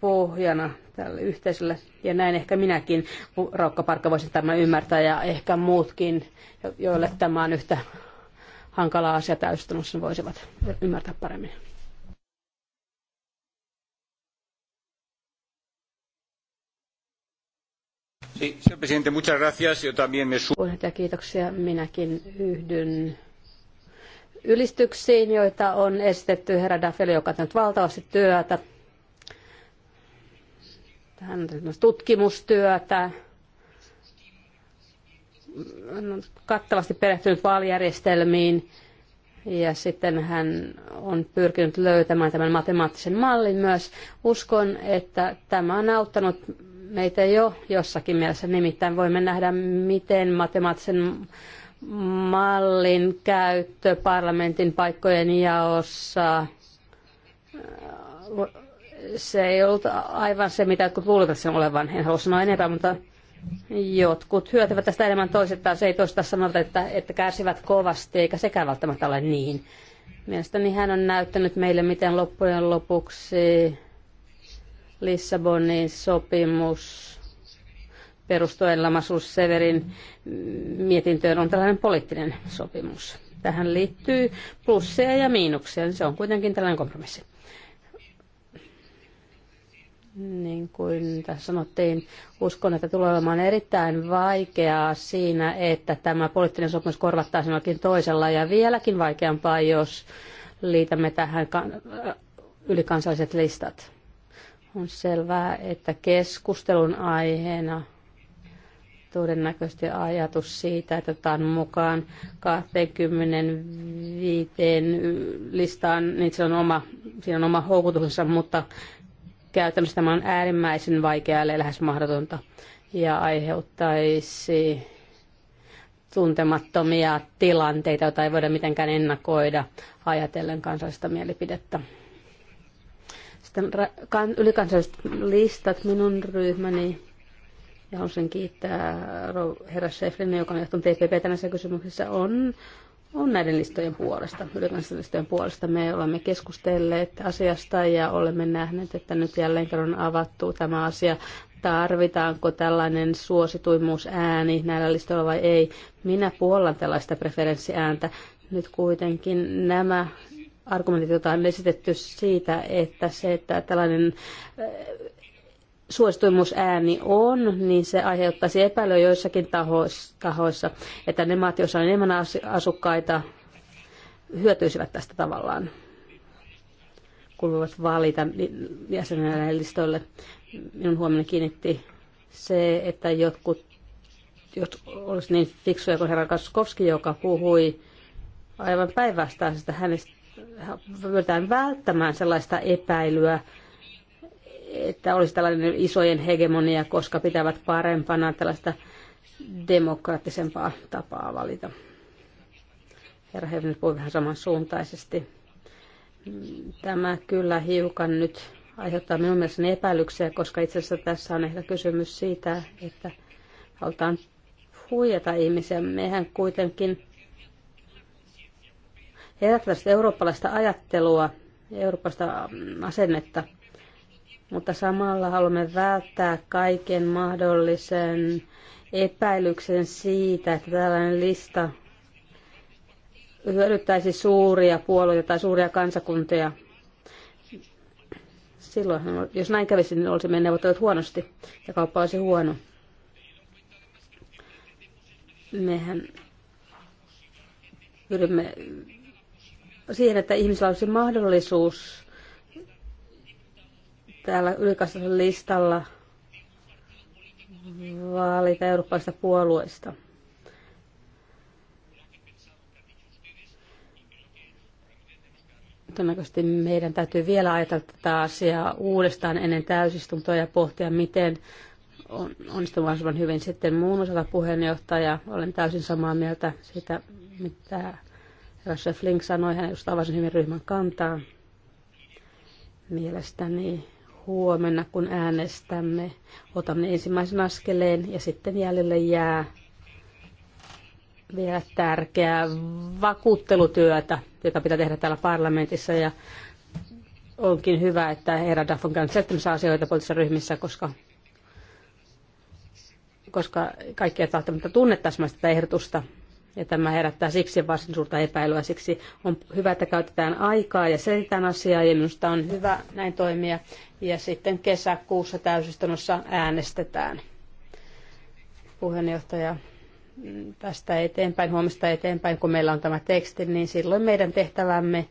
pohjana tälle yhteisölle. Ja näin ehkä minäkin, Raukka Parkka, voisin tämän ymmärtää ja ehkä muutkin, joille tämä on yhtä hankala asia täystunnossa, voisivat ymmärtää paremmin. Puheenjohtaja, kiitoksia. Minäkin yhdyn ylistyksiin, joita on esitetty herra Daffeli, joka on tehnyt valtavasti työtä. Hän on tehnyt tutkimustyötä, on kattavasti perehtynyt vaalijärjestelmiin ja sitten hän on pyrkinyt löytämään tämän matemaattisen mallin myös. Uskon, että tämä on auttanut meitä jo jossakin mielessä. Nimittäin voimme nähdä, miten matemaattisen mallin käyttö parlamentin paikkojen jaossa äh, se ei ollut aivan se, mitä jotkut luulivat sen olevan. En halua sanoa enempää, mutta jotkut hyötyvät tästä enemmän toiset taas ei toista sanota, että, että kärsivät kovasti, eikä sekään välttämättä ole niin. Mielestäni hän on näyttänyt meille, miten loppujen lopuksi Lissabonin sopimus perustuen Lamasus Severin mietintöön on tällainen poliittinen sopimus. Tähän liittyy plusseja ja miinuksia, niin se on kuitenkin tällainen kompromissi. Niin kuin tässä sanottiin, uskon, että tulee olemaan erittäin vaikeaa siinä, että tämä poliittinen sopimus korvattaisiin jollakin toisella ja vieläkin vaikeampaa, jos liitämme tähän ylikansalliset listat on selvää, että keskustelun aiheena todennäköisesti ajatus siitä, että otetaan mukaan 25 listaan, niin se on oma, siinä on oma houkutuksensa, mutta käytännössä tämä on äärimmäisen vaikeaa ja lähes mahdotonta ja aiheuttaisi tuntemattomia tilanteita, joita ei voida mitenkään ennakoida ajatellen kansallista mielipidettä. Sitten ylikansalliset listat minun ryhmäni ja sen kiittää herra Schäflin, joka on johtanut TPP e tänässä kysymyksessä, on, on näiden listojen puolesta, ylikansallisten listojen puolesta. Me olemme keskustelleet asiasta ja olemme nähneet, että nyt jälleen kerran on avattu tämä asia. Tarvitaanko tällainen suosituimuusääni näillä listoilla vai ei? Minä puollan tällaista preferenssiääntä. Nyt kuitenkin nämä argumentit, joita on esitetty siitä, että se, että tällainen äh, suosituimuusääni on, niin se aiheuttaisi epäilyä joissakin tahoissa, että ne maat, joissa on enemmän asukkaita, hyötyisivät tästä tavallaan, kun voivat valita jäsenenä listoille. Minun huomioni kiinnitti se, että jotkut, jotkut olisivat niin fiksuja kuin herra Kaskowski, joka puhui aivan päinvastaisesta hänestä pyritään välttämään sellaista epäilyä, että olisi tällainen isojen hegemonia, koska pitävät parempana tällaista demokraattisempaa tapaa valita. Herra Hevner puhui vähän samansuuntaisesti. Tämä kyllä hiukan nyt aiheuttaa minun mielestäni epäilyksiä, koska itse asiassa tässä on ehkä kysymys siitä, että halutaan huijata ihmisiä. Mehän kuitenkin herättävät eurooppalaista ajattelua, eurooppalaista mm, asennetta, mutta samalla haluamme välttää kaiken mahdollisen epäilyksen siitä, että tällainen lista hyödyttäisi suuria puolueita tai suuria kansakuntia. Silloin, jos näin kävisi, niin olisimme neuvottelut huonosti ja kauppa olisi huono. Mehän pyrimme siihen, että ihmisillä olisi mahdollisuus täällä ylikasvallisella listalla valita eurooppalaisista puolueista. Todennäköisesti meidän täytyy vielä ajatella tätä asiaa uudestaan ennen täysistuntoa ja pohtia, miten on, onnistuu mahdollisimman hyvin. Sitten muun osalta puheenjohtaja, olen täysin samaa mieltä siitä, mitä jossa Flink sanoi, hän just avasi hyvin ryhmän kantaa. Mielestäni huomenna, kun äänestämme, otamme ensimmäisen askeleen ja sitten jäljelle jää vielä tärkeää vakuuttelutyötä, jota pitää tehdä täällä parlamentissa. Ja onkin hyvä, että herra Duff on käynyt selittämässä asioita poliittisissa ryhmissä, koska, koska kaikki ei välttämättä tunne täsmästä tätä ehdotusta. Ja tämä herättää siksi varsin suurta epäilyä. Siksi on hyvä, että käytetään aikaa ja selitään asiaa. Ja minusta on hyvä näin toimia. Ja sitten kesäkuussa täysistunnossa äänestetään. Puheenjohtaja tästä eteenpäin, huomista eteenpäin, kun meillä on tämä teksti, niin silloin meidän tehtävämme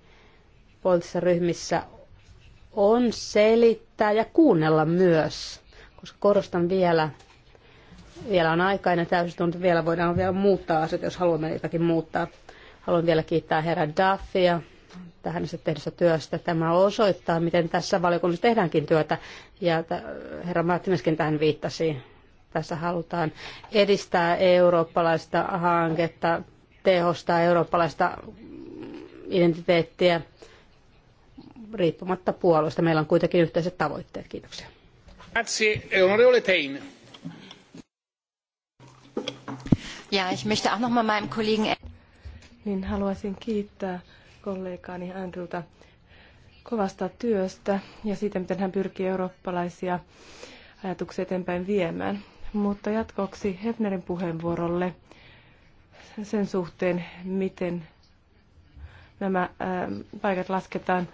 poliittisissa ryhmissä on selittää ja kuunnella myös. Koska korostan vielä, vielä on aika ennen täysistunto, vielä voidaan vielä muuttaa asioita, jos haluamme jotakin muuttaa. Haluan vielä kiittää herra Duffia tähän se tehdessä työstä. Tämä osoittaa, miten tässä valiokunnassa tehdäänkin työtä, ja herra Martineskin tähän viittasi. Tässä halutaan edistää eurooppalaista hanketta, tehostaa eurooppalaista identiteettiä riippumatta puolueesta. Meillä on kuitenkin yhteiset tavoitteet. Kiitoksia. Grazie, onorevole Tein. Ja, ich möchte auch noch mal meinem Kollegen... Niin haluaisin kiittää kollegaani Andrewta kovasta työstä ja siitä, miten hän pyrkii eurooppalaisia ajatuksia eteenpäin viemään. Mutta jatkoksi Hefnerin puheenvuorolle sen suhteen, miten nämä ähm, paikat lasketaan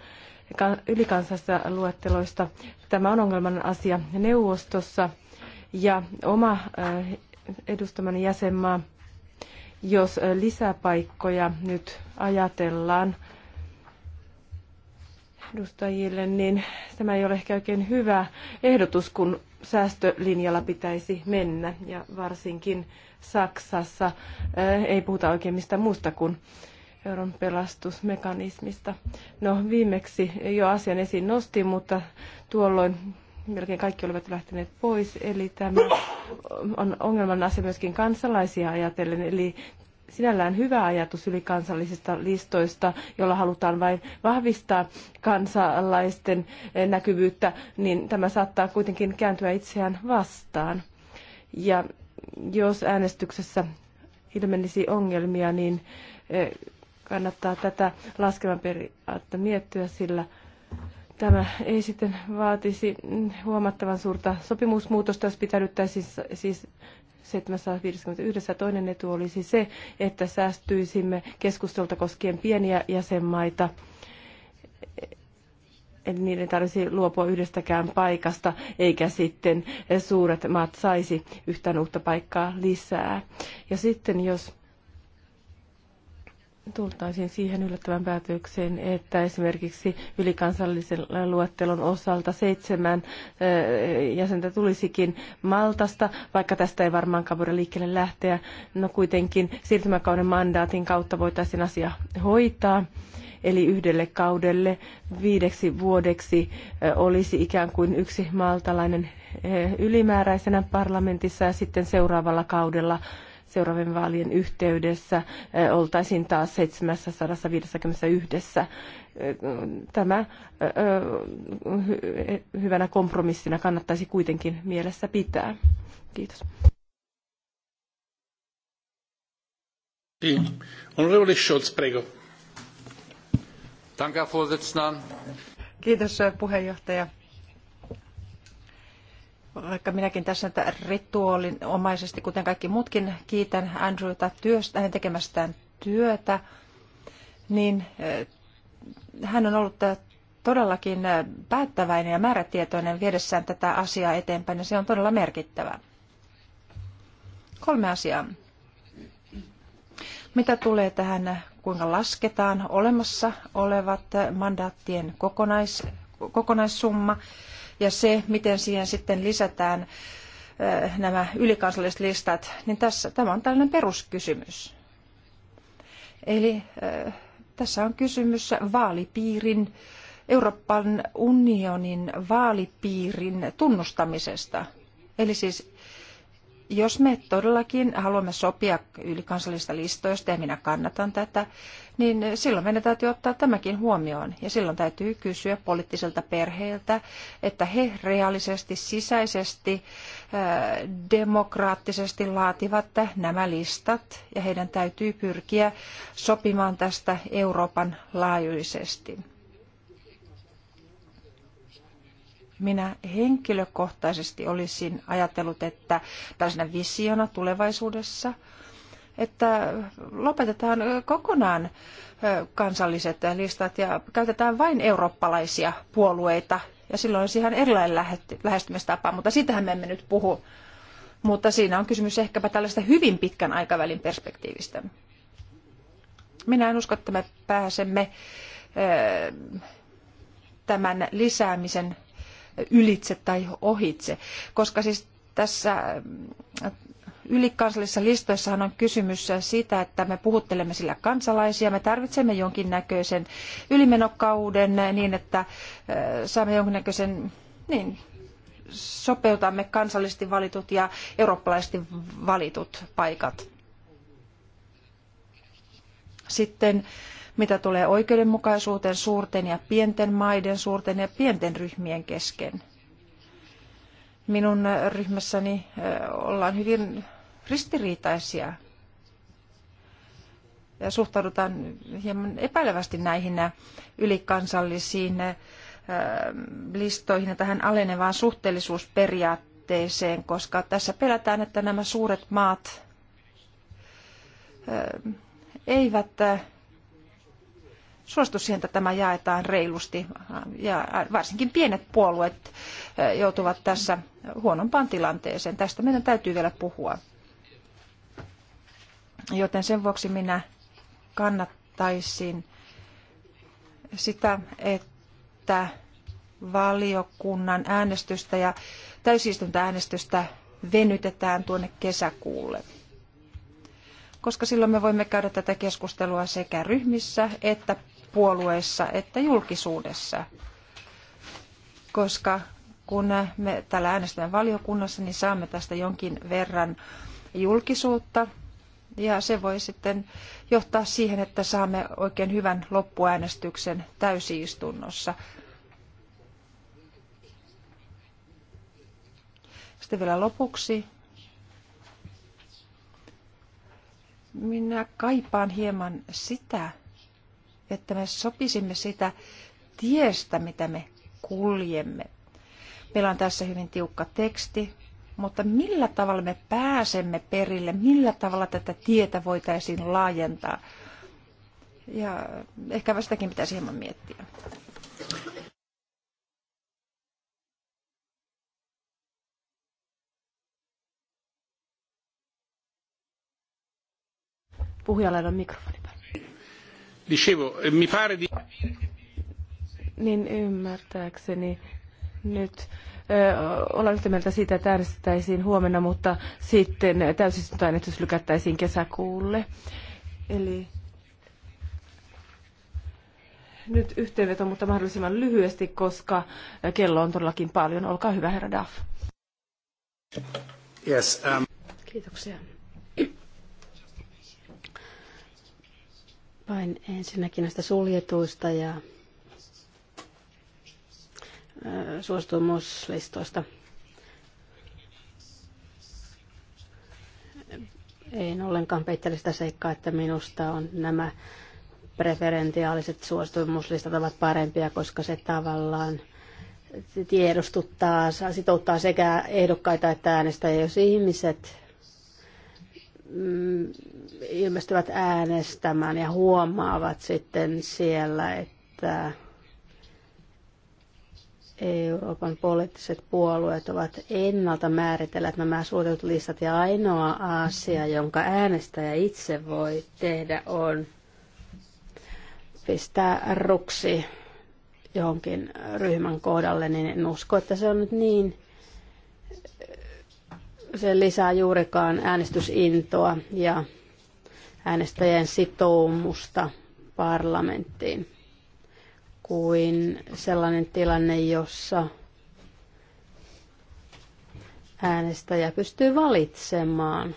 ylikansallisista luetteloista. Tämä on ongelman asia neuvostossa ja oma äh, edustamani jäsenmaa, jos lisäpaikkoja nyt ajatellaan edustajille, niin tämä ei ole ehkä oikein hyvä ehdotus, kun säästölinjalla pitäisi mennä. Ja varsinkin Saksassa ei puhuta oikein mistä muusta kuin euron pelastusmekanismista. No viimeksi jo asian esiin nostin, mutta tuolloin melkein kaikki olivat lähteneet pois, eli tämä on ongelman asia myöskin kansalaisia ajatellen, eli sinällään hyvä ajatus ylikansallisista listoista, jolla halutaan vain vahvistaa kansalaisten näkyvyyttä, niin tämä saattaa kuitenkin kääntyä itseään vastaan. Ja jos äänestyksessä ilmenisi ongelmia, niin eh, kannattaa tätä laskelman periaatetta miettiä, sillä Tämä ei sitten vaatisi huomattavan suurta sopimusmuutosta, jos pitäydyttäisiin siis 751. Toinen etu olisi se, että säästyisimme keskustelta koskien pieniä jäsenmaita. Eli niiden tarvitsisi luopua yhdestäkään paikasta, eikä sitten suuret maat saisi yhtään uutta paikkaa lisää. Ja sitten jos tultaisiin siihen yllättävän päätökseen, että esimerkiksi ylikansallisen luettelon osalta seitsemän eh, jäsentä tulisikin Maltasta, vaikka tästä ei varmaankaan voida liikkeelle lähteä. No kuitenkin siirtymäkauden mandaatin kautta voitaisiin asia hoitaa. Eli yhdelle kaudelle viideksi vuodeksi eh, olisi ikään kuin yksi maltalainen eh, ylimääräisenä parlamentissa ja sitten seuraavalla kaudella seuraavien vaalien yhteydessä eh, oltaisiin taas 751. Eh, tämä eh, hyvänä kompromissina kannattaisi kuitenkin mielessä pitää. Kiitos. Onorevole Scholz, prego. Kiitos puheenjohtaja vaikka minäkin tässä näitä rituaalinomaisesti, kuten kaikki muutkin, kiitän Andrewta työstä, hänen tekemästään työtä, niin eh, hän on ollut eh, todellakin eh, päättäväinen ja määrätietoinen viedessään tätä asiaa eteenpäin, ja se on todella merkittävä. Kolme asiaa. Mitä tulee tähän, kuinka lasketaan olemassa olevat mandaattien kokonais, kokonaissumma, ja se, miten siihen sitten lisätään eh, nämä ylikansalliset listat, niin tässä, tämä on tällainen peruskysymys. Eli eh, tässä on kysymys vaalipiirin, Euroopan unionin vaalipiirin tunnustamisesta. Eli siis jos me todellakin haluamme sopia ylikansallisista listoista, ja minä kannatan tätä, niin silloin meidän täytyy ottaa tämäkin huomioon. Ja silloin täytyy kysyä poliittiselta perheeltä, että he reaalisesti, sisäisesti, demokraattisesti laativat nämä listat, ja heidän täytyy pyrkiä sopimaan tästä Euroopan laajuisesti Minä henkilökohtaisesti olisin ajatellut, että tällaisena visiona tulevaisuudessa, että lopetetaan kokonaan kansalliset listat ja käytetään vain eurooppalaisia puolueita. Ja silloin olisi ihan erilainen lähestymistapa, mutta siitähän me emme nyt puhu. Mutta siinä on kysymys ehkäpä tällaista hyvin pitkän aikavälin perspektiivistä. Minä en usko, että me pääsemme tämän lisäämisen ylitse tai ohitse, koska siis tässä äh, ylikansallisissa listoissahan on kysymys siitä, että me puhuttelemme sillä kansalaisia, me tarvitsemme jonkinnäköisen ylimenokauden niin, että äh, saamme jonkinnäköisen, niin, sopeutamme kansallisesti valitut ja eurooppalaisesti valitut paikat. Sitten mitä tulee oikeudenmukaisuuteen suurten ja pienten maiden, suurten ja pienten ryhmien kesken. Minun ryhmässäni ollaan hyvin ristiriitaisia ja suhtaudutaan hieman epäilevästi näihin ylikansallisiin listoihin ja tähän alenevaan suhteellisuusperiaatteeseen, koska tässä pelätään, että nämä suuret maat eivät suostu siihen, että tämä jaetaan reilusti. Ja varsinkin pienet puolueet joutuvat tässä huonompaan tilanteeseen. Tästä meidän täytyy vielä puhua. Joten sen vuoksi minä kannattaisin sitä, että valiokunnan äänestystä ja täysistuntoäänestystä venytetään tuonne kesäkuulle koska silloin me voimme käydä tätä keskustelua sekä ryhmissä että puolueessa että julkisuudessa. Koska kun me täällä äänestämme valiokunnassa, niin saamme tästä jonkin verran julkisuutta. Ja se voi sitten johtaa siihen, että saamme oikein hyvän loppuäänestyksen täysistunnossa. Sitten vielä lopuksi. Minä kaipaan hieman sitä, että me sopisimme sitä tiestä, mitä me kuljemme. Meillä on tässä hyvin tiukka teksti, mutta millä tavalla me pääsemme perille, millä tavalla tätä tietä voitaisiin laajentaa. Ja ehkä vastakin pitäisi hieman miettiä. Puhujalla on mikrofoni. Eh, niin ymmärtääkseni nyt eh, ollaan yhtä mieltä siitä, että äänestettäisiin huomenna, mutta sitten täysistuntoäänestys lykättäisiin kesäkuulle. Eli nyt yhteenveto, mutta mahdollisimman lyhyesti, koska kello on todellakin paljon. Olkaa hyvä, herra Duff. Yes, um... Kiitoksia. Vain ensinnäkin näistä suljetuista ja suostumuslistoista. En ollenkaan peittele sitä seikkaa, että minusta on nämä preferentiaaliset suostumuslistat ovat parempia, koska se tavallaan tiedostuttaa, sitouttaa sekä ehdokkaita että äänestäjiä, jos ihmiset Mm, ilmestyvät äänestämään ja huomaavat sitten siellä, että Euroopan poliittiset puolueet ovat ennalta määritelleet nämä suljetut listat ja ainoa asia, jonka äänestäjä itse voi tehdä on pistää ruksi johonkin ryhmän kohdalle, niin en usko, että se on nyt niin se lisää juurikaan äänestysintoa ja äänestäjien sitoumusta parlamenttiin kuin sellainen tilanne, jossa äänestäjä pystyy valitsemaan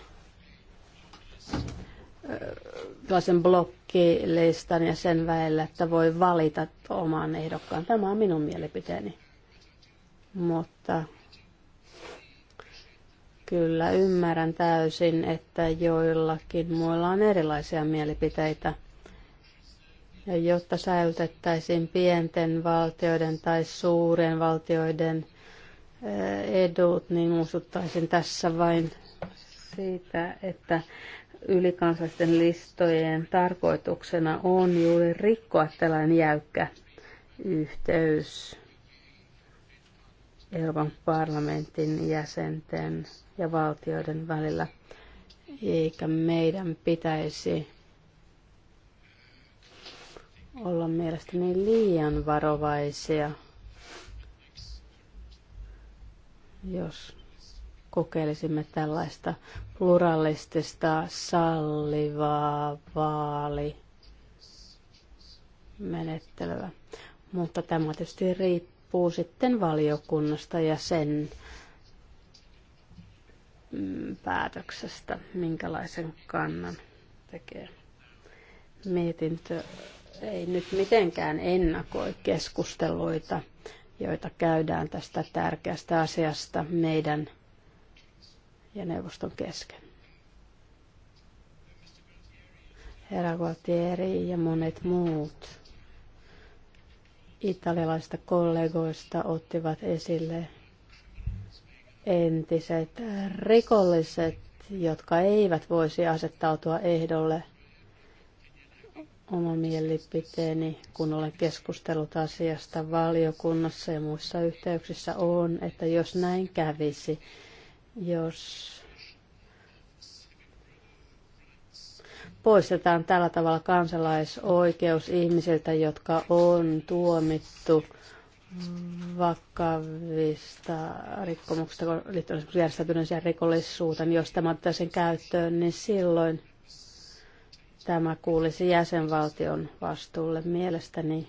tällaisen blokkilistan ja sen väellä, että voi valita oman ehdokkaan. Tämä on minun mielipiteeni. Mutta Kyllä, ymmärrän täysin, että joillakin muilla on erilaisia mielipiteitä. Ja jotta säilytettäisiin pienten valtioiden tai suuren valtioiden eh, edut, niin muistuttaisin tässä vain siitä, että ylikansallisten listojen tarkoituksena on juuri rikkoa tällainen jäykkä yhteys Euroopan parlamentin jäsenten ja valtioiden välillä, eikä meidän pitäisi olla mielestäni liian varovaisia, jos kokeilisimme tällaista pluralistista sallivaa vaalimenettelyä. Mutta tämä tietysti riippuu riippuu sitten valiokunnasta ja sen mm, päätöksestä, minkälaisen kannan tekee. Mietintö ei nyt mitenkään ennakoi keskusteluita, joita käydään tästä tärkeästä asiasta meidän ja neuvoston kesken. Herra Gualtieri ja monet muut italialaisista kollegoista ottivat esille entiset rikolliset, jotka eivät voisi asettautua ehdolle oma mielipiteeni, kun olen keskustellut asiasta valiokunnassa ja muissa yhteyksissä, on, että jos näin kävisi, jos poistetaan tällä tavalla kansalaisoikeus ihmisiltä, jotka on tuomittu vakavista rikkomuksista liittyen esimerkiksi järjestäytyneeseen rikollisuuteen. Jos tämä otettaisiin käyttöön, niin silloin tämä kuulisi jäsenvaltion vastuulle. Mielestäni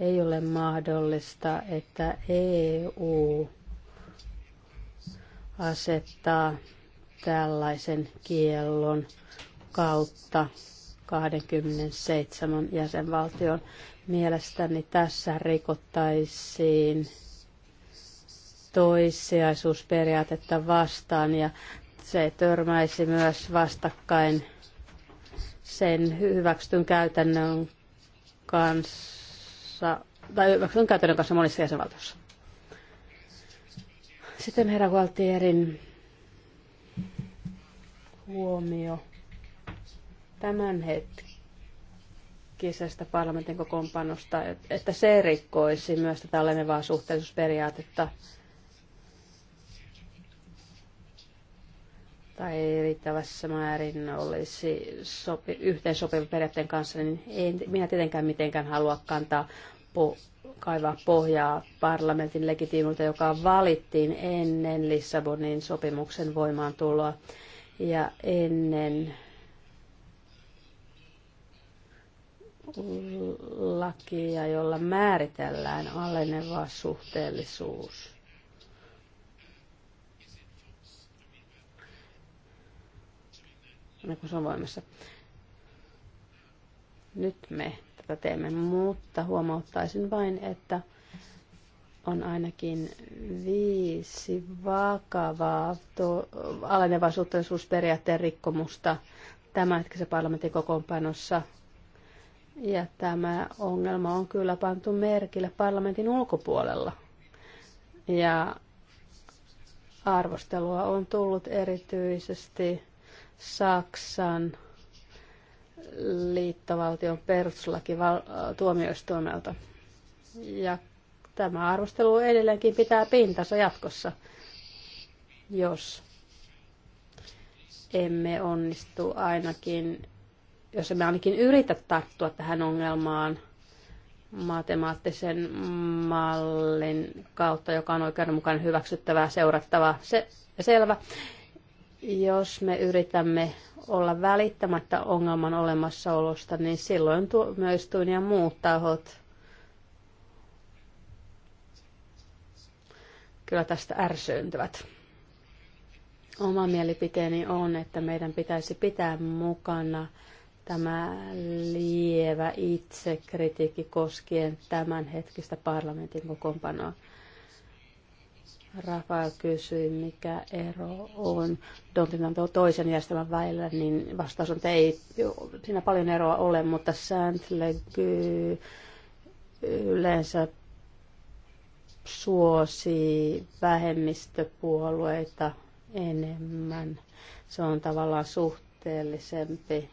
ei ole mahdollista, että EU asettaa tällaisen kiellon kautta 27 jäsenvaltion niin tässä rikottaisiin toissijaisuusperiaatetta vastaan ja se törmäisi myös vastakkain sen hyväksytyn käytännön kanssa, tai hyväksytyn käytännön kanssa monissa jäsenvaltioissa. Sitten herra Gualtierin huomio tämän hetkisestä parlamentin kokoonpanosta, että se rikkoisi myös tätä alenevaa suhteellisuusperiaatetta tai ei riittävässä määrin olisi sopi, yhteensopiva periaatteen kanssa, niin en minä tietenkään mitenkään halua kantaa po, kaivaa pohjaa parlamentin legitiimiltä, joka valittiin ennen Lissabonin sopimuksen voimaantuloa ja ennen lakia, jolla määritellään aleneva suhteellisuus. Niin kun se on voimassa. Nyt me tätä teemme, mutta huomauttaisin vain, että on ainakin viisi vakavaa to- aleneva suhteellisuusperiaatteen rikkomusta tämänhetkisessä parlamentin kokoonpanossa – ja tämä ongelma on kyllä pantu merkille parlamentin ulkopuolella. Ja arvostelua on tullut erityisesti Saksan liittovaltion perustuslakituomioistuimelta. Ja tämä arvostelu edelleenkin pitää pintansa jatkossa, jos emme onnistu ainakin jos emme ainakin yritä tarttua tähän ongelmaan matemaattisen mallin kautta, joka on oikeudenmukainen hyväksyttävää, seurattavaa, se, selvä. Jos me yritämme olla välittämättä ongelman olemassaolosta, niin silloin tuin ja muut tahot kyllä tästä ärsyyntyvät. Oma mielipiteeni on, että meidän pitäisi pitää mukana tämä lievä itsekritiikki koskien tämän hetkistä parlamentin kokoonpanoa. Rafael kysyi, mikä ero on Dontinan toisen järjestelmän välillä, niin vastaus on, että ei siinä paljon eroa ole, mutta Sandlegy yleensä suosi vähemmistöpuolueita enemmän. Se on tavallaan suhteellisempi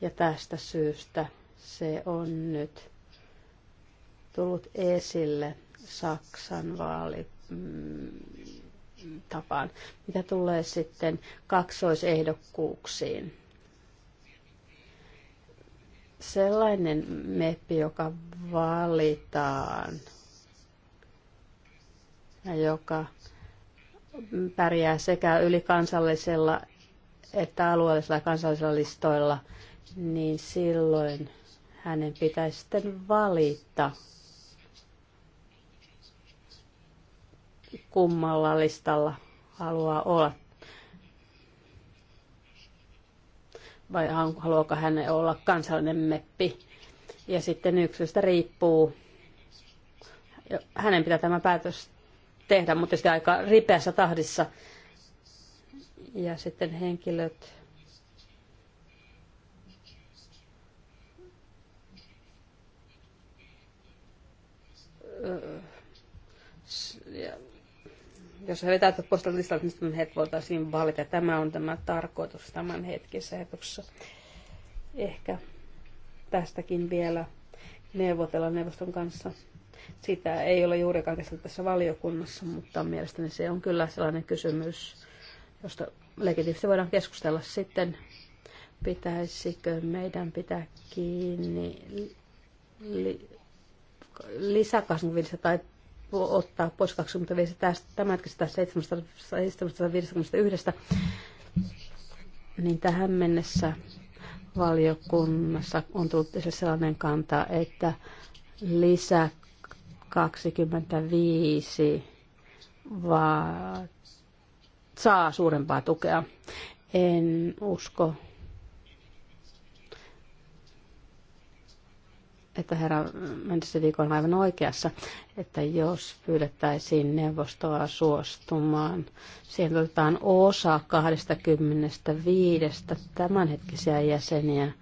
ja tästä syystä se on nyt tullut esille Saksan vaalitapaan. Mm, Mitä tulee sitten kaksoisehdokkuuksiin? Sellainen meppi, joka valitaan ja joka pärjää sekä ylikansallisella että alueellisella kansallisella listoilla – niin silloin hänen pitäisi sitten valita, kummalla listalla haluaa olla. Vai haluaako hän olla kansallinen meppi. Ja sitten yksilöstä riippuu. Hänen pitää tämä päätös tehdä, mutta sitten aika ripeässä tahdissa. Ja sitten henkilöt jos he vetävät pois listalta, niin heidät voitaisiin valita. Tämä on tämä tarkoitus tämän hetkessä ehdotuksessa. Ehkä tästäkin vielä neuvotella neuvoston kanssa. Sitä ei ole juurikaan käsitelty tässä valiokunnassa, mutta mielestäni se on kyllä sellainen kysymys, josta legitiivisesti voidaan keskustella sitten, pitäisikö meidän pitää kiinni li- lisää 25 tai ottaa pois 25 tästä, tästä 751, niin tähän mennessä valiokunnassa on tullut sellainen kanta, että lisä 25 vaan saa suurempaa tukea. En usko, että herra Mendes on aivan oikeassa, että jos pyydettäisiin neuvostoa suostumaan, siihen otetaan osa 25 tämänhetkisiä jäseniä.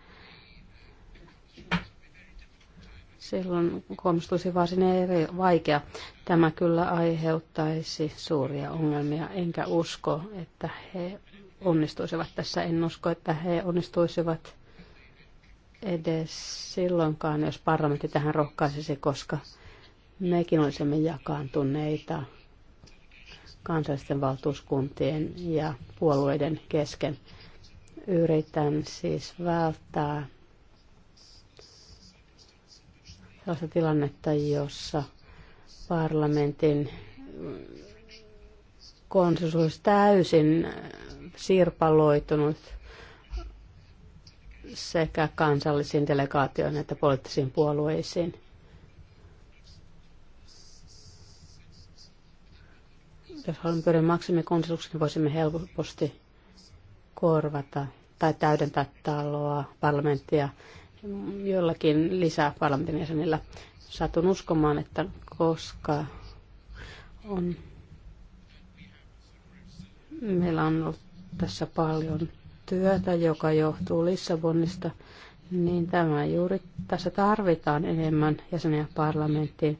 Silloin kokoomus tulisi varsin eri, vaikea. Tämä kyllä aiheuttaisi suuria ongelmia, enkä usko, että he onnistuisivat tässä. En usko, että he onnistuisivat edes silloinkaan, jos parlamentti tähän rohkaisisi, koska mekin olisimme jakaantuneita kansallisten valtuuskuntien ja puolueiden kesken. Yritän siis välttää sellaista tilannetta, jossa parlamentin konsensus täysin sirpaloitunut – sekä kansallisiin delegaatioihin että poliittisiin puolueisiin. Jos haluamme pyydä maksimikonsensuksen, niin voisimme helposti korvata tai täydentää taloa, parlamenttia jollakin lisää parlamentin jäsenillä. Satun uskomaan, että koska on, meillä on ollut tässä paljon työtä, joka johtuu Lissabonista, niin tämä juuri tässä tarvitaan enemmän jäseniä parlamenttiin.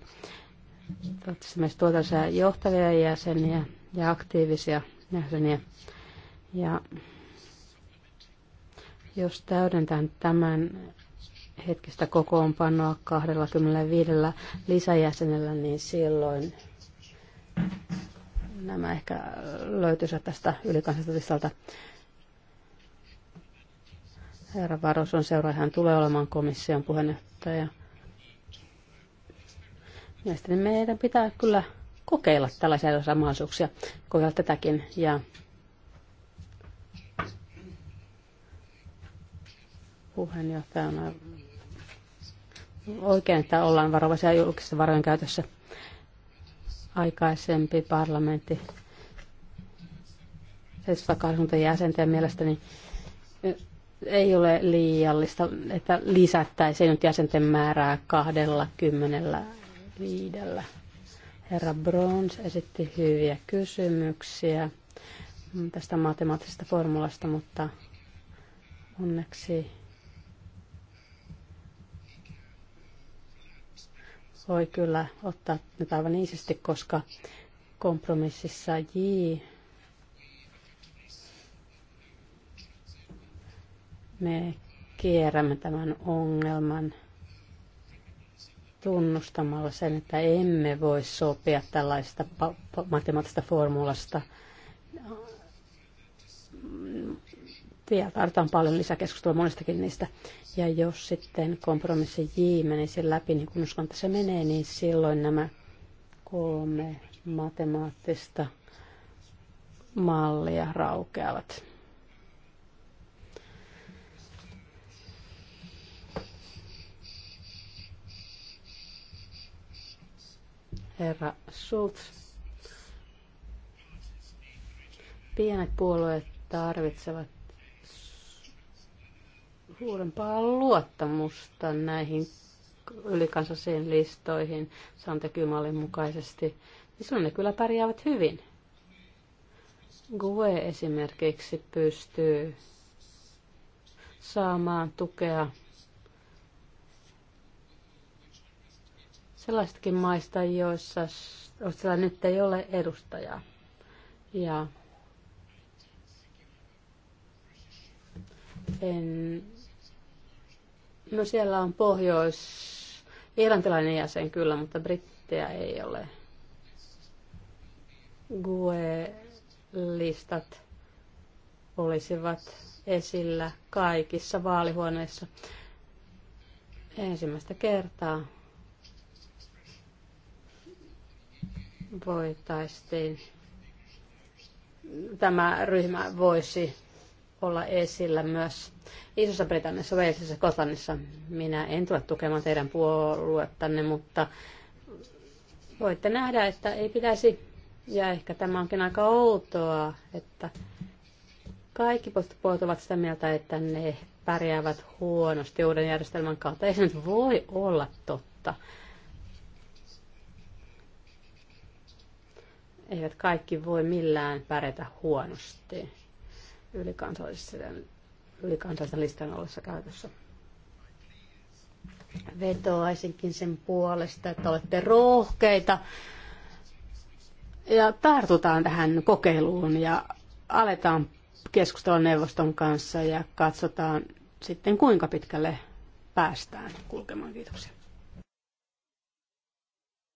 Toivottavasti myös tuotaisia johtavia jäseniä ja aktiivisia jäseniä. Ja jos täydentän tämän hetkistä kokoonpanoa 25 lisäjäsenellä, niin silloin nämä ehkä löytyisivät tästä ylikansalliselta Herra Varos on seuraaja, hän tulee olemaan komission puheenjohtaja. Mielestäni meidän pitää kyllä kokeilla tällaisia samaisuuksia, kokeilla tätäkin. Ja puheenjohtajana oikein, että ollaan varovaisia julkisessa varojen käytössä. Aikaisempi parlamentti 780 jäsenten mielestäni niin ei ole liiallista, että lisättäisiin nyt jäsenten määrää 25. Herra Brons esitti hyviä kysymyksiä tästä matemaattisesta formulasta, mutta onneksi voi kyllä ottaa nyt aivan iisisti, koska kompromississa J Me kierrämme tämän ongelman tunnustamalla sen, että emme voi sopia tällaista matemaattisesta formulasta. Vielä tarvitaan paljon lisäkeskustelua monestakin niistä. Ja jos sitten kompromissi J menisi läpi, niin kun uskon, että se menee, niin silloin nämä kolme matemaattista mallia raukeavat. Herra Schultz, pienet puolueet tarvitsevat suurempaa luottamusta näihin ylikansallisiin listoihin Santekymallin mukaisesti, niin silloin ne kyllä pärjäävät hyvin. GUE esimerkiksi pystyy saamaan tukea sellaisetkin maista, joissa Ruotsilla nyt ei ole edustajaa. Ja en, no siellä on pohjois irlantilainen jäsen kyllä, mutta brittejä ei ole. GUE-listat olisivat esillä kaikissa vaalihuoneissa ensimmäistä kertaa voitaisiin, tämä ryhmä voisi olla esillä myös Isossa Britanniassa, Walesissa, Kotlannissa. Minä en tule tukemaan teidän puoluettanne, mutta voitte nähdä, että ei pitäisi, ja ehkä tämä onkin aika outoa, että kaikki puolet ovat sitä mieltä, että ne pärjäävät huonosti uuden järjestelmän kautta. Ei se nyt voi olla totta. Eivät kaikki voi millään pärjätä huonosti ylikansallisen, ylikansallisen listan ollessa käytössä. Vetoaisinkin sen puolesta, että olette rohkeita ja tartutaan tähän kokeiluun ja aletaan keskustella neuvoston kanssa ja katsotaan sitten kuinka pitkälle päästään kulkemaan. Kiitoksia.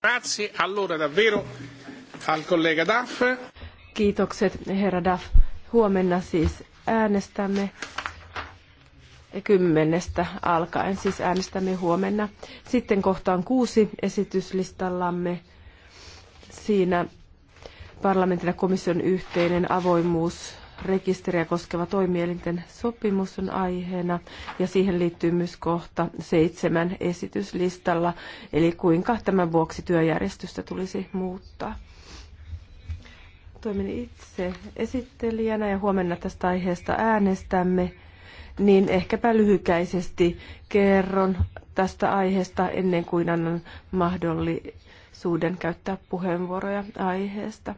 Grazie, allora davvero al kollega Duff. Kiitokset, herra Duff. Huomenna siis äänestämme kymmenestä alkaen, siis äänestämme huomenna. Sitten kohtaan kuusi esityslistallamme. Siinä parlamentin ja komission yhteinen avoimuus rekisteriä koskeva toimielinten sopimus on aiheena ja siihen liittyy myös kohta seitsemän esityslistalla, eli kuinka tämän vuoksi työjärjestystä tulisi muuttaa toimin itse esittelijänä ja huomenna tästä aiheesta äänestämme, niin ehkäpä lyhykäisesti kerron tästä aiheesta ennen kuin annan mahdollisuuden käyttää puheenvuoroja aiheesta.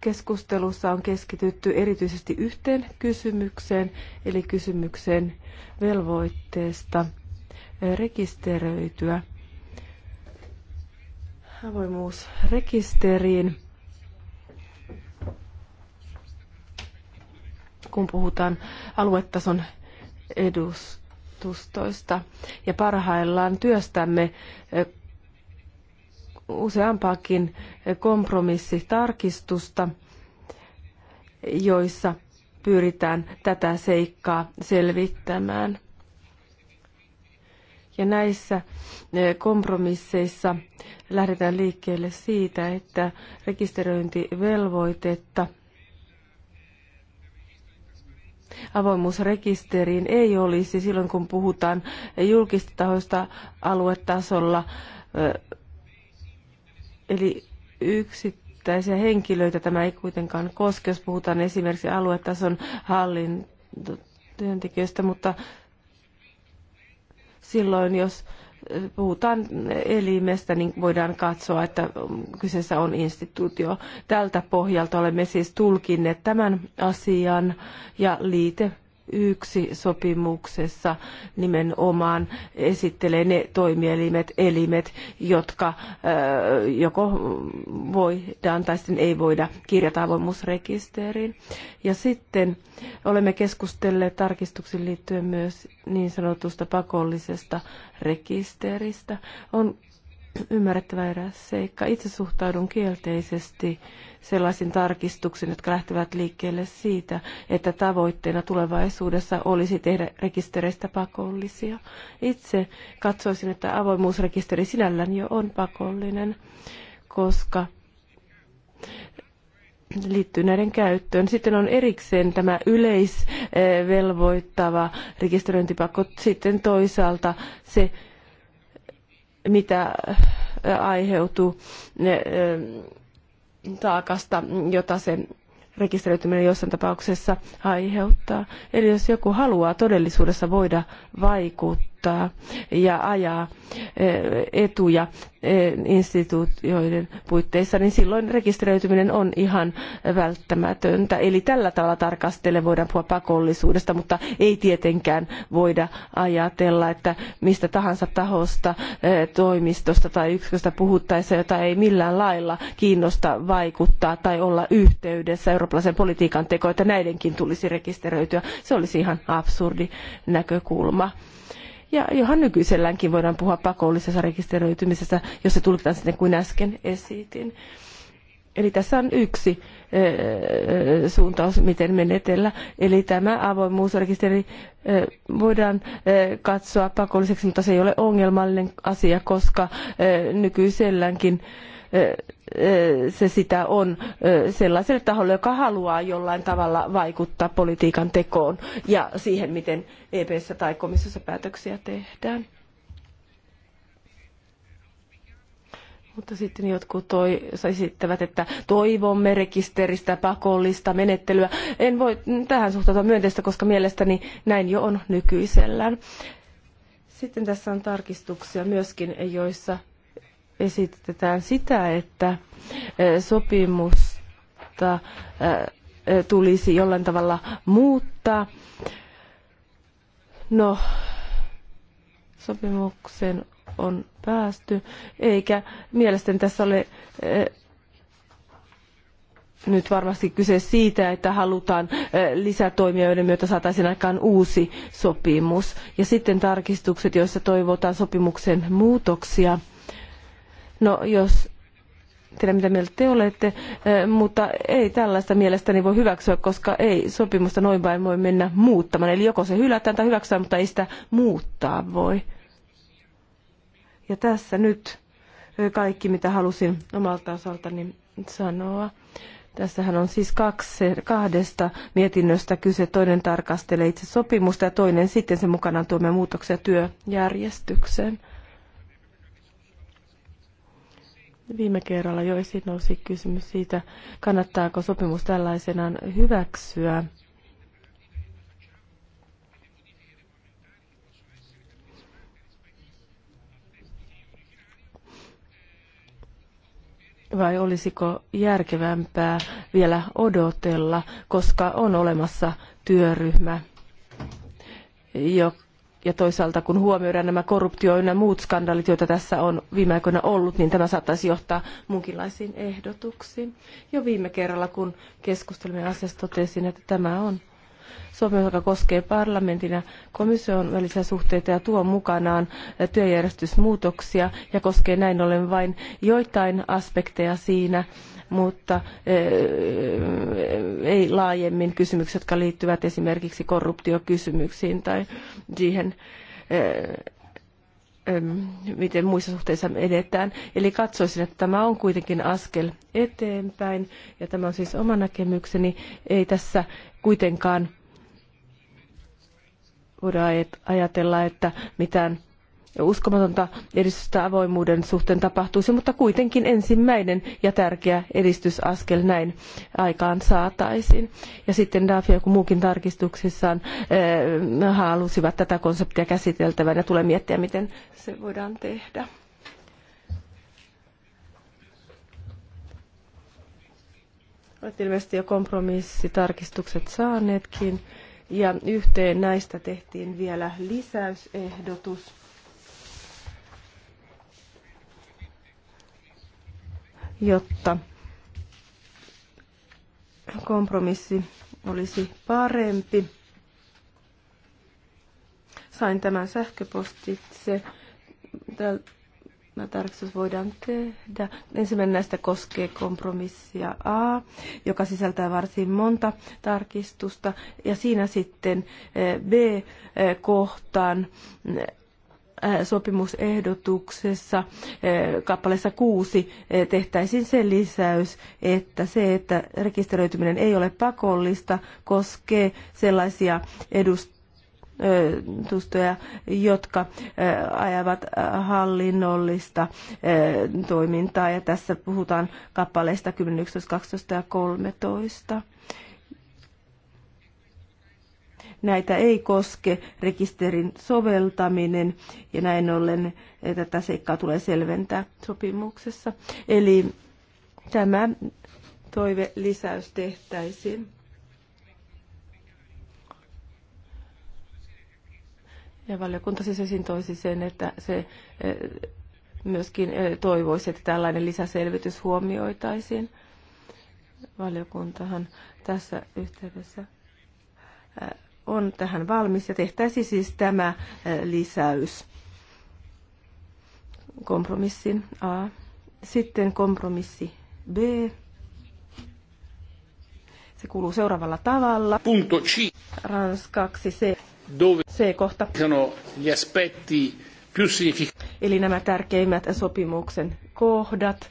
Keskustelussa on keskitytty erityisesti yhteen kysymykseen, eli kysymykseen velvoitteesta rekisteröityä avoimuusrekisteriin kun puhutaan aluetason edustustoista. Ja parhaillaan työstämme useampaakin kompromissitarkistusta, joissa pyritään tätä seikkaa selvittämään. Ja näissä kompromisseissa lähdetään liikkeelle siitä, että rekisteröintivelvoitetta avoimuusrekisteriin ei olisi silloin, kun puhutaan julkista tahoista aluetasolla, eli yksittäisiä henkilöitä tämä ei kuitenkaan koske, jos puhutaan esimerkiksi aluetason hallintotyöntekijöistä, mutta silloin jos puhutaan elimestä, niin voidaan katsoa, että kyseessä on instituutio. Tältä pohjalta olemme siis tulkinneet tämän asian ja liite yksi sopimuksessa nimenomaan esittelee ne toimielimet, elimet, jotka äh, joko voidaan tai sitten ei voida kirjata avoimuusrekisteriin. Ja sitten olemme keskustelleet tarkistuksiin liittyen myös niin sanotusta pakollisesta rekisteristä. On ymmärrettävä eräs seikka. Itse suhtaudun kielteisesti sellaisiin tarkistuksiin, jotka lähtevät liikkeelle siitä, että tavoitteena tulevaisuudessa olisi tehdä rekistereistä pakollisia. Itse katsoisin, että avoimuusrekisteri sinällään jo on pakollinen, koska liittyy näiden käyttöön. Sitten on erikseen tämä yleisvelvoittava rekisteröintipakko, sitten toisaalta se mitä aiheutuu taakasta, jota se rekisteröityminen jossain tapauksessa aiheuttaa. Eli jos joku haluaa todellisuudessa voida vaikuttaa, ehdottaa ja ajaa eh, etuja eh, instituutioiden puitteissa, niin silloin rekisteröityminen on ihan välttämätöntä. Eli tällä tavalla tarkastellen voidaan puhua pakollisuudesta, mutta ei tietenkään voida ajatella, että mistä tahansa tahosta, eh, toimistosta tai yksiköstä puhuttaessa, jota ei millään lailla kiinnosta vaikuttaa tai olla yhteydessä eurooppalaisen politiikan tekoon, että näidenkin tulisi rekisteröityä. Se olisi ihan absurdi näkökulma ja johon nykyiselläänkin voidaan puhua pakollisesta rekisteröitymisestä, jos se tulkitaan sitten kuin äsken esitin. Eli tässä on yksi suuntaus, miten menetellä. Eli tämä avoimuusrekisteri voidaan katsoa pakolliseksi, mutta se ei ole ongelmallinen asia, koska nykyiselläänkin se sitä on sellaiselle taholle, joka haluaa jollain tavalla vaikuttaa politiikan tekoon ja siihen, miten EPssä tai komissiossa päätöksiä tehdään. Mutta sitten jotkut toi, esittävät, että toivomme rekisteristä pakollista menettelyä. En voi tähän suhtautua myönteistä, koska mielestäni näin jo on nykyisellään. Sitten tässä on tarkistuksia myöskin, joissa esitetään sitä, että sopimusta tulisi jollain tavalla muuttaa. No, sopimuksen on päästy, eikä mielestäni tässä ole nyt varmasti kyse siitä, että halutaan lisätoimia, joiden myötä saataisiin aikaan uusi sopimus. Ja sitten tarkistukset, joissa toivotaan sopimuksen muutoksia – No jos tiedä mitä mieltä te olette, mutta ei tällaista mielestäni voi hyväksyä, koska ei sopimusta noin vain voi mennä muuttamaan. Eli joko se hylätään tai hyväksytään, mutta ei sitä muuttaa voi. Ja tässä nyt kaikki, mitä halusin omalta osaltani sanoa. Tässähän on siis kaksi, kahdesta mietinnöstä kyse. Toinen tarkastelee itse sopimusta ja toinen sitten sen mukanaan tuomme muutoksia työjärjestykseen. Viime kerralla jo esiin nousi kysymys siitä, kannattaako sopimus tällaisenaan hyväksyä. vai olisiko järkevämpää vielä odotella, koska on olemassa työryhmä, joka ja toisaalta kun huomioidaan nämä korruptio ja muut skandaalit, joita tässä on viime aikoina ollut, niin tämä saattaisi johtaa munkinlaisiin ehdotuksiin. Jo viime kerralla, kun keskustelimme asiasta, totesin, että tämä on sopimus, joka koskee parlamentin ja komission välisiä suhteita ja tuo mukanaan työjärjestysmuutoksia ja koskee näin ollen vain joitain aspekteja siinä mutta ei laajemmin kysymykset, jotka liittyvät esimerkiksi korruptiokysymyksiin tai siihen miten muissa suhteissa edetään. Eli katsoisin, että tämä on kuitenkin askel eteenpäin, ja tämä on siis oma näkemykseni. Ei tässä kuitenkaan voida ajatella, että mitään uskomatonta edistystä avoimuuden suhteen tapahtuisi, mutta kuitenkin ensimmäinen ja tärkeä edistysaskel näin aikaan saataisiin. Ja sitten Dafi ja muukin tarkistuksissaan eh, halusivat tätä konseptia käsiteltävän ja tulee miettiä, miten se voidaan tehdä. Olette ilmeisesti jo kompromissitarkistukset saaneetkin. Ja yhteen näistä tehtiin vielä lisäysehdotus jotta kompromissi olisi parempi. Sain tämän sähköpostitse. Tämä tarkistus voidaan tehdä. Ensimmäinen näistä koskee kompromissia A, joka sisältää varsin monta tarkistusta. Ja siinä sitten eh, B-kohtaan eh, sopimusehdotuksessa kappaleessa kuusi tehtäisiin se lisäys, että se, että rekisteröityminen ei ole pakollista, koskee sellaisia edustustoja, jotka ajavat hallinnollista toimintaa. Ja tässä puhutaan kappaleista 10, 11, 12 ja 13 näitä ei koske rekisterin soveltaminen ja näin ollen eh, tätä seikkaa tulee selventää sopimuksessa. Eli tämä lisäys tehtäisiin. Ja valiokunta siis esiin toisi sen, että se eh, myöskin eh, toivoisi, että tällainen lisäselvitys huomioitaisiin. Valiokuntahan tässä yhteydessä on tähän valmis ja tehtäisiin siis tämä lisäys kompromissin A. Sitten kompromissi B. Se kuuluu seuraavalla tavalla. Punto C. Ranskaksi C. Dove C-kohta. Sono gli aspetti più Eli nämä tärkeimmät sopimuksen kohdat.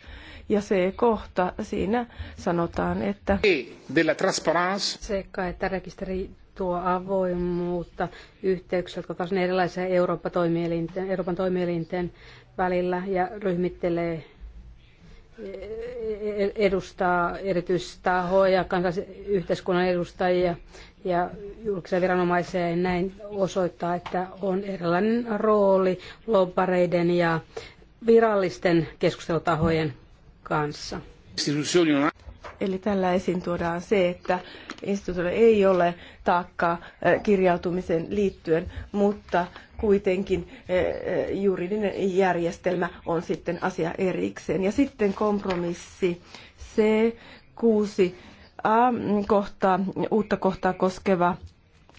Ja C-kohta, siinä sanotaan, että... E della trasparenza. Seikka, että rekisteri tuo avoimuutta yhteyksiä, jotka taas erilaisia Euroopan toimielinten, Euroopan toimielinten välillä ja ryhmittelee e- e- edustaa erityistahoja, kansallisyhteiskunnan edustajia ja julkisia viranomaisia ja näin osoittaa, että on erilainen rooli lobbareiden ja virallisten keskustelutahojen kanssa. Eli tällä esiin tuodaan se, että instituutiolle ei ole taakkaa kirjautumisen liittyen, mutta kuitenkin juridinen järjestelmä on sitten asia erikseen. Ja sitten kompromissi C6 A-kohtaa, mm, uutta kohtaa koskeva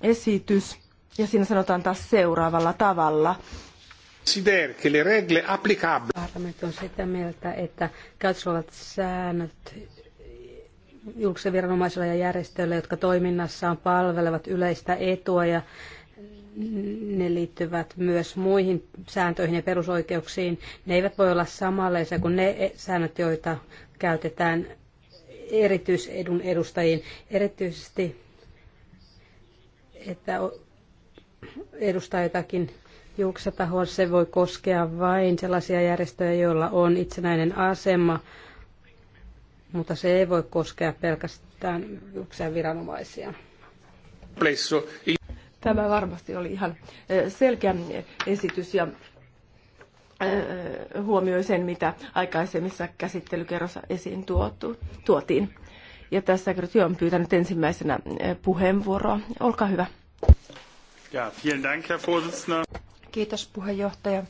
esitys, ja siinä sanotaan taas seuraavalla tavalla. Consider le regle applicabili. Parlamentti on sitä mieltä, että katsovat säännöt julkisen viranomaisilla ja järjestöillä, jotka toiminnassaan palvelevat yleistä etua ja ne liittyvät myös muihin sääntöihin ja perusoikeuksiin. Ne eivät voi olla samanlaisia kuin ne säännöt, joita käytetään erityisedun edustajiin. Erityisesti, että edustaa jotakin julkista tahoa, se voi koskea vain sellaisia järjestöjä, joilla on itsenäinen asema – mutta se ei voi koskea pelkästään yksiä viranomaisia. Tämä varmasti oli ihan selkeä esitys ja huomioi sen, mitä aikaisemmissa käsittelykerrossa esiin tuotu, tuotiin. Ja tässä Grytio on pyytänyt ensimmäisenä puheenvuoroa. Olkaa hyvä. Ja, vielen Dank, Herr Kiitos puheenjohtaja.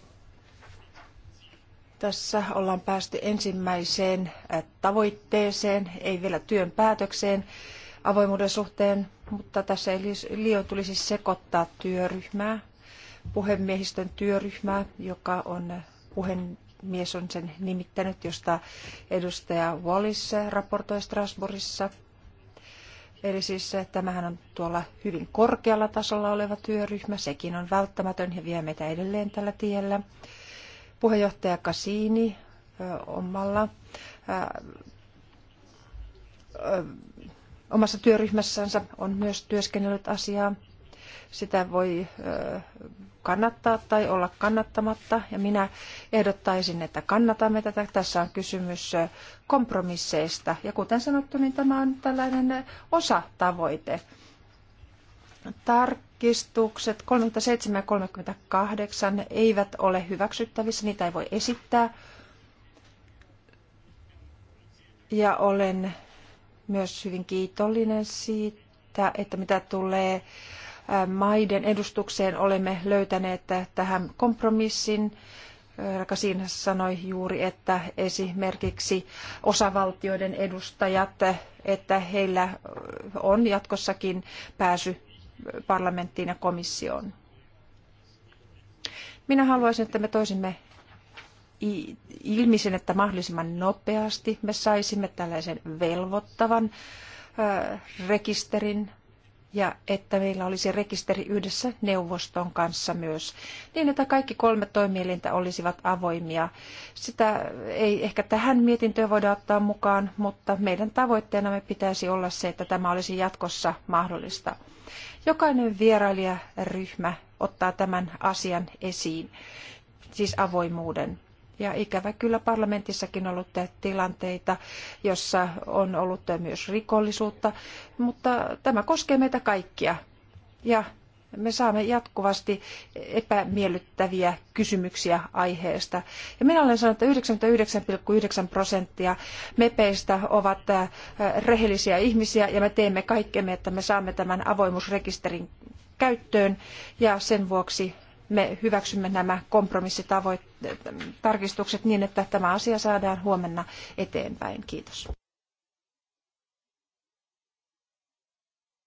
Tässä ollaan päästy ensimmäiseen äh, tavoitteeseen, ei vielä työn päätökseen avoimuuden suhteen, mutta tässä ei liioin tulisi sekoittaa työryhmää, puhemiehistön työryhmää, joka on äh, puhemies on sen nimittänyt, josta edustaja Wallis äh, raportoi Strasbourgissa. Eli siis tämähän on tuolla hyvin korkealla tasolla oleva työryhmä, sekin on välttämätön ja vie meitä edelleen tällä tiellä. Puheenjohtaja Cassini omalla omassa työryhmässänsä on myös työskennellyt asiaa. Sitä voi kannattaa tai olla kannattamatta. Ja minä ehdottaisin, että kannatamme tätä. Tässä on kysymys kompromisseista. Ja kuten sanottu, niin tämä on tällainen osatavoite. Tarkistukset 37 ja 38 eivät ole hyväksyttävissä, niitä ei voi esittää. Ja olen myös hyvin kiitollinen siitä, että mitä tulee maiden edustukseen, olemme löytäneet tähän kompromissin. Rakasiin sanoi juuri, että esimerkiksi osavaltioiden edustajat, että heillä on jatkossakin pääsy parlamenttiin ja komissioon. Minä haluaisin, että me toisimme ilmisen, että mahdollisimman nopeasti me saisimme tällaisen velvoittavan rekisterin ja että meillä olisi rekisteri yhdessä neuvoston kanssa myös, niin että kaikki kolme toimielintä olisivat avoimia. Sitä ei ehkä tähän mietintöön voida ottaa mukaan, mutta meidän tavoitteenamme pitäisi olla se, että tämä olisi jatkossa mahdollista. Jokainen vierailijaryhmä ottaa tämän asian esiin, siis avoimuuden. Ja ikävä kyllä parlamentissakin on ollut tilanteita, jossa on ollut myös rikollisuutta, mutta tämä koskee meitä kaikkia. Ja me saamme jatkuvasti epämiellyttäviä kysymyksiä aiheesta. Ja minä olen sanonut, että 99,9 prosenttia mepeistä ovat äh, rehellisiä ihmisiä ja me teemme kaikkemme, että me saamme tämän avoimuusrekisterin käyttöön ja sen vuoksi me hyväksymme nämä kompromissitarkistukset niin, että tämä asia saadaan huomenna eteenpäin. Kiitos.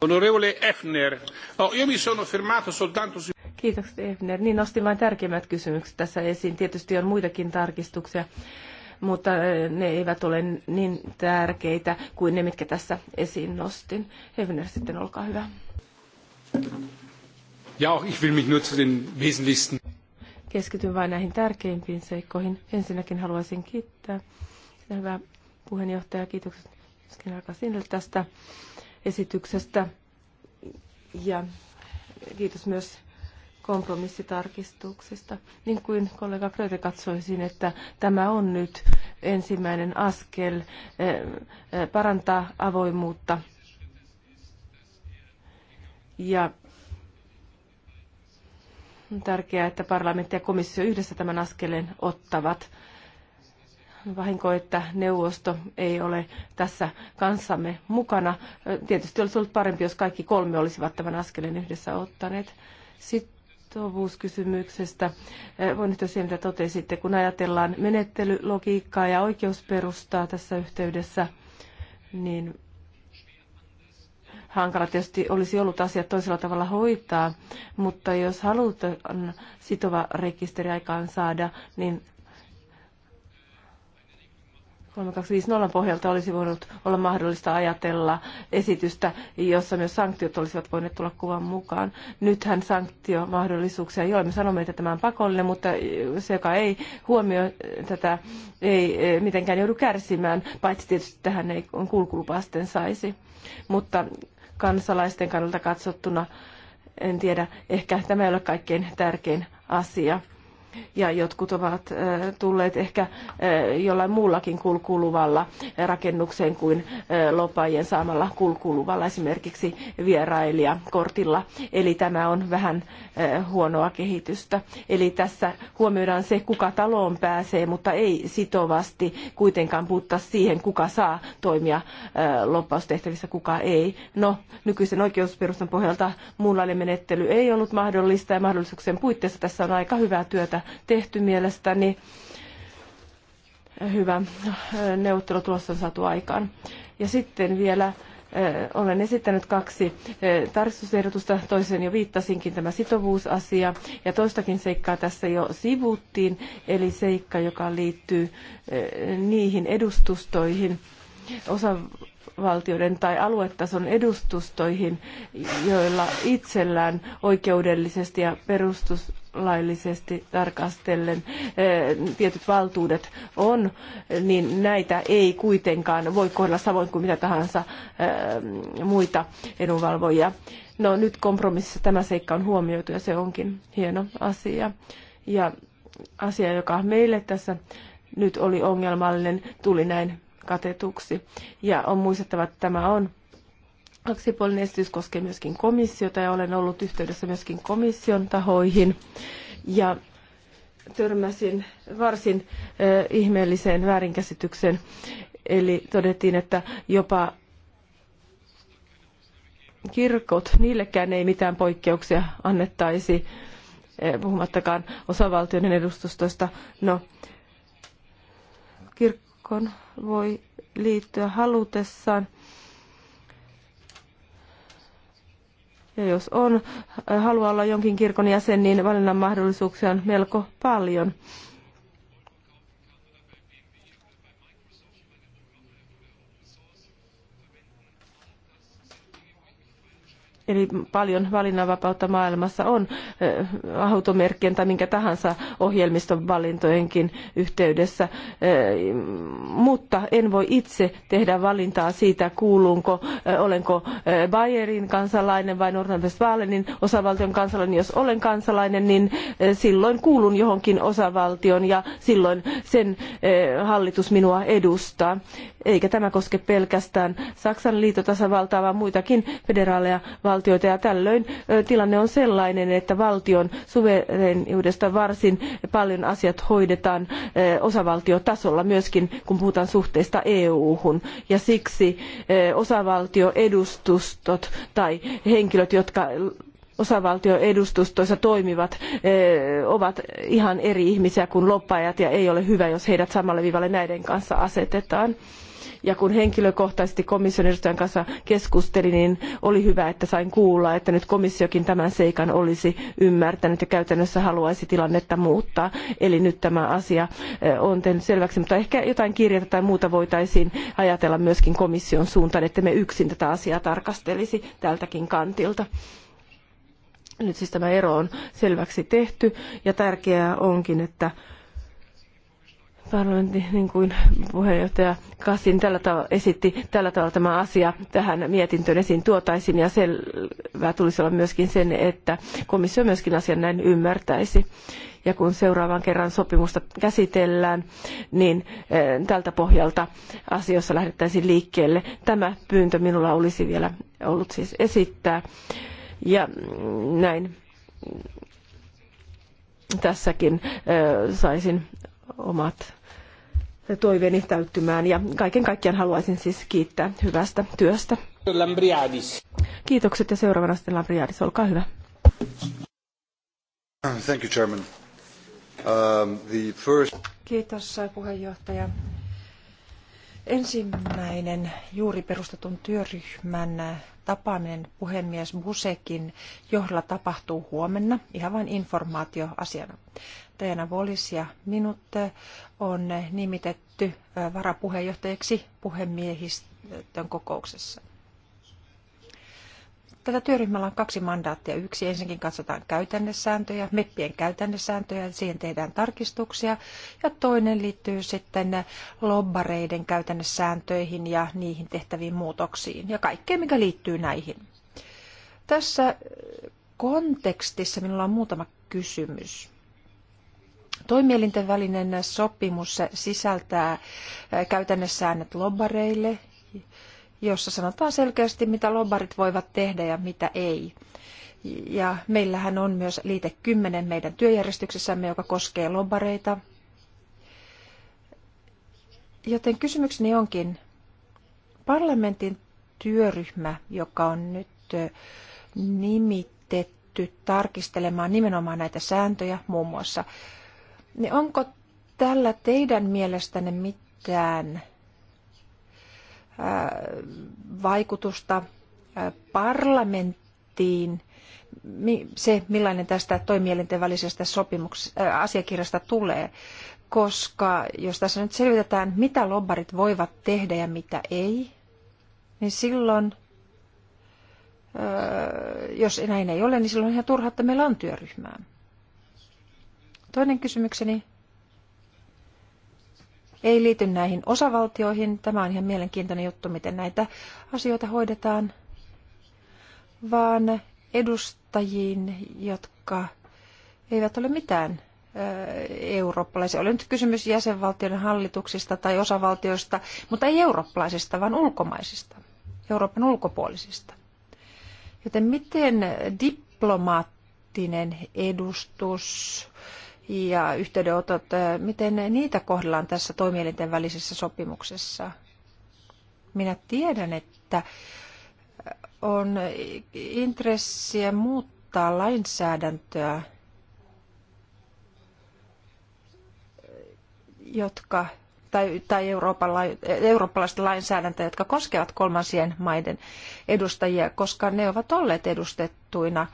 Onorevole no, io mi sono fermato soltanto su... Efner. Niin nostin vain tärkeimmät kysymykset tässä esiin. Tietysti on muitakin tarkistuksia, mutta ne eivät ole niin tärkeitä kuin ne, mitkä tässä esiin nostin. Efner, sitten olkaa hyvä. Thank you. Ja auch ich will mich nur zu den wesentlichsten. Keskityn vain näihin tärkeimpiin seikkoihin. Ensinnäkin haluaisin kiittää sitä hyvää puheenjohtajaa. Kiitokset myöskin Alkasinille tästä esityksestä. Ja kiitos myös kompromissitarkistuksista. Niin kuin kollega Kröte katsoisin, että tämä on nyt ensimmäinen askel eh, eh, parantaa avoimuutta ja on tärkeää, että parlamentti ja komissio yhdessä tämän askeleen ottavat. Vahinko, että neuvosto ei ole tässä kanssamme mukana. Tietysti olisi ollut parempi, jos kaikki kolme olisivat tämän askeleen yhdessä ottaneet. Sitten sitovuuskysymyksestä. Voin yhtyä siihen, mitä totesitte, kun ajatellaan menettelylogiikkaa ja oikeusperustaa tässä yhteydessä, niin hankala tietysti olisi ollut asiat toisella tavalla hoitaa, mutta jos halutaan sitova rekisteri aikaan saada, niin 3250 pohjalta olisi voinut olla mahdollista ajatella esitystä, jossa myös sanktiot olisivat voineet tulla kuvan mukaan. Nythän sanktiomahdollisuuksia ei ole. Me sanomme, että tämä on pakollinen, mutta se, joka ei huomioi tätä, ei eh, mitenkään joudu kärsimään, paitsi tietysti tähän ei kulkulupaa sitten saisi. Mutta kansalaisten kannalta katsottuna. En tiedä, ehkä tämä ei ole kaikkein tärkein asia ja jotkut ovat tulleet ehkä jollain muullakin kulkuluvalla rakennukseen kuin lopajien saamalla kulkuluvalla, esimerkiksi vierailijakortilla. Eli tämä on vähän huonoa kehitystä. Eli tässä huomioidaan se, kuka taloon pääsee, mutta ei sitovasti kuitenkaan puutta siihen, kuka saa toimia loppaustehtävissä, kuka ei. No, nykyisen oikeusperustan pohjalta muunlainen menettely ei ollut mahdollista ja mahdollisuuksien puitteissa tässä on aika hyvää työtä tehty mielestäni. Hyvä neuvottelutulos on saatu aikaan. Ja sitten vielä eh, olen esittänyt kaksi eh, tarkistusehdotusta. Toisen jo viittasinkin tämä sitovuusasia ja toistakin seikkaa tässä jo sivuttiin, eli seikka, joka liittyy eh, niihin edustustoihin, osa valtioiden tai aluetason edustustoihin, joilla itsellään oikeudellisesti ja perustuslaillisesti tarkastellen eh, tietyt valtuudet on, niin näitä ei kuitenkaan voi kohdella samoin kuin mitä tahansa eh, muita edunvalvojia. No nyt kompromississa tämä seikka on huomioitu ja se onkin hieno asia. Ja asia, joka meille tässä nyt oli ongelmallinen, tuli näin katetuksi. Ja on muistettava, että tämä on kaksipuolinen esitys, koskee myöskin komissiota ja olen ollut yhteydessä myöskin komission tahoihin. Ja törmäsin varsin äh, ihmeelliseen väärinkäsitykseen. Eli todettiin, että jopa kirkot, niillekään ei mitään poikkeuksia annettaisi, puhumattakaan osavaltioiden edustustoista. No, kirkon voi liittyä halutessaan. Ja jos on, äh, haluaa olla jonkin kirkon jäsen, niin valinnan mahdollisuuksia on melko paljon. Eli paljon valinnanvapautta maailmassa on eh, automerkkien tai minkä tahansa ohjelmiston valintojenkin yhteydessä. Eh, mutta en voi itse tehdä valintaa siitä, kuulunko, eh, olenko Bayerin kansalainen vai Nordrhein-Westfalenin osavaltion kansalainen. Jos olen kansalainen, niin silloin kuulun johonkin osavaltion ja silloin sen hallitus minua edustaa. Eikä tämä koske pelkästään Saksan liitotasavaltaa, vaan muitakin federaaleja valtioita valtioita ja tällöin tilanne on sellainen, että valtion suvereniudesta varsin paljon asiat hoidetaan osavaltiotasolla myöskin, kun puhutaan suhteista EU-hun. Ja siksi osavaltioedustustot tai henkilöt, jotka osavaltioedustustoissa toimivat ovat ihan eri ihmisiä kuin lobbaajat ja ei ole hyvä, jos heidät samalle viivalle näiden kanssa asetetaan. Ja kun henkilökohtaisesti komission edustajan kanssa keskustelin, niin oli hyvä, että sain kuulla, että nyt komissiokin tämän seikan olisi ymmärtänyt ja käytännössä haluaisi tilannetta muuttaa. Eli nyt tämä asia eh, on tehnyt selväksi, mutta ehkä jotain kirjata tai muuta voitaisiin ajatella myöskin komission suuntaan, että me yksin tätä asiaa tarkastelisi tältäkin kantilta. Nyt siis tämä ero on selväksi tehty ja tärkeää onkin, että parlamentti, niin kuin puheenjohtaja Kassin tällä tavalla esitti, tällä tavalla tämä asia tähän mietintöön esiin tuotaisiin ja selvää tulisi olla myöskin sen, että komissio myöskin asian näin ymmärtäisi. Ja kun seuraavan kerran sopimusta käsitellään, niin eh, tältä pohjalta asioissa lähdettäisiin liikkeelle. Tämä pyyntö minulla olisi vielä ollut siis esittää. Ja mm, näin tässäkin eh, saisin omat toiveeni täyttymään. Ja kaiken kaikkiaan haluaisin siis kiittää hyvästä työstä. Lambriadis. Kiitokset ja seuraavana sitten Lambriadis, olkaa hyvä. Thank you, Chairman. Um, the first... Kiitos puheenjohtaja. Ensimmäinen juuri perustetun työryhmän tapaaminen puhemies Busekin johdolla tapahtuu huomenna, ihan vain informaatioasiana puheenjohtajana Volis ja minut on nimitetty varapuheenjohtajaksi puhemiehistön kokouksessa. Tällä työryhmällä on kaksi mandaattia. Yksi ensinnäkin katsotaan käytännesääntöjä, meppien käytännesääntöjä, siihen tehdään tarkistuksia. Ja toinen liittyy sitten lobbareiden käytännesääntöihin ja niihin tehtäviin muutoksiin ja kaikkeen, mikä liittyy näihin. Tässä kontekstissa minulla on muutama kysymys. Toimielinten välinen sopimus sisältää käytännössäännöt lobbareille, jossa sanotaan selkeästi, mitä lobbarit voivat tehdä ja mitä ei. Ja meillähän on myös liite 10 meidän työjärjestyksessämme, joka koskee lobbareita. Joten kysymykseni onkin, parlamentin työryhmä, joka on nyt nimitetty tarkistelemaan nimenomaan näitä sääntöjä, muun muassa niin onko tällä teidän mielestänne mitään vaikutusta parlamenttiin, se millainen tästä toimielinten välisestä sopimuksesta, asiakirjasta tulee, koska jos tässä nyt selvitetään, mitä lobbarit voivat tehdä ja mitä ei, niin silloin, jos näin ei ole, niin silloin on ihan turha, että meillä on työryhmää. Toinen kysymykseni ei liity näihin osavaltioihin. Tämä on ihan mielenkiintoinen juttu, miten näitä asioita hoidetaan, vaan edustajiin, jotka eivät ole mitään eurooppalaisia. Oli nyt kysymys jäsenvaltioiden hallituksista tai osavaltioista, mutta ei eurooppalaisista, vaan ulkomaisista, Euroopan ulkopuolisista. Joten miten diplomaattinen edustus ja yhteydenotot, miten niitä kohdellaan tässä toimielinten välisessä sopimuksessa? Minä tiedän, että on intressiä muuttaa lainsäädäntöä, jotka, tai, tai Euroopan, eurooppalaista lainsäädäntöä, jotka koskevat kolmansien maiden edustajia, koska ne ovat olleet edustettuina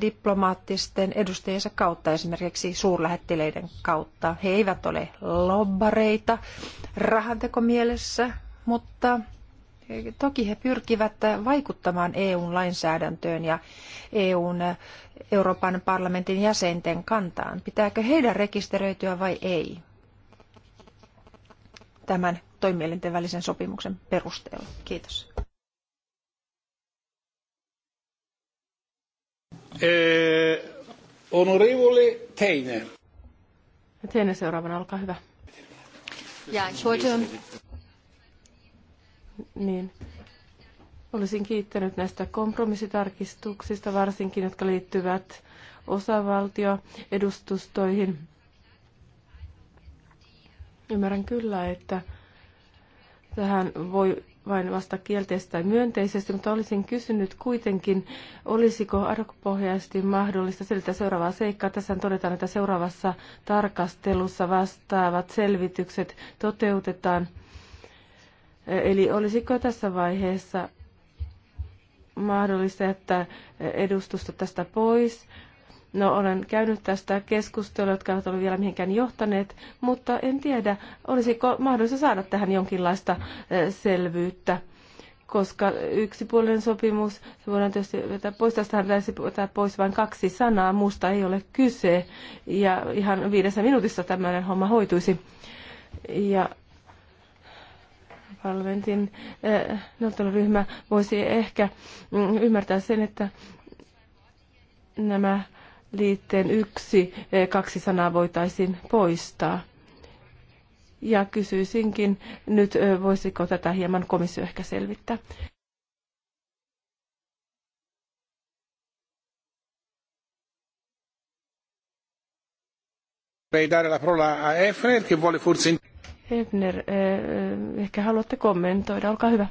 diplomaattisten edustajiensa kautta, esimerkiksi suurlähettileiden kautta. He eivät ole lobbareita rahantekomielessä, mutta toki he pyrkivät vaikuttamaan EUn lainsäädäntöön ja EUn Euroopan parlamentin jäsenten kantaan. Pitääkö heidän rekisteröityä vai ei? Tämän toimielinten välisen sopimuksen perusteella. Kiitos. Eh, onorevole Teine. Teine seuraavana, olkaa hyvä. Ja, ich Niin. Olisin kiittänyt näistä kompromissitarkistuksista, varsinkin jotka liittyvät osavaltioedustustoihin. Ymmärrän kyllä, että tähän voi vain vasta kielteisesti tai myönteisesti, mutta olisin kysynyt kuitenkin, olisiko arkopohjaisesti mahdollista selittää seuraavaa seikkaa. Tässä todetaan, että seuraavassa tarkastelussa vastaavat selvitykset toteutetaan. Eli olisiko tässä vaiheessa mahdollista että edustusta tästä pois? No olen käynyt tästä keskustelua, jotka eivät ole vielä mihinkään johtaneet, mutta en tiedä, olisiko mahdollista saada tähän jonkinlaista selvyyttä koska yksipuolinen sopimus, se voidaan tietysti vetää pois, tästähän pitäisi vetää pois vain kaksi sanaa, muusta ei ole kyse, ja ihan viidessä minuutissa tämmöinen homma hoituisi. Ja äh, neuvotteluryhmä voisi ehkä mm, ymmärtää sen, että nämä liitteen yksi, e, kaksi sanaa voitaisiin poistaa. Ja kysyisinkin nyt, e, voisiko tätä hieman komissio ehkä selvittää. Hefner, e, ehkä haluatte kommentoida, olkaa hyvä.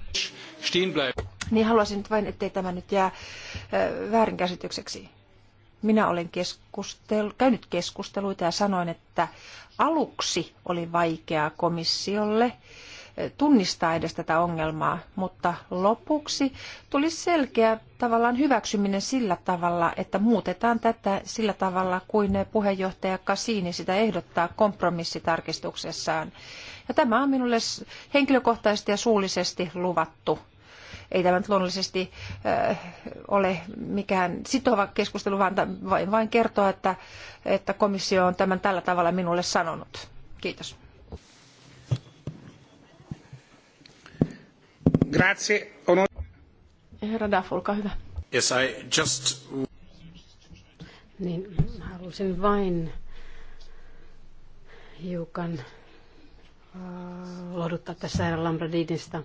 Niin haluaisin nyt vain, ettei tämä nyt jää väärinkäsitykseksi minä olen keskustel- käynyt keskusteluita ja sanoin, että aluksi oli vaikeaa komissiolle eh, tunnistaa edes tätä ongelmaa, mutta lopuksi tuli selkeä tavallaan hyväksyminen sillä tavalla, että muutetaan tätä sillä tavalla kuin puheenjohtaja Kasiini sitä ehdottaa kompromissitarkistuksessaan. Ja tämä on minulle henkilökohtaisesti ja suullisesti luvattu ei tämä nyt luonnollisesti äh, ole mikään sitova keskustelu, vaan voin vain kertoa, että, että komissio on tämän tällä tavalla minulle sanonut. Kiitos. Grazie. Herra Daff, olkaa hyvä. Yes, I just... Niin, halusin vain hiukan äh, lohduttaa tässä herra Lambradidista.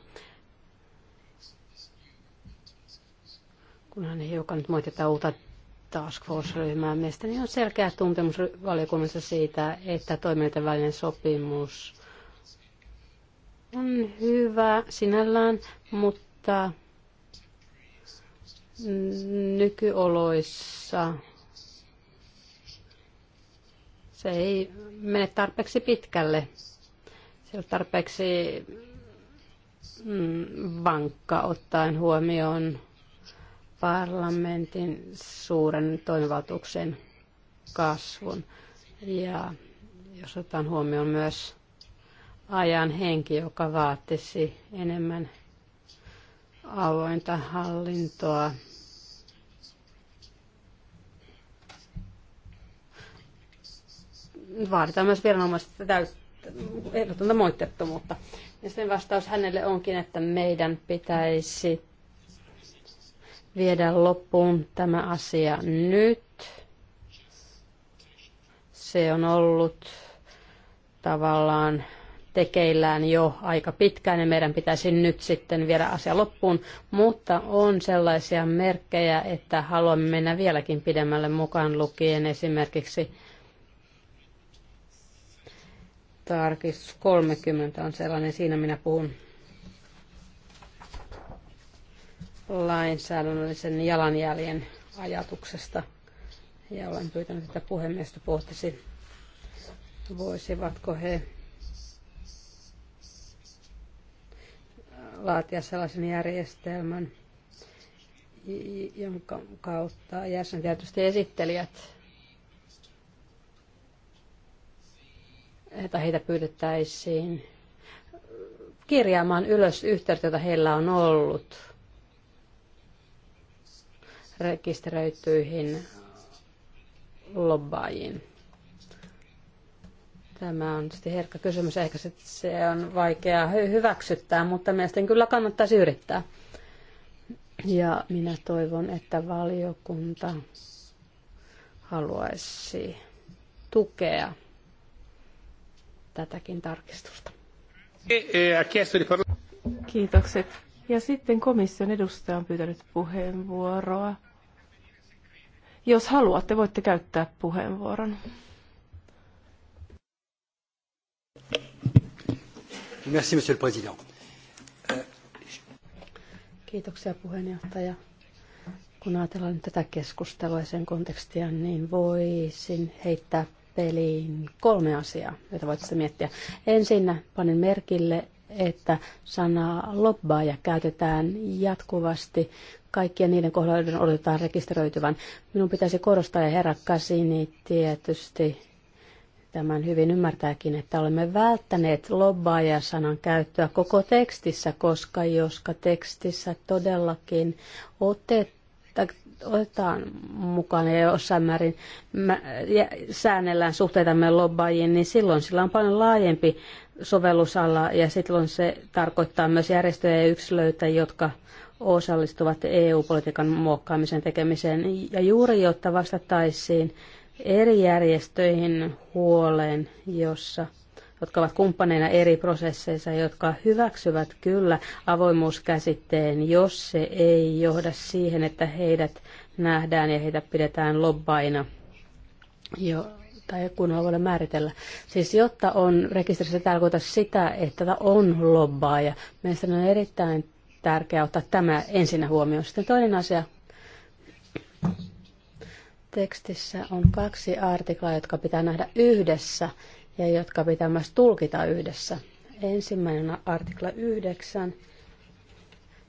kunhan joka nyt moiteta uutta task force-ryhmää. Mielestäni on selkeä tuntemus valiokunnassa siitä, että toimijoiden välinen sopimus on hyvä sinällään, mutta nykyoloissa se ei mene tarpeeksi pitkälle. Se on tarpeeksi mm, vankka ottaen huomioon parlamentin suuren toimivaltuuksien kasvun. Ja jos otetaan huomioon myös ajan henki, joka vaatisi enemmän avointa hallintoa, vaaditaan myös viranomaisista täyttä, ehdotonta moitteettomuutta. Ja sen vastaus hänelle onkin, että meidän pitäisi viedä loppuun tämä asia nyt. Se on ollut tavallaan tekeillään jo aika pitkään ja meidän pitäisi nyt sitten viedä asia loppuun, mutta on sellaisia merkkejä, että haluamme mennä vieläkin pidemmälle mukaan lukien esimerkiksi tarkistus 30 on sellainen, siinä minä puhun lainsäädännöllisen jalanjäljen ajatuksesta. Ja olen pyytänyt, että puhemiestä pohtisi, voisivatko he laatia sellaisen järjestelmän, jonka kautta jäsen tietysti esittelijät, että heitä pyydettäisiin kirjaamaan ylös yhteyttä, jota heillä on ollut rekisteröityihin lobbaajiin? Tämä on sitten herkkä kysymys. Ehkä se on vaikea hyväksyttää, mutta mielestäni kyllä kannattaisi yrittää. Ja minä toivon, että valiokunta haluaisi tukea tätäkin tarkistusta. Kiitokset. Ja sitten komission edustaja on pyytänyt puheenvuoroa. Jos haluatte, voitte käyttää puheenvuoron. Merci, monsieur le président. Äh, kiitoksia puheenjohtaja. Kun ajatellaan nyt tätä keskustelua ja sen kontekstia, niin voisin heittää peliin kolme asiaa, joita voit miettiä. Ensin panin merkille, että sanaa lobbaaja käytetään jatkuvasti kaikkien niiden kohdalla, joiden odotetaan rekisteröityvän. Minun pitäisi korostaa ja herra Kasini tietysti tämän hyvin ymmärtääkin, että olemme välttäneet lobbaaja-sanan käyttöä koko tekstissä, koska joska tekstissä todellakin otetaan mukana ja jossain määrin mä, ja säännellään suhteitamme lobbaajiin, niin silloin sillä on paljon laajempi sovellusalla ja silloin se tarkoittaa myös järjestöjä ja yksilöitä, jotka osallistuvat EU-politiikan muokkaamisen tekemiseen. Ja juuri jotta vastattaisiin eri järjestöihin huoleen, jossa, jotka ovat kumppaneina eri prosesseissa, jotka hyväksyvät kyllä avoimuuskäsitteen, jos se ei johda siihen, että heidät nähdään ja heitä pidetään lobbaina, jo, tai kunnolla voida määritellä. Siis jotta on rekisterissä, tarkoita sitä, että on lobbaaja. Mielestäni on erittäin tärkeää ottaa tämä ensin huomioon. Sitten toinen asia. Tekstissä on kaksi artiklaa, jotka pitää nähdä yhdessä ja jotka pitää myös tulkita yhdessä. Ensimmäinen on artikla 9.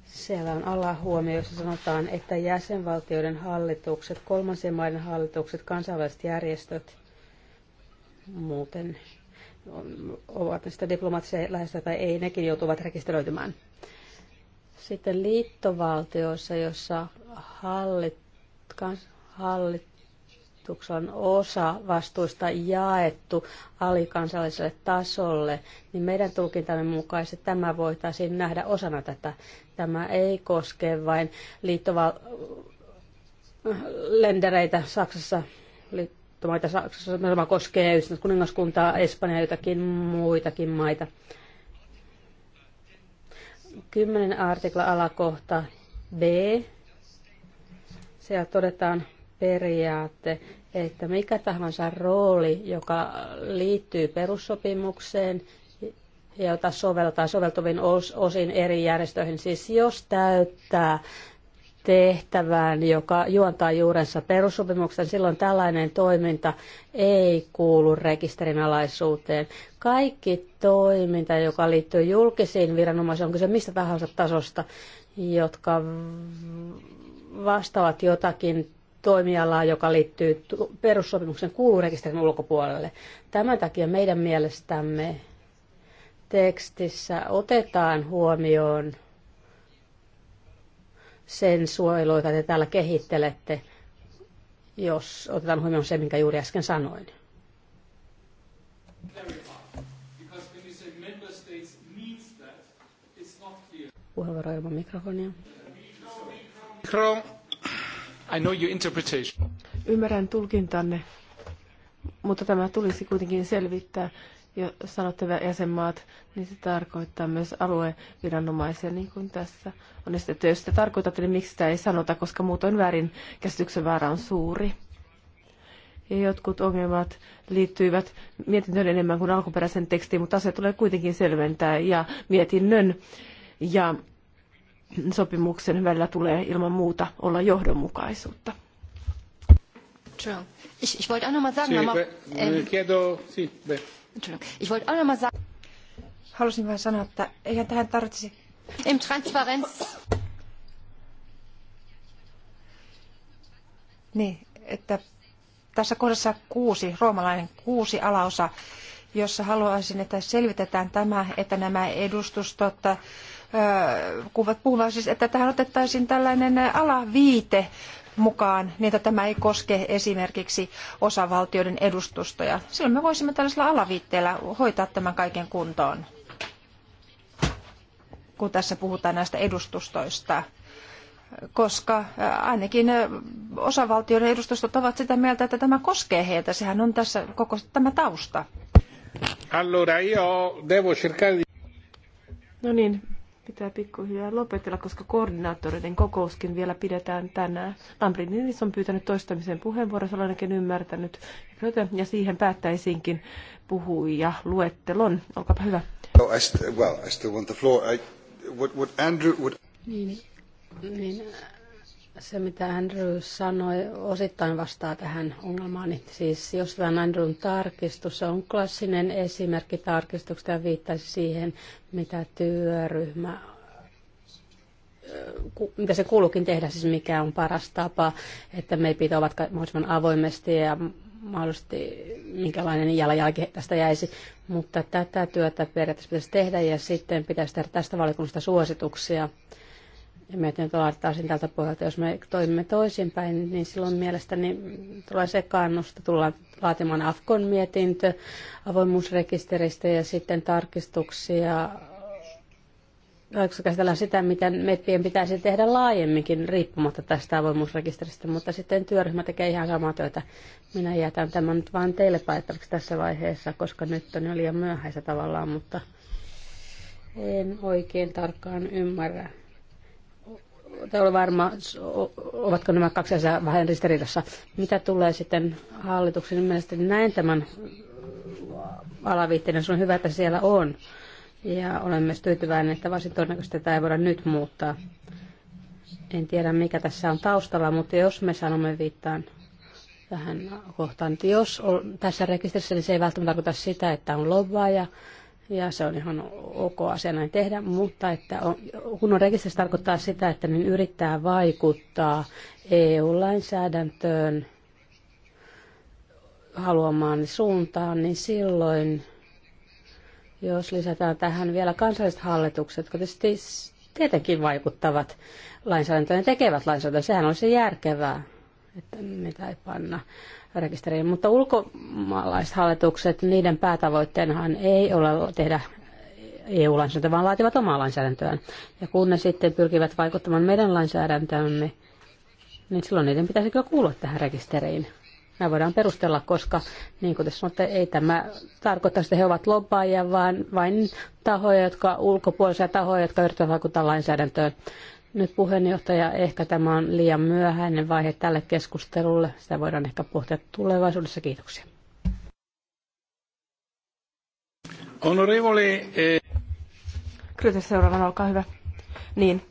Siellä on alahuomio, jossa sanotaan, että jäsenvaltioiden hallitukset, kolmansien maiden hallitukset, kansainväliset järjestöt Muuten ovat sitä diplomaattisia lähestyä tai ei, nekin joutuvat rekisteröitymään. Sitten liittovaltioissa, jossa hallit, kans, hallituksella on osa vastuista jaettu alikansalliselle tasolle, niin meidän tulkintamme mukaisesti tämä voitaisiin nähdä osana tätä. Tämä ei koske vain liittoval- lendereitä Saksassa, maita, Saksassa, sama koskee yhdistetty kuningaskuntaa, Espanjaa ja jotakin muitakin maita. Kymmenen artikla alakohta B. Siellä todetaan periaate, että mikä tahansa rooli, joka liittyy perussopimukseen ja jota soveltaa soveltuvin osin eri järjestöihin, siis jos täyttää tehtävään, joka juontaa juurensa perussopimuksen, silloin tällainen toiminta ei kuulu rekisterin alaisuuteen. Kaikki toiminta, joka liittyy julkisiin viranomaisiin, on kyse mistä tahansa tasosta, jotka vastaavat jotakin toimialaa, joka liittyy perussopimuksen kulurekisterin ulkopuolelle. Tämän takia meidän mielestämme tekstissä otetaan huomioon sen suojelu, jota te täällä kehittelette, jos otetaan huomioon se, minkä juuri äsken sanoin. Puheenvuoro ilman mikrofonia. Mikro. I know your interpretation. Ymmärrän tulkintanne, mutta tämä tulisi kuitenkin selvittää jos sanotte jäsenmaat, niin se tarkoittaa myös alueviranomaisia, niin kuin tässä on esitetty. Jos sitä tarkoitatte, niin miksi sitä ei sanota, koska muutoin väärin käsityksen väärä on suuri. Ja jotkut ongelmat liittyivät mietintöön enemmän kuin alkuperäisen tekstiin, mutta asia tulee kuitenkin selventää ja mietinnön ja sopimuksen välillä tulee ilman muuta olla johdonmukaisuutta. True. Ich, ich wollte auch mal sagen, nochmal, ähm, Halusin vain sanoa, että eihän tähän tarvitsisi... Im Transparenz. Niin, että tässä kohdassa kuusi, roomalainen kuusi alaosa, jossa haluaisin, että selvitetään tämä, että nämä edustustot, kuvat puhuvat siis, että tähän otettaisiin tällainen alaviite mukaan, niin että tämä ei koske esimerkiksi osavaltioiden edustustoja. Silloin me voisimme tällaisella alaviitteellä hoitaa tämän kaiken kuntoon, kun tässä puhutaan näistä edustustoista koska ainakin osavaltioiden edustustot ovat sitä mieltä, että tämä koskee heitä. Sehän on tässä koko tämä tausta. Allora io devo cercare di... No niin, pitää pikkuhiljaa lopetella, koska koordinaattoreiden kokouskin vielä pidetään tänään. Lambrinis on pyytänyt toistamisen puheenvuorossa, olen ainakin ymmärtänyt. Ja siihen päättäisinkin puhuja luettelon. Olkaapa hyvä. No, I st- well, I still want the floor. I, what, what Andrew what... Niin, niin se, mitä Andrew sanoi, osittain vastaa tähän ongelmaan. Niin siis jos tämä Andrewn tarkistus on klassinen esimerkki tarkistuksesta ja viittaisi siihen, mitä työryhmä mitä se kuulukin tehdä, siis mikä on paras tapa, että me pitää ovat mahdollisimman avoimesti ja mahdollisesti minkälainen jalanjälki tästä jäisi, mutta tätä työtä periaatteessa pitäisi tehdä ja sitten pitäisi tehdä tästä valikunnasta suosituksia ja mietintö laadittaisiin tältä pohjalta. Jos me toimimme toisinpäin, niin silloin mielestäni tulee sekaannusta. Tullaan laatimaan AFKon mietintö avoimuusrekisteristä ja sitten tarkistuksia Oliko käsitellään sitä, miten meppien pitäisi tehdä laajemminkin riippumatta tästä avoimuusrekisteristä, mutta sitten työryhmä tekee ihan samaa työtä. Minä jätän tämän nyt vain teille päättäväksi tässä vaiheessa, koska nyt on jo liian myöhäistä tavallaan, mutta en oikein tarkkaan ymmärrä, ole varma, ovatko nämä kaksi asiaa vähän ristiriidassa. Mitä tulee sitten hallituksen, niin näen tämän alaviitteen, se on hyvä, että siellä on. Ja olen myös tyytyväinen, että varsin todennäköisesti tätä ei voida nyt muuttaa. En tiedä, mikä tässä on taustalla, mutta jos me sanomme viittaan tähän kohtaan, että jos on tässä rekisterissä, niin se ei välttämättä tarkoita sitä, että on lobbaaja, ja ja se on ihan ok asia näin tehdä, mutta että on, kun on rekisterissä tarkoittaa sitä, että niin yrittää vaikuttaa EU-lainsäädäntöön haluamaan suuntaan, niin silloin, jos lisätään tähän vielä kansalliset hallitukset, jotka tietysti tietenkin vaikuttavat lainsäädäntöön ja tekevät lainsäädäntöön, sehän olisi järkevää, että mitä ei panna rekisteriin. Mutta ulkomaalaishallitukset, niiden päätavoitteenahan ei ole tehdä EU-lainsäädäntöä, vaan laativat omaa lainsäädäntöään. Ja kun ne sitten pyrkivät vaikuttamaan meidän lainsäädäntöömme, niin silloin niiden pitäisi kyllä kuulua tähän rekisteriin. Nämä voidaan perustella, koska niin kuin tässä sanotte, ei tämä tarkoita, että he ovat lobbaajia, vaan vain tahoja, jotka ulkopuolisia tahoja, jotka yrittävät vaikuttaa lainsäädäntöön nyt puheenjohtaja, ehkä tämä on liian myöhäinen vaihe tälle keskustelulle. Sitä voidaan ehkä pohtia tulevaisuudessa. Kiitoksia. rivoli. Eh. Kyllä seuraavana, olkaa hyvä. Niin.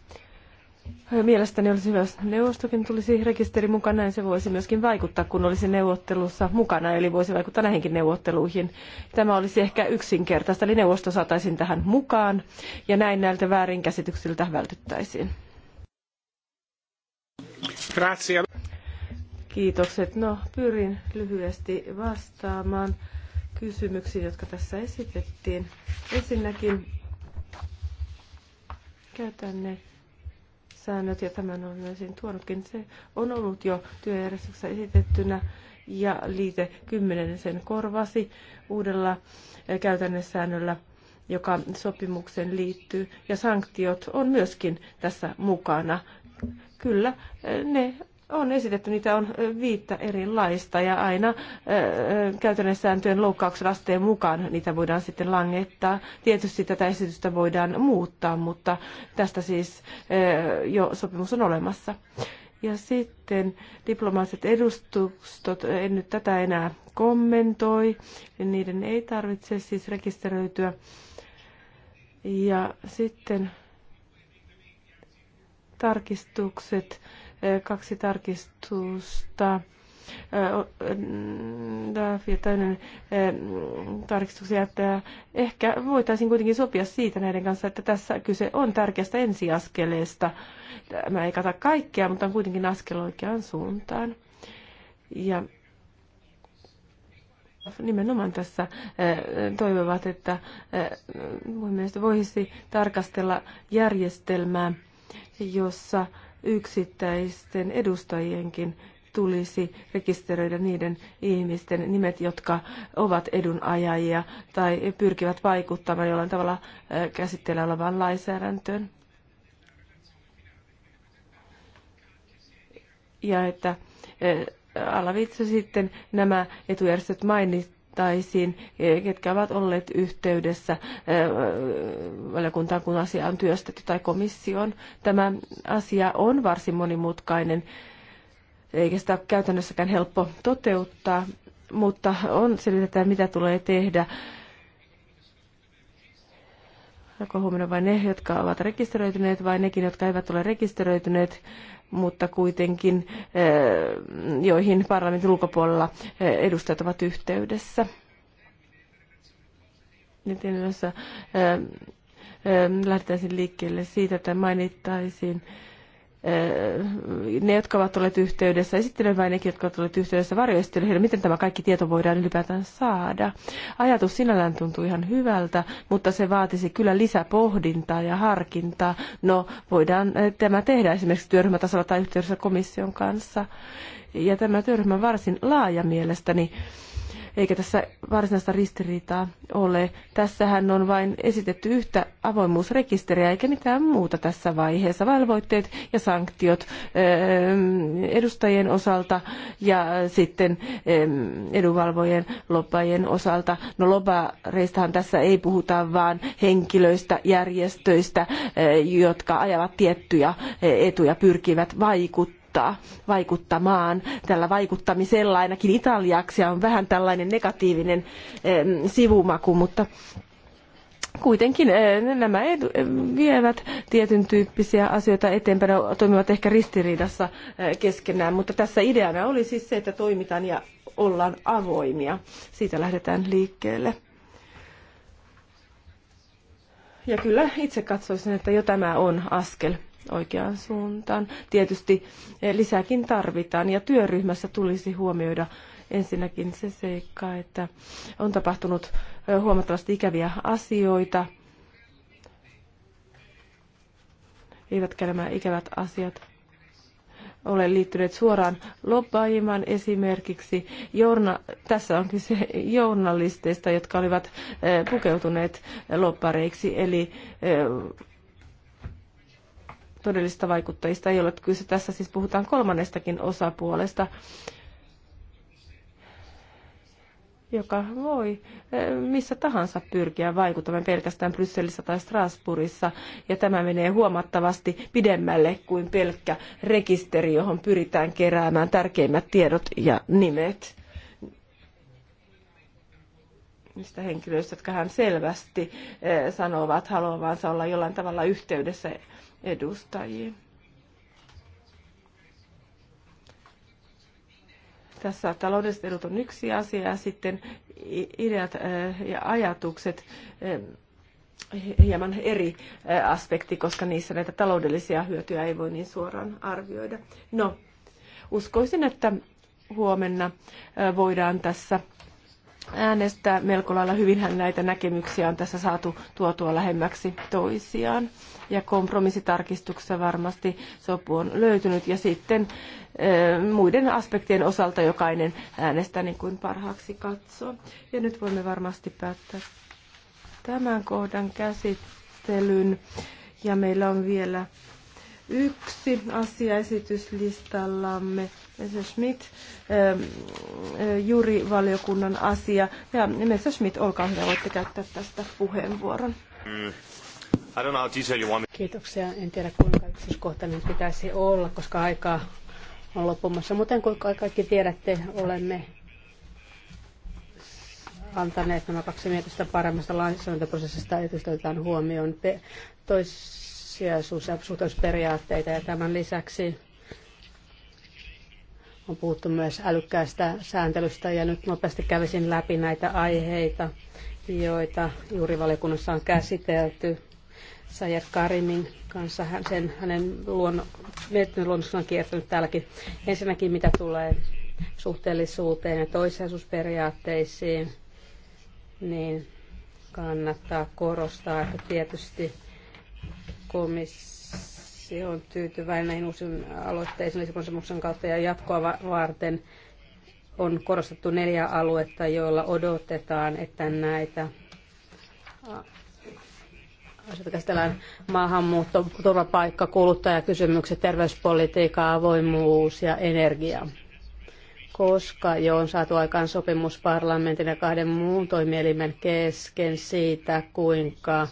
Mielestäni olisi hyvä, jos neuvostokin tulisi rekisteri mukana, näin se voisi myöskin vaikuttaa, kun olisi neuvottelussa mukana, eli voisi vaikuttaa näihinkin neuvotteluihin. Tämä olisi ehkä yksinkertaista, eli neuvosto saataisiin tähän mukaan, ja näin näiltä väärinkäsityksiltä vältyttäisiin. Kiitokset. No, pyrin lyhyesti vastaamaan kysymyksiin, jotka tässä esitettiin. Ensinnäkin käytännön säännöt, ja tämän on myös tuonutkin. Se on ollut jo työjärjestyksessä esitettynä, ja liite 10 sen korvasi uudella eh, käytännön säännöllä, joka sopimukseen liittyy, ja sanktiot on myöskin tässä mukana. Kyllä, ne on esitetty, niitä on viittä erilaista ja aina käytännön sääntöjen loukkauksen asteen mukaan niitä voidaan sitten langettaa. Tietysti tätä esitystä voidaan muuttaa, mutta tästä siis jo sopimus on olemassa. Ja sitten diplomaattiset edustustot, en nyt tätä enää kommentoi, niiden ei tarvitse siis rekisteröityä. Ja sitten tarkistukset, kaksi tarkistusta. Dafia täynnä tarkistuksia, että ehkä voitaisiin kuitenkin sopia siitä näiden kanssa, että tässä kyse on tärkeästä ensiaskeleesta. Mä ei kata kaikkea, mutta on kuitenkin askel oikeaan suuntaan. Ja nimenomaan tässä toivovat, että mun mielestä voisi tarkastella järjestelmää jossa yksittäisten edustajienkin tulisi rekisteröidä niiden ihmisten nimet, jotka ovat edunajajia tai pyrkivät vaikuttamaan jollain tavalla äh, käsitteellä olevaan lainsäädäntöön. Ja että äh, alaviitse sitten nämä etujärjestöt mainit, tarvittaisiin, ketkä ovat olleet yhteydessä valiokuntaan, kun asia on työstetty tai komissioon. Tämä asia on varsin monimutkainen, eikä sitä ole käytännössäkään helppo toteuttaa, mutta on selvitetään, mitä tulee tehdä. Onko huomioon vain ne, jotka ovat rekisteröityneet vai nekin, jotka eivät ole rekisteröityneet? mutta kuitenkin eh, joihin parlamentin ulkopuolella eh, edustajat ovat yhteydessä. Eh, lähdetään liikkeelle siitä, että mainittaisiin ne, jotka ovat olleet yhteydessä esittelyyn vain ne, jotka ovat olleet yhteydessä varjoesittelyihin, miten tämä kaikki tieto voidaan ylipäätään saada. Ajatus sinällään tuntuu ihan hyvältä, mutta se vaatisi kyllä lisäpohdintaa ja harkintaa. No, voidaan tämä tehdä esimerkiksi työryhmätasolla tai yhteydessä komission kanssa. Ja tämä työryhmä on varsin laaja mielestäni. Niin eikä tässä varsinaista ristiriitaa ole. Tässähän on vain esitetty yhtä avoimuusrekisteriä eikä mitään muuta tässä vaiheessa. Valvoitteet ja sanktiot ähm, edustajien osalta ja sitten ähm, edunvalvojen lobbaajien osalta. No lobbareistahan tässä ei puhuta vaan henkilöistä, järjestöistä, äh, jotka ajavat tiettyjä äh, etuja, pyrkivät vaikuttamaan vaikuttaa, vaikuttamaan. Tällä vaikuttamisella ainakin italiaksi on vähän tällainen negatiivinen sivumaku, mutta kuitenkin nämä vievät tietyn tyyppisiä asioita eteenpäin, toimivat ehkä ristiriidassa keskenään, mutta tässä ideana oli siis se, että toimitaan ja ollaan avoimia. Siitä lähdetään liikkeelle. Ja kyllä itse katsoisin, että jo tämä on askel oikeaan suuntaan. Tietysti eh, lisääkin tarvitaan ja työryhmässä tulisi huomioida ensinnäkin se seikka, että on tapahtunut eh, huomattavasti ikäviä asioita. Eivätkä nämä ikävät asiat ole liittyneet suoraan lobbaajimaan esimerkiksi. Journa, tässä on kyse journalisteista, jotka olivat eh, pukeutuneet loppareiksi, eli todellista vaikuttajista ei ole kyse. Tässä siis puhutaan kolmannestakin osapuolesta, joka voi eh, missä tahansa pyrkiä vaikuttamaan pelkästään Brysselissä tai Strasbourgissa. Ja tämä menee huomattavasti pidemmälle kuin pelkkä rekisteri, johon pyritään keräämään tärkeimmät tiedot ja nimet niistä henkilöistä, jotka hän selvästi eh, sanovat haluavansa olla jollain tavalla yhteydessä edustajia. Tässä taloudelliset edut on yksi asia ja sitten ideat ja ajatukset hieman eri aspekti, koska niissä näitä taloudellisia hyötyjä ei voi niin suoraan arvioida. No, uskoisin, että huomenna voidaan tässä äänestää. Melko lailla hyvinhän näitä näkemyksiä on tässä saatu tuotua lähemmäksi toisiaan. Ja kompromissitarkistuksessa varmasti sopu on löytynyt. Ja sitten eh, muiden aspektien osalta jokainen äänestää niin kuin parhaaksi katsoo. Ja nyt voimme varmasti päättää tämän kohdan käsittelyn. Ja meillä on vielä yksi asia esityslistallamme. Messerschmidt, ähm, äh, juurivaliokunnan asia. Ja Messerschmidt, olkaa hyvä, voitte käyttää tästä puheenvuoron. Kiitoksia. En tiedä kuinka yksityiskohtainen pitäisi olla, koska aikaa on loppumassa. Mutta kuin kaikki tiedätte, olemme antaneet nämä kaksi mietistä paremmasta lainsäädäntöprosessista, että otetaan huomioon toissijaisuus- ja suhteellisuusperiaatteita. Ja tämän lisäksi on puhuttu myös älykkäästä sääntelystä ja nyt nopeasti kävisin läpi näitä aiheita, joita juuri valiokunnassa on käsitelty. Sajer Karimin kanssa hän, sen, hänen luonno, on kiertänyt täälläkin. Ensinnäkin mitä tulee suhteellisuuteen ja toisaisuusperiaatteisiin, niin kannattaa korostaa, että tietysti komissio se on tyytyväinen näihin uusiin aloitteisiin lisäkonsumuksen kautta ja jatkoa varten on korostettu neljä aluetta, joilla odotetaan, että näitä asioita käsitellään maahanmuutto, turvapaikka, kuluttajakysymykset, terveyspolitiikka, avoimuus ja energia. Koska jo on saatu aikaan sopimus parlamentin ja kahden muun toimielimen kesken siitä, kuinka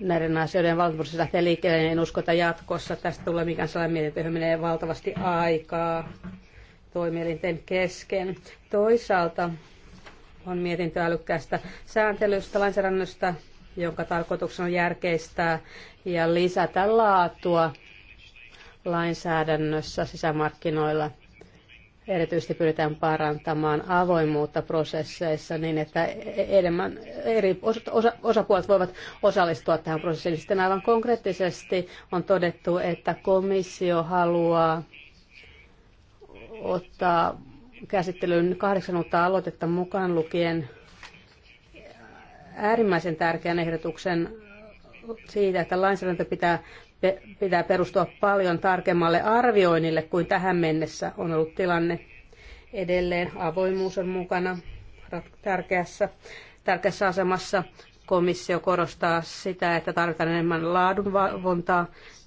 näiden asioiden valtuus lähtee liikkeelle, niin en usko, että jatkossa tästä tulee mikään sellainen mietintö, johon menee valtavasti aikaa toimielinten kesken. Toisaalta on mietintö älykkäästä sääntelystä, lainsäädännöstä, jonka tarkoituksena on järkeistää ja lisätä laatua lainsäädännössä sisämarkkinoilla – Erityisesti pyritään parantamaan avoimuutta prosesseissa niin, että enemmän eri osa, osapuolet voivat osallistua tähän prosessiin. Sitten aivan konkreettisesti on todettu, että komissio haluaa ottaa käsittelyyn kahdeksan uutta aloitetta mukaan lukien äärimmäisen tärkeän ehdotuksen siitä, että lainsäädäntö pitää pitää perustua paljon tarkemmalle arvioinnille kuin tähän mennessä on ollut tilanne. Edelleen avoimuus on mukana tärkeässä, tärkeässä asemassa. Komissio korostaa sitä, että tarvitaan enemmän laadunvalvontaa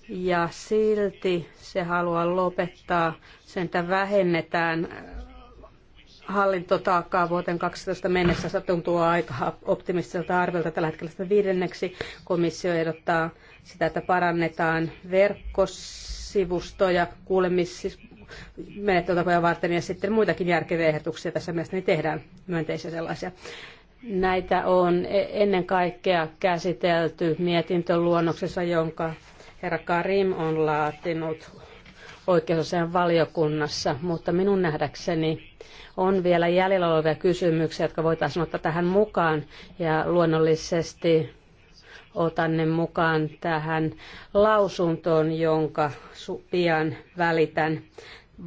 ja silti se haluaa lopettaa sen, että vähennetään äh, hallintotaakkaa vuoteen 12 mennessä. Se tuntuu aika optimistiselta arviolta tällä hetkellä sitä viidenneksi. Komissio ehdottaa sitä, että parannetaan verkkosivustoja, kuulemismenettelytapoja siis varten ja sitten muitakin järkeviä ehdotuksia tässä mielestäni tehdään myönteisiä sellaisia. Näitä on e- ennen kaikkea käsitelty mietintöluonnoksessa, jonka herra Karim on laatinut oikeusasian valiokunnassa, mutta minun nähdäkseni on vielä jäljellä olevia kysymyksiä, jotka voitaisiin ottaa tähän mukaan ja luonnollisesti otan ne mukaan tähän lausuntoon, jonka pian välitän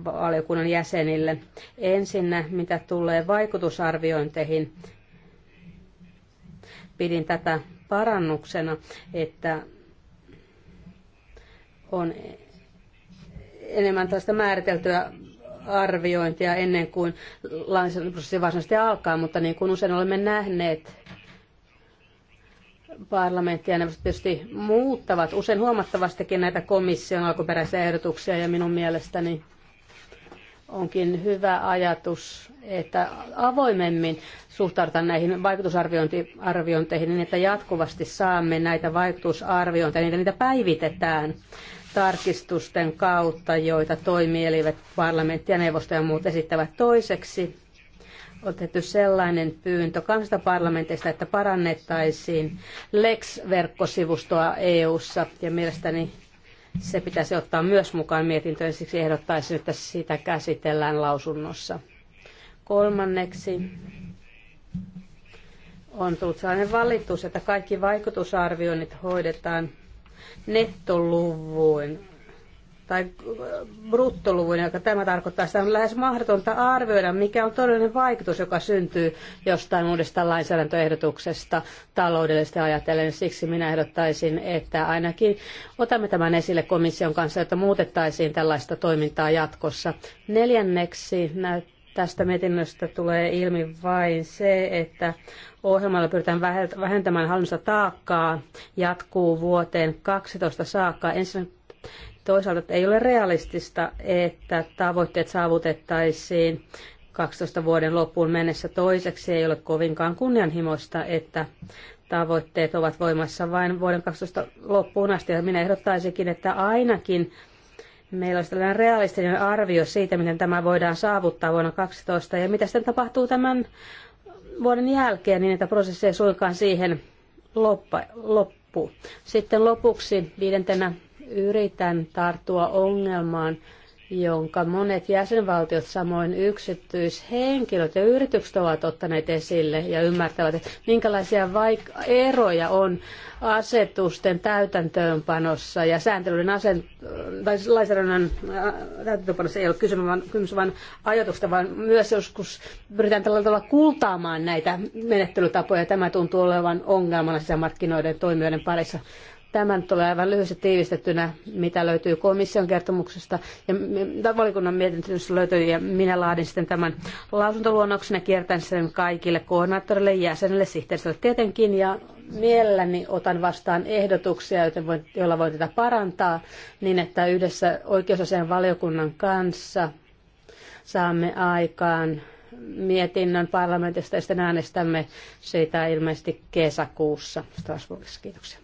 valiokunnan jäsenille. Ensinnä, mitä tulee vaikutusarviointeihin, pidin tätä parannuksena, että on enemmän tästä määriteltyä arviointia ennen kuin lainsäädäntöprosessi varsinaisesti alkaa, mutta niin kuin usein olemme nähneet, parlamentti ja neuvosto tietysti muuttavat usein huomattavastikin näitä komission alkuperäisiä ehdotuksia ja minun mielestäni onkin hyvä ajatus, että avoimemmin suhtaudutaan näihin vaikutusarviointeihin niin, että jatkuvasti saamme näitä vaikutusarviointeja, niitä, niitä päivitetään tarkistusten kautta, joita toimielivät parlamentti ja neuvosto ja muut esittävät toiseksi otettu sellainen pyyntö kansasta parlamentista, että parannettaisiin Lex-verkkosivustoa EU-ssa ja mielestäni se pitäisi ottaa myös mukaan mietintöön, siksi ehdottaisin, että sitä käsitellään lausunnossa. Kolmanneksi on tullut sellainen valitus, että kaikki vaikutusarvioinnit hoidetaan nettoluvuin tai äh, bruttoluvun, joka tämä tarkoittaa, sitä on lähes mahdotonta arvioida, mikä on todellinen vaikutus, joka syntyy jostain uudesta lainsäädäntöehdotuksesta taloudellisesti ajatellen. Siksi minä ehdottaisin, että ainakin otamme tämän esille komission kanssa, että muutettaisiin tällaista toimintaa jatkossa. Neljänneksi näyttää tästä mietinnöstä tulee ilmi vain se, että ohjelmalla pyritään vähentämään hallinnosta taakkaa, jatkuu vuoteen 12 saakka. Ensin Toisaalta ei ole realistista, että tavoitteet saavutettaisiin 12 vuoden loppuun mennessä. Toiseksi ei ole kovinkaan kunnianhimoista, että tavoitteet ovat voimassa vain vuoden 12 loppuun asti. Ja minä ehdottaisinkin, että ainakin meillä olisi tällainen realistinen arvio siitä, miten tämä voidaan saavuttaa vuonna 12 ja mitä sitten tapahtuu tämän vuoden jälkeen, niin että prosessi ei suinkaan siihen loppu. Sitten lopuksi viidentenä yritän tarttua ongelmaan, jonka monet jäsenvaltiot, samoin yksityishenkilöt ja yritykset ovat ottaneet esille ja ymmärtävät, että minkälaisia vaik- eroja on asetusten täytäntöönpanossa ja sääntelyn asen- tai lainsäädännön äh, täytäntöönpanossa ei ole kysymys vaan, kysymys vaan ajatuksesta, vaan myös joskus pyritään tällä tavalla kultaamaan näitä menettelytapoja. Tämä tuntuu olevan ongelmana sisämarkkinoiden toimijoiden parissa. Tämä tulee aivan lyhyesti tiivistettynä, mitä löytyy komission kertomuksesta ja valikunnan mietintössä löytyy, ja minä laadin sitten tämän lausuntoluonnoksen ja kiertän sen kaikille koordinaattorille, jäsenille, sihteeristölle tietenkin, ja mielelläni otan vastaan ehdotuksia, joten voin, joilla voin tätä parantaa, niin että yhdessä oikeusasian valiokunnan kanssa saamme aikaan mietinnön parlamentista ja sitten äänestämme siitä ilmeisesti kesäkuussa Strasbourgissa. Kiitoksia.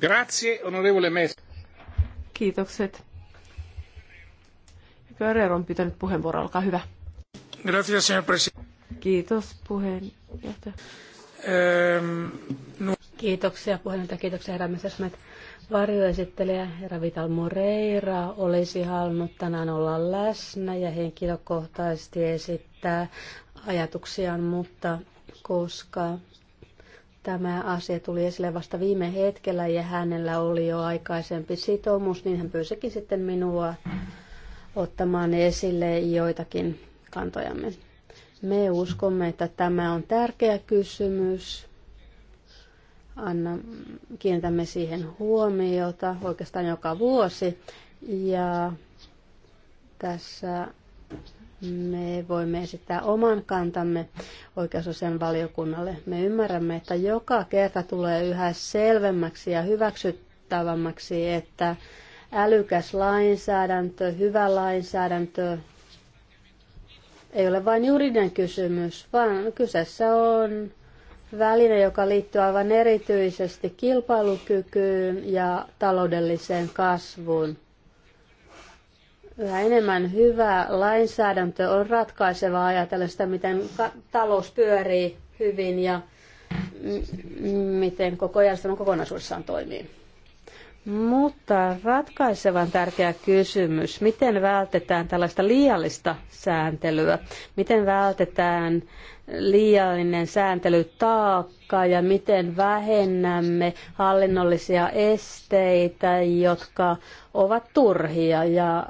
Grazie, onorevole Kiitokset. Guerrero on pitänyt puheenvuoro, olkaa hyvä. presidente. Kiitos puheenjohtaja. no. Kiitoksia puheenjohtaja, kiitoksia herra Messersmith. Varjoesittelijä herra Vital Moreira olisi halunnut tänään olla läsnä ja henkilökohtaisesti esittää ajatuksiaan, mutta koska Tämä asia tuli esille vasta viime hetkellä ja hänellä oli jo aikaisempi sitoumus, niin hän pyysikin sitten minua ottamaan esille joitakin kantojamme. Me uskomme, että tämä on tärkeä kysymys. Anna, kiinnitämme siihen huomiota oikeastaan joka vuosi. Ja tässä me voimme esittää oman kantamme oikeusasian valiokunnalle. Me ymmärrämme, että joka kerta tulee yhä selvemmäksi ja hyväksyttävämmäksi, että älykäs lainsäädäntö, hyvä lainsäädäntö ei ole vain juridinen kysymys, vaan kyseessä on väline, joka liittyy aivan erityisesti kilpailukykyyn ja taloudelliseen kasvuun. Yhä enemmän hyvää lainsäädäntö on ratkaisevaa ajatella sitä, miten talous pyörii hyvin ja miten koko järjestelmä kokonaisuudessaan toimii. Mutta ratkaisevan tärkeä kysymys, miten vältetään tällaista liiallista sääntelyä, miten vältetään liiallinen sääntelytaakka ja miten vähennämme hallinnollisia esteitä, jotka ovat turhia ja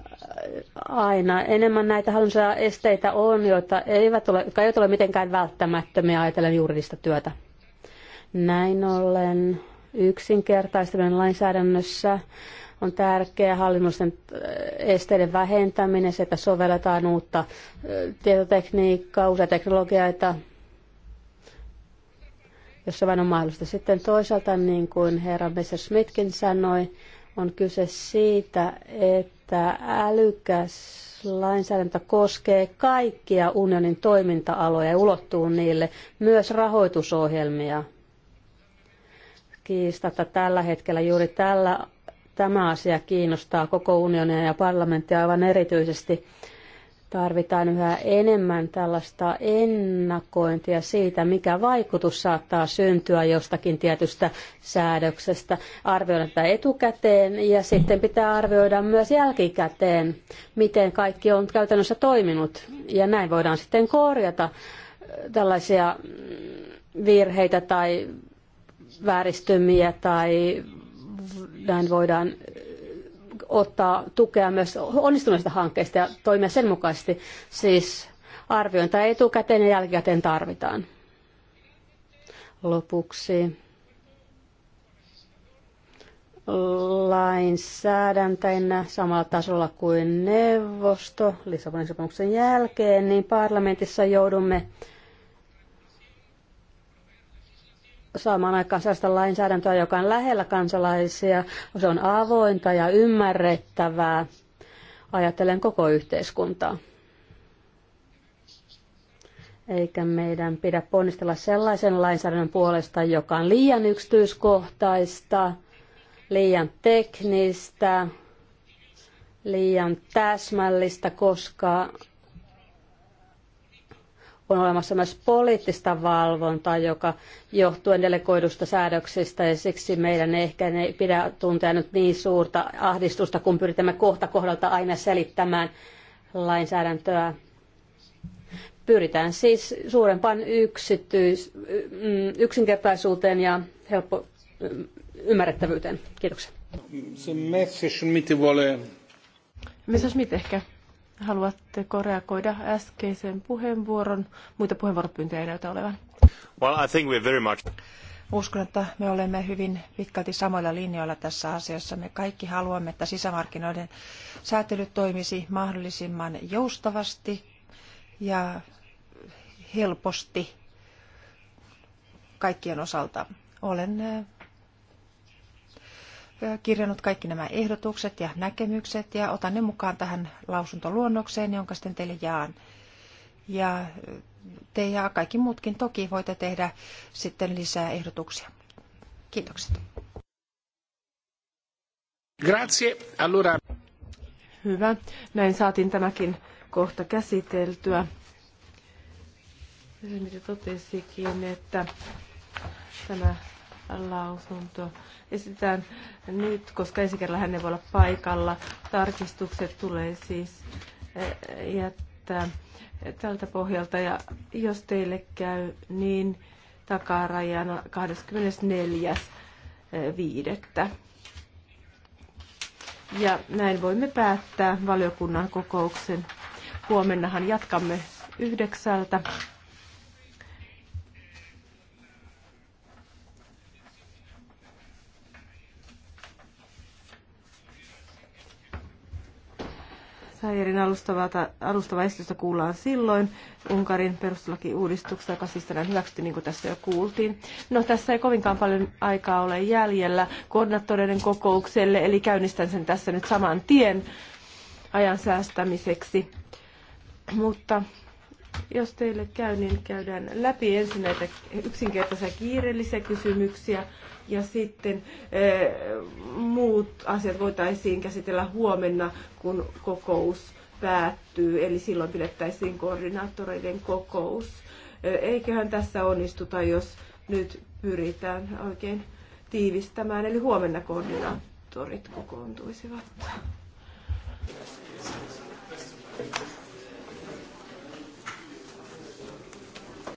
aina. Enemmän näitä hallinnollisia esteitä on, joita eivät ole, jotka eivät ole mitenkään välttämättömiä ajatellen juridista työtä. Näin ollen yksinkertaistaminen lainsäädännössä on tärkeää hallinnollisten äh, esteiden vähentäminen, se, että sovelletaan uutta äh, tietotekniikkaa, uusia teknologioita, jos se vain on mahdollista. Sitten toisaalta, niin kuin herra Smithkin sanoi, on kyse siitä, että älykäs lainsäädäntö koskee kaikkia unionin toiminta-aloja ja ulottuu niille myös rahoitusohjelmia. Kiistatta tällä hetkellä juuri tällä, tämä asia kiinnostaa koko unionia ja parlamenttia aivan erityisesti tarvitaan yhä enemmän tällaista ennakointia siitä, mikä vaikutus saattaa syntyä jostakin tietystä säädöksestä. Arvioida tätä etukäteen ja sitten pitää arvioida myös jälkikäteen, miten kaikki on käytännössä toiminut. Ja näin voidaan sitten korjata äh, tällaisia mm, virheitä tai vääristymiä tai näin voidaan ottaa tukea myös onnistuneista hankkeista ja toimia sen mukaisesti. Siis arviointa etukäteen ja jälkikäteen tarvitaan. Lopuksi lainsäädäntäinä samalla tasolla kuin neuvosto Lissabonin sopimuksen jälkeen, niin parlamentissa joudumme saamaan aikaan sellaista lainsäädäntöä, joka on lähellä kansalaisia, se on avointa ja ymmärrettävää, ajatellen koko yhteiskuntaa. Eikä meidän pidä ponnistella sellaisen lainsäädännön puolesta, joka on liian yksityiskohtaista, liian teknistä, liian täsmällistä, koska on olemassa myös poliittista valvontaa, joka johtuen delegoidusta säädöksistä ja siksi meidän ehkä ei pidä tuntea nyt niin suurta ahdistusta, kun pyritämme kohta kohdalta aina selittämään lainsäädäntöä. Pyritään siis suurempaan yksityis, mm, yksinkertaisuuteen ja helppo mm, ymmärrettävyyteen. Kiitoksia. Se Messerschmitt Messerschmitt ehkä Haluatteko reagoida äskeiseen puheenvuoron? Muita puheenvuoropyyntöjä ei näytä olevan. Well, I think we're very much... Uskon, että me olemme hyvin pitkälti samoilla linjoilla tässä asiassa. Me kaikki haluamme, että sisämarkkinoiden säätely toimisi mahdollisimman joustavasti ja helposti kaikkien osalta. Olen äh, kirjannut kaikki nämä ehdotukset ja näkemykset ja otan ne mukaan tähän lausuntoluonnokseen, jonka sitten teille jaan. Ja te ja kaikki muutkin toki voitte tehdä sitten lisää ehdotuksia. Kiitokset. Grazie. Allora. Hyvä. Näin saatiin tämäkin kohta käsiteltyä. mitä totesikin, että tämä lausunto esitetään nyt, koska ensi kerralla hän ei voi olla paikalla. Tarkistukset tulee siis eh, jättää tältä pohjalta ja jos teille käy, niin takarajana 24.5. Eh, ja näin voimme päättää valiokunnan kokouksen. Huomennahan jatkamme yhdeksältä. Sairin alustavaa, alustava esitystä kuullaan silloin Unkarin perustuslakiuudistuksesta, joka siis tänään hyväksytti, niin kuin tässä jo kuultiin. No tässä ei kovinkaan paljon aikaa ole jäljellä koordinaattoreiden kokoukselle, eli käynnistän sen tässä nyt saman tien ajan säästämiseksi. Mutta jos teille käy, niin käydään läpi ensin näitä yksinkertaisia kiireellisiä kysymyksiä ja sitten eh, muut asiat voitaisiin käsitellä huomenna, kun kokous päättyy, eli silloin pidettäisiin koordinaattoreiden kokous. Eh, eiköhän tässä onnistuta, jos nyt pyritään oikein tiivistämään, eli huomenna koordinaattorit kokoontuisivat. Thank you.